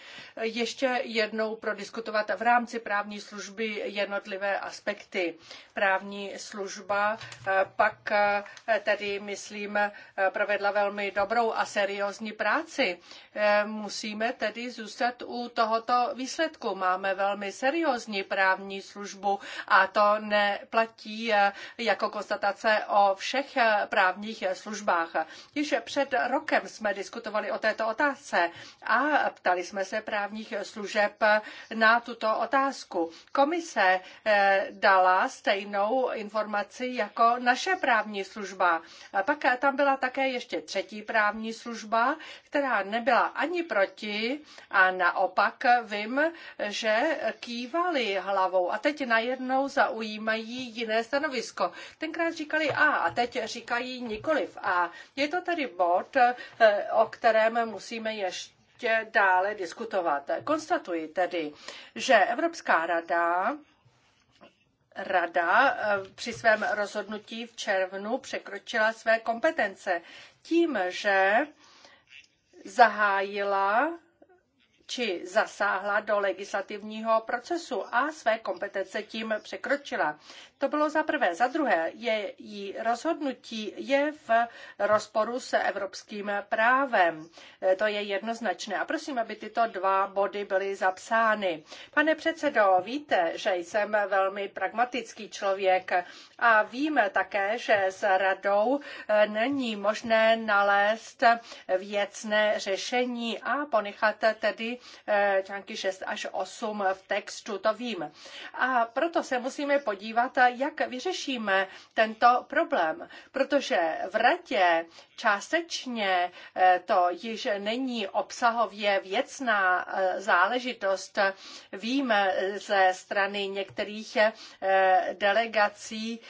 ještě jednou prodiskutovat v rámci právní služby jednotlivé aspekty. Právní služba eh, pak eh, tedy, myslím, provedla velmi dobrou a seriózní práci. Musíme tedy zůstat u tohoto výsledku. Máme velmi seriózní právní službu a to neplatí jako konstatace o o všech eh, právních službách. Již před rokem jsme diskutovali o této otázce a ptali jsme se právních služeb na tuto otázku. Komise eh, dala stejnou informaci jako naše právní služba. Pak tam byla také ještě třetí právní služba, která nebyla ani proti a naopak vím, že kývali hlavou a teď najednou zaujímají jiné stanovisko. Tenkrát říkali, a a a teď říkají nikoliv A. Je to tedy bod, eh, o kterém musíme ještě dále diskutovat. Konstatuji tedy, že Evropská rada Rada eh, při svém rozhodnutí v červnu překročila své kompetence tím, že zahájila či zasáhla do legislativního procesu a své kompetence tím překročila. To bylo za prvé. Za druhé, její rozhodnutí je v rozporu s evropským právem. E, to je jednoznačné. A prosím, aby tyto dva body byly zapsány. Pane předsedo, víte, že jsem velmi pragmatický člověk a víme také, že s radou e, není možné nalézt věcné řešení a ponechat tedy e, články 6 až 8 v textu, to vím. A proto se musíme podívat jak vyřešíme tento problém, protože v radě částečně eh, to již není obsahově věcná eh, záležitost. Vím eh, ze strany některých delegací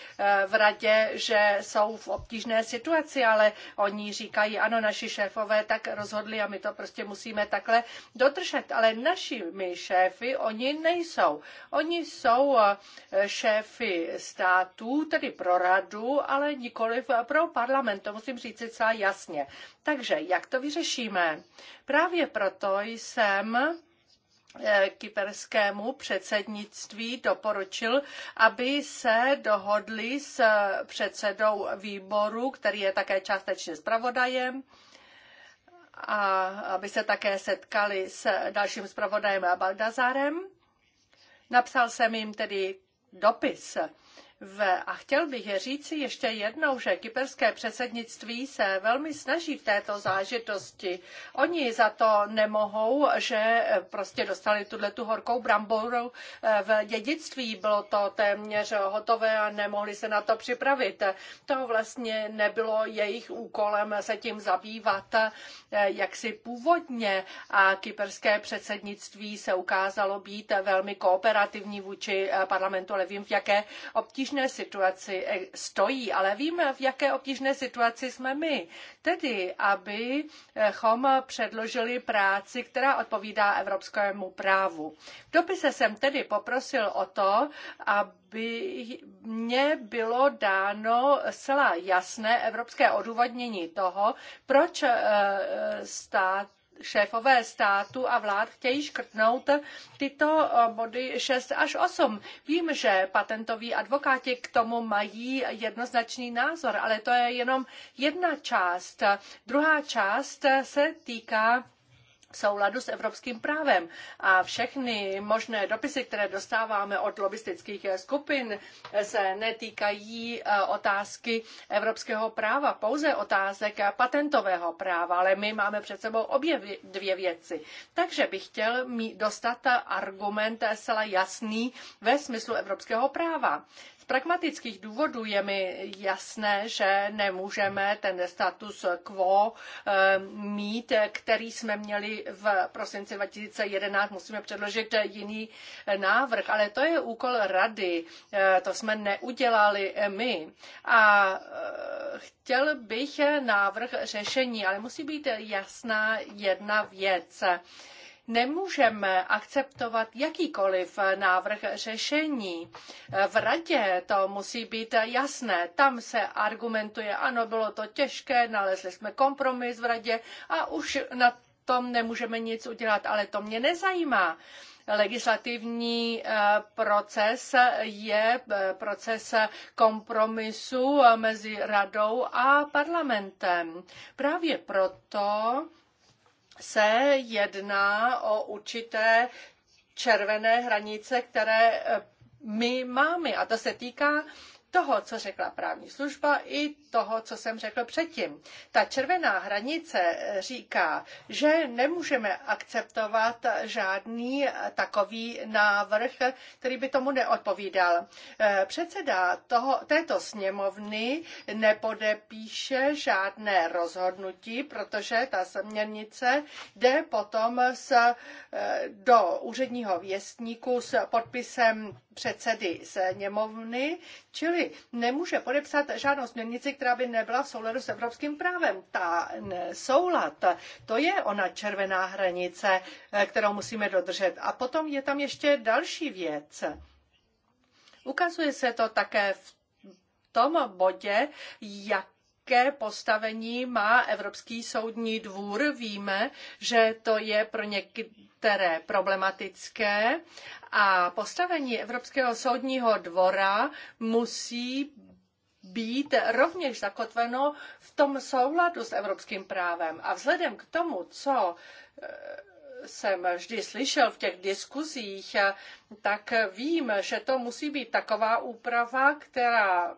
v radě, že jsou v obtížné situaci, ale oni říkají, ano, naši šéfové tak rozhodli a my to prostě musíme takhle dodržet. Ale našimi šéfy oni nejsou. Oni jsou šéfy států, tedy pro radu, ale nikoli pro parlament. To musím říct celá jasně. Takže jak to vyřešíme? Právě proto jsem eh, kyperskému předsednictví doporučil, aby se dohodli s eh, předsedou výboru, který je také částečně zpravodajem, a aby se také setkali s dalším zpravodajem Baldazarem. Napsal jsem jim tedy dopis. V, a chtěl bych říci ještě jednou, že kyperské předsednictví se velmi snaží v této zážitosti. Oni za to nemohou, že prostě dostali tuhle tu horkou bramboru eh, v dědictví. Bylo to téměř hotové a nemohli se na to připravit. To vlastně nebylo jejich úkolem se tím zabývat eh, jaksi původně a kyperské předsednictví se ukázalo být velmi kooperativní vůči eh, parlamentu, ale vím, v jaké obtížnosti obtížné situaci eh, stojí, ale víme, v jaké obtížné situaci jsme my. Tedy, abychom eh, předložili práci, která odpovídá evropskému právu. V dopise jsem tedy poprosil o to, aby mě bylo dáno zcela jasné evropské odůvodnění toho, proč eh, stát šéfové státu a vlád chtějí škrtnout tyto eh, body 6 až 8. Vím, že patentoví advokáti k tomu mají jednoznačný názor, ale to je jenom jedna část. Druhá část se týká souladu s evropským právem. A všechny možné dopisy, které dostáváme od lobistických skupin, se netýkají eh, otázky evropského práva, pouze otázek patentového práva, ale my máme před sebou obě dvě věci. Takže bych chtěl mít dostat argument zcela jasný ve smyslu evropského práva pragmatických důvodů je mi jasné, že nemůžeme ten status quo eh, mít, který jsme měli v prosinci 2011. Musíme předložit jiný eh, návrh, ale to je úkol rady. Eh, to jsme neudělali my. A chtěl bych návrh řešení, ale musí být jasná jedna věc. Nemůžeme akceptovat jakýkoliv návrh řešení. V radě to musí být jasné. Tam se argumentuje, ano, bylo to těžké, nalezli jsme kompromis v radě a už na tom nemůžeme nic udělat, ale to mě nezajímá legislativní eh, proces je eh, proces kompromisu mezi radou a parlamentem. Právě proto se jedná o určité červené hranice, které eh, my máme. A to se týká toho, co řekla právní služba, i toho, co jsem řekl předtím. Ta červená hranice říká, že nemůžeme akceptovat žádný takový návrh, který by tomu neodpovídal. Eh, předseda toho, této sněmovny nepodepíše žádné rozhodnutí, protože ta směrnice jde potom z, eh, do úředního věstníku s podpisem předsedy sněmovny, čili nemůže podepsat žádnou směrnici, která by nebyla v souladu s evropským právem. Ta soulad, to je ona červená hranice, eh, kterou musíme dodržet. A potom je tam ještě další věc. Ukazuje se to také v tom bodě, jak jaké postavení má Evropský soudní dvůr. Víme, že to je pro některé problematické a postavení Evropského soudního dvora musí být rovněž zakotveno v tom souladu s evropským právem. A vzhledem k tomu, co eh, jsem vždy slyšel v těch diskuzích, eh, tak vím, že to musí být taková úprava, která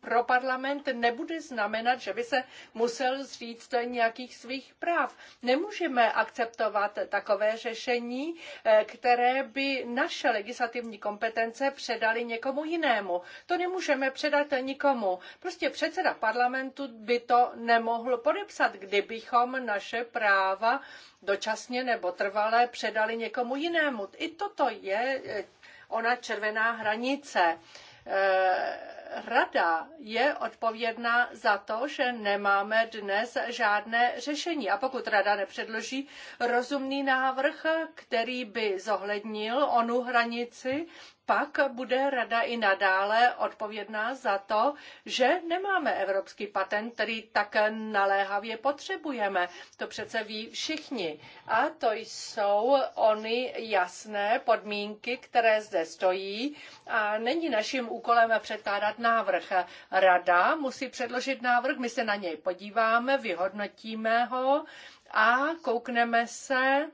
pro parlament nebude znamenat, že by se musel zříct nějakých svých práv. Nemůžeme akceptovat takové řešení, eh, které by naše legislativní kompetence předali někomu jinému. To nemůžeme předat nikomu. Prostě předseda parlamentu by to nemohl podepsat, kdybychom naše práva dočasně nebo trvalé předali někomu jinému. I toto je eh, ona červená hranice eh, rada je odpovědná za to, že nemáme dnes žádné řešení. A pokud rada nepředloží rozumný návrh, který by zohlednil onu hranici, pak bude rada i nadále odpovědná za to, že nemáme evropský patent, který tak naléhavě potřebujeme. To přece ví všichni. A to jsou ony jasné podmínky, které zde stojí a není naším úkolem předkládat návrh. Rada musí předložit návrh, my se na něj podíváme, vyhodnotíme ho a koukneme se,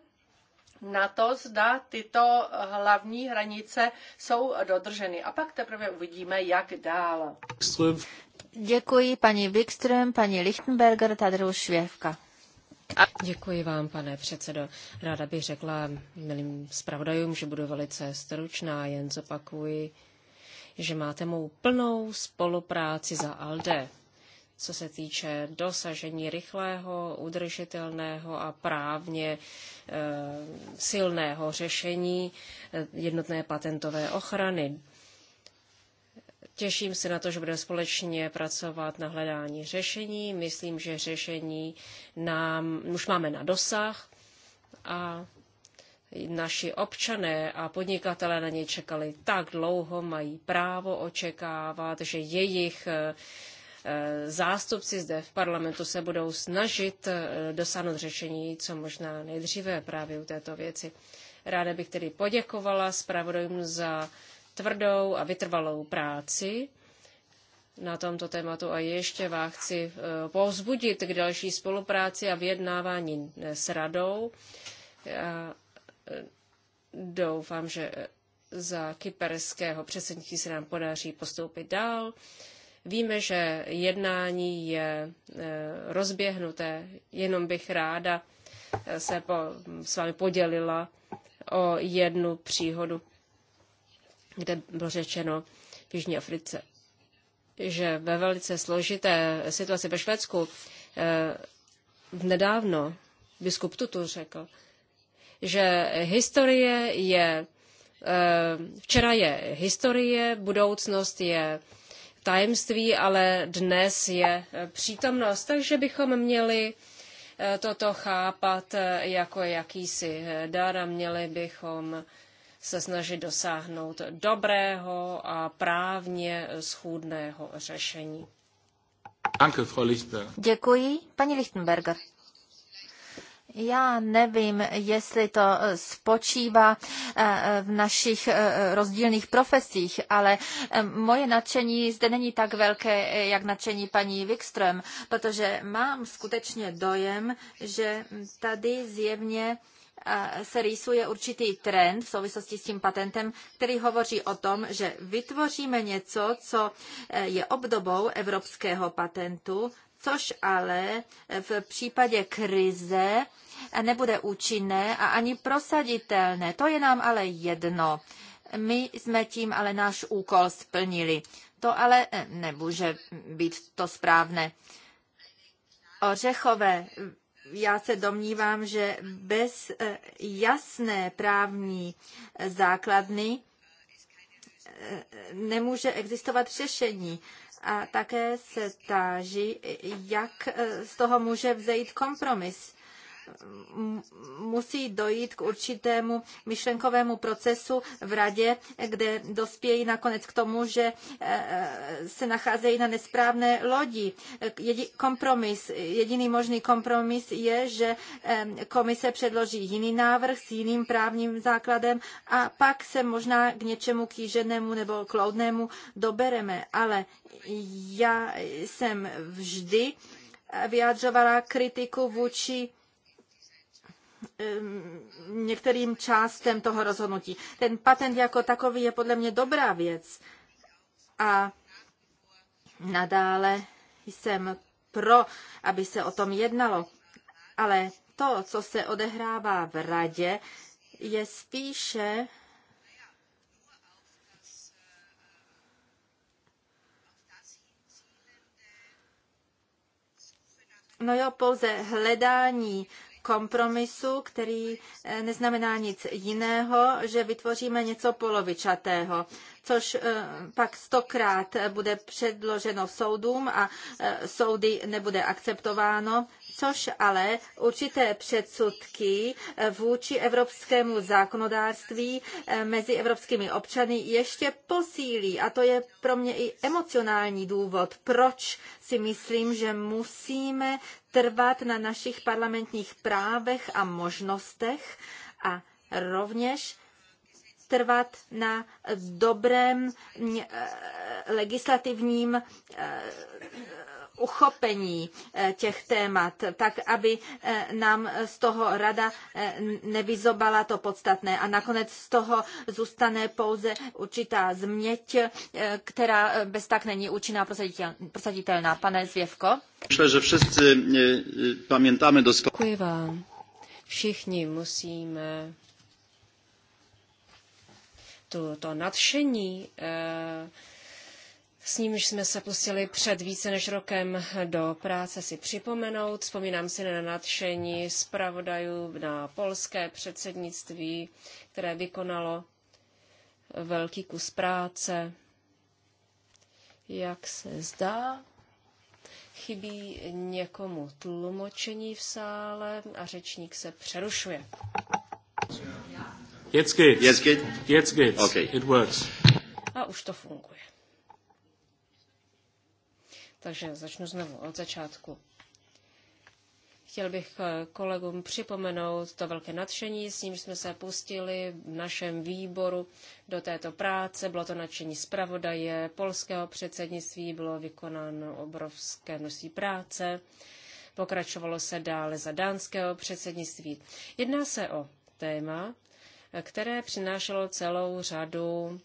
na to, zda tyto hlavní hranice jsou dodrženy. A pak teprve uvidíme, jak dál. Děkuji paní Wikström, paní Lichtenberger, Tadeusz Švěvka. Děkuji vám, pane předsedo. Ráda bych řekla milým zpravodajům, že budu velice stručná, jen zopakuji, že máte mou plnou spolupráci za ALDE co se týče dosažení rychlého, udržitelného a právně eh, silného řešení eh, jednotné patentové ochrany. Těším se na to, že budeme společně pracovat na hledání řešení. Myslím, že řešení nám už máme na dosah a naši občané a podnikatelé na ně čekali tak dlouho, mají právo očekávat, že jejich eh, Eh, zástupci zde v parlamentu se budou snažit eh, dosáhnout řešení co možná nejdříve právě u této věci. Ráda bych tedy poděkovala zpravodajům za tvrdou a vytrvalou práci na tomto tématu a ještě vás chci eh, povzbudit k další spolupráci a vyjednávání s radou. Já doufám, že za kyperského předsednictví se nám podaří postoupit dál Víme, že jednání je eh, rozběhnuté, jenom bych ráda eh, se po, s vámi podělila o jednu příhodu, kde bylo řečeno v Jižní Africe, že ve velice složité situaci ve Švédsku eh, nedávno biskup Tutu řekl, že historie je, včera je historie, budoucnost je tajemství, ale dnes je eh, přítomnost, takže bychom měli eh, toto chápat eh, jako jakýsi dar a měli bychom se snažit dosáhnout dobrého a právně schůdného řešení. Děkuji, paní Lichtenberger. Já nevím, jestli to eh, spočívá eh, eh, v našich rozdílných profesích, ale moje nadšení zde není tak velké, jak nadšení paní Wikström, protože mám skutečně dojem, že tady zjevně se rýsuje určitý trend v souvislosti s tím patentem, který hovoří o tom, že vytvoříme něco, co je obdobou evropského patentu, což ale v případě krize nebude účinné a ani prosaditelné. To je nám ale jedno. My jsme tím ale náš úkol splnili. To ale eh, nemůže být to správné. Ořechové, já se domnívám, že bez eh, jasné právní eh, základny nemůže existovat řešení a také se táži, jak eh, z toho může vzejít kompromis musí dojít k určitému myšlenkovému procesu v radě, kde dospějí nakonec k tomu, že eh, se nacházejí na nesprávné lodi. Kompromis, jediný možný kompromis je, že eh, komise předloží jiný návrh s jiným právním základem a pak se možná k něčemu kýženému nebo kloudnému dobereme. Ale já jsem vždy eh, vyjadřovala kritiku vůči některým částem toho rozhodnutí. Ten patent jako takový je podle mě dobrá věc a nadále jsem pro, aby se o tom jednalo. Ale to, co se odehrává v radě, je spíše No jo, pouze hledání kompromisu, který eh, neznamená nic jiného, že vytvoříme něco polovičatého, což eh, pak stokrát bude předloženo soudům a eh, soudy nebude akceptováno, což ale určité předsudky vůči evropskému zákonodárství eh, mezi evropskými občany ještě posílí. A to je pro mě i emocionální důvod, proč si myslím, že musíme trvat na našich parlamentních právech a možnostech a rovněž trvat na dobrém eh, legislativním eh, uchopení eh, těch témat, tak aby eh, nám z toho rada eh, nevyzobala to podstatné a nakonec z toho zůstane pouze určitá změť, která bez tak není účinná prosaditelná. Pane Zvěvko? Myslím, že všichni pamiętamy Děkuji vám. Všichni musíme to, to nadšení s nímž jsme se pustili před více než rokem do práce si připomenout. Vzpomínám si na nadšení zpravodajů na polské předsednictví, které vykonalo velký kus práce. Jak se zdá, chybí někomu tlumočení v sále a řečník se přerušuje. Jetzt geht's. Jetzt Okay. It works. A už to funguje. Takže začnu znovu od začátku. Chtěl bych eh, kolegům připomenout to velké nadšení, s nímž jsme se pustili v našem výboru do této práce. Bylo to nadšení zpravodaje polského předsednictví, bylo vykonáno obrovské množství práce. Pokračovalo se dále za dánského předsednictví. Jedná se o téma, které přinášelo celou řadu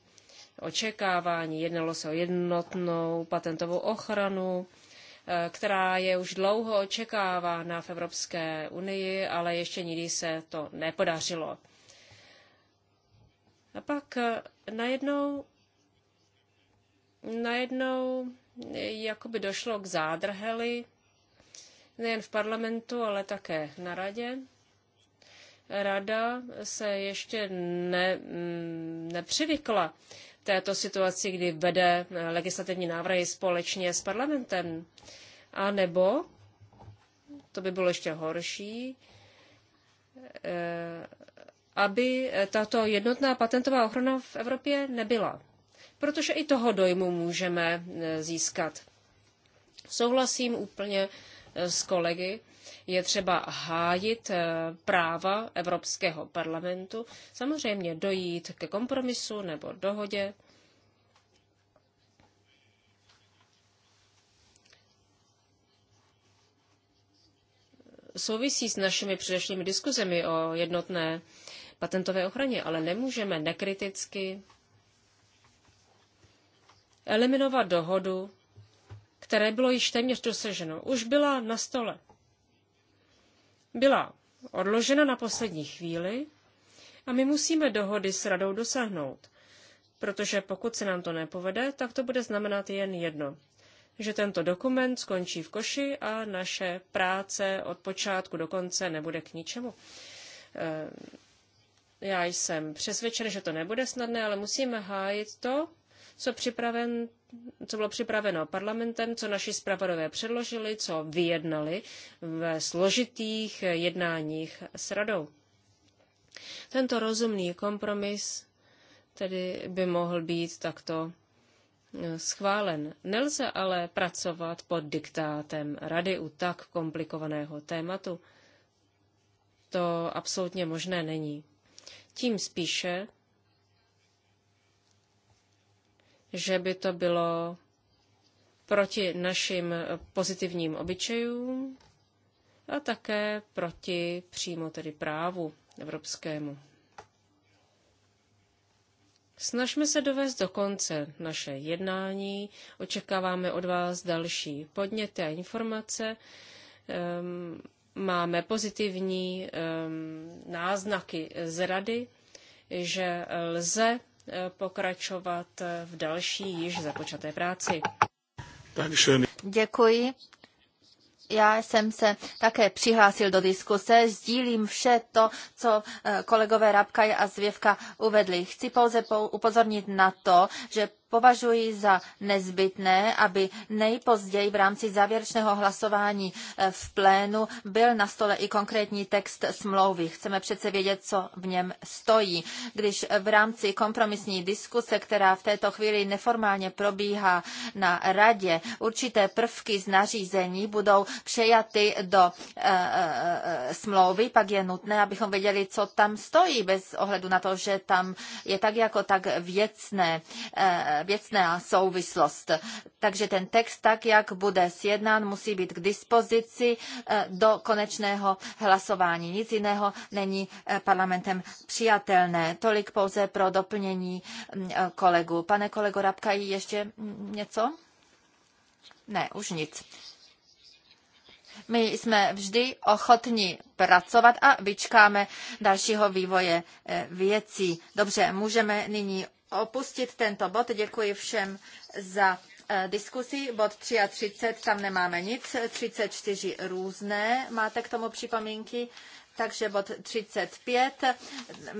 očekávání. Jednalo se o jednotnou patentovou ochranu, eh, která je už dlouho očekávána v Evropské unii, ale ještě nikdy se to nepodařilo. A pak eh, najednou, najednou eh, jakoby došlo k zádrheli, nejen v parlamentu, ale také na radě. Rada se ještě ne, mm, nepřivykla této situaci, kdy vede eh, legislativní návrhy společně s parlamentem. A nebo, to by bylo ještě horší, eh, aby tato jednotná patentová ochrana v Evropě nebyla. Protože i toho dojmu můžeme eh, získat. Souhlasím úplně s kolegy, je třeba hájit eh, práva Evropského parlamentu, samozřejmě dojít ke kompromisu nebo dohodě. Souvisí s našimi předešlými diskuzemi o jednotné patentové ochraně, ale nemůžeme nekriticky eliminovat dohodu které bylo již téměř dosaženo, už byla na stole. Byla odložena na poslední chvíli a my musíme dohody s radou dosáhnout, protože pokud se nám to nepovede, tak to bude znamenat jen jedno že tento dokument skončí v koši a naše práce od počátku do konce nebude k ničemu. Eh, já jsem přesvědčen, že to nebude snadné, ale musíme hájit to, co připraven co bylo připraveno parlamentem, co naši zpravodové předložili, co vyjednali ve složitých jednáních s radou. Tento rozumný kompromis tedy by mohl být takto eh, schválen. Nelze ale pracovat pod diktátem rady u tak komplikovaného tématu. To absolutně možné není. Tím spíše, že by to bylo proti našim pozitivním obyčejům a také proti přímo tedy právu evropskému. Snažme se dovést do konce naše jednání, očekáváme od vás další podněty a informace. Um, máme pozitivní um, náznaky z rady, že lze Eh, pokračovat eh, v další již započaté práci. Takže... Děkuji. Já jsem se také přihlásil do diskuse, sdílím vše to, co eh, kolegové Rabkaj a Zvěvka uvedli. Chci pouze upozornit na to, že považuji za nezbytné, aby nejpozději v rámci závěrečného hlasování eh, v plénu byl na stole i konkrétní text smlouvy. Chceme přece vědět, co v něm stojí. Když v rámci kompromisní diskuse, která v této chvíli neformálně probíhá na radě, určité prvky z nařízení budou přejaty do e, smlouvy, pak je nutné, abychom věděli, co tam stojí, bez ohledu na to, že tam je tak jako tak věcné e, věcná souvislost. Takže ten text, tak jak bude sjednán, musí být k dispozici eh, do konečného hlasování. Nic jiného není eh, parlamentem přijatelné. Tolik pouze pro doplnění mm, eh, kolegu. Pane kolego Rabkají, ještě mm, něco? Ne, už nic. My jsme vždy ochotní pracovat a vyčkáme dalšího vývoje věcí. Dobře, můžeme nyní opustit tento bod. Děkuji všem za eh, diskusi. Bod 33, tam nemáme nic. 34 různé. Máte k tomu připomínky? Takže bod 35,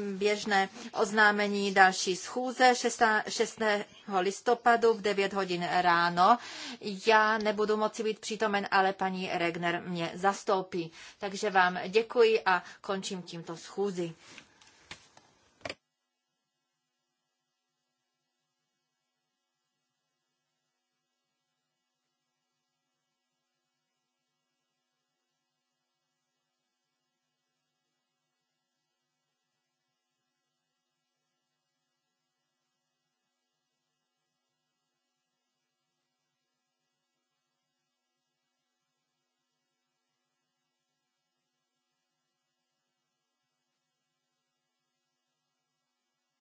běžné oznámení další schůze 6. listopadu v 9 hodin ráno. Já nebudu moci být přítomen, ale paní Regner mě zastoupí. Takže vám děkuji a končím tímto schůzi.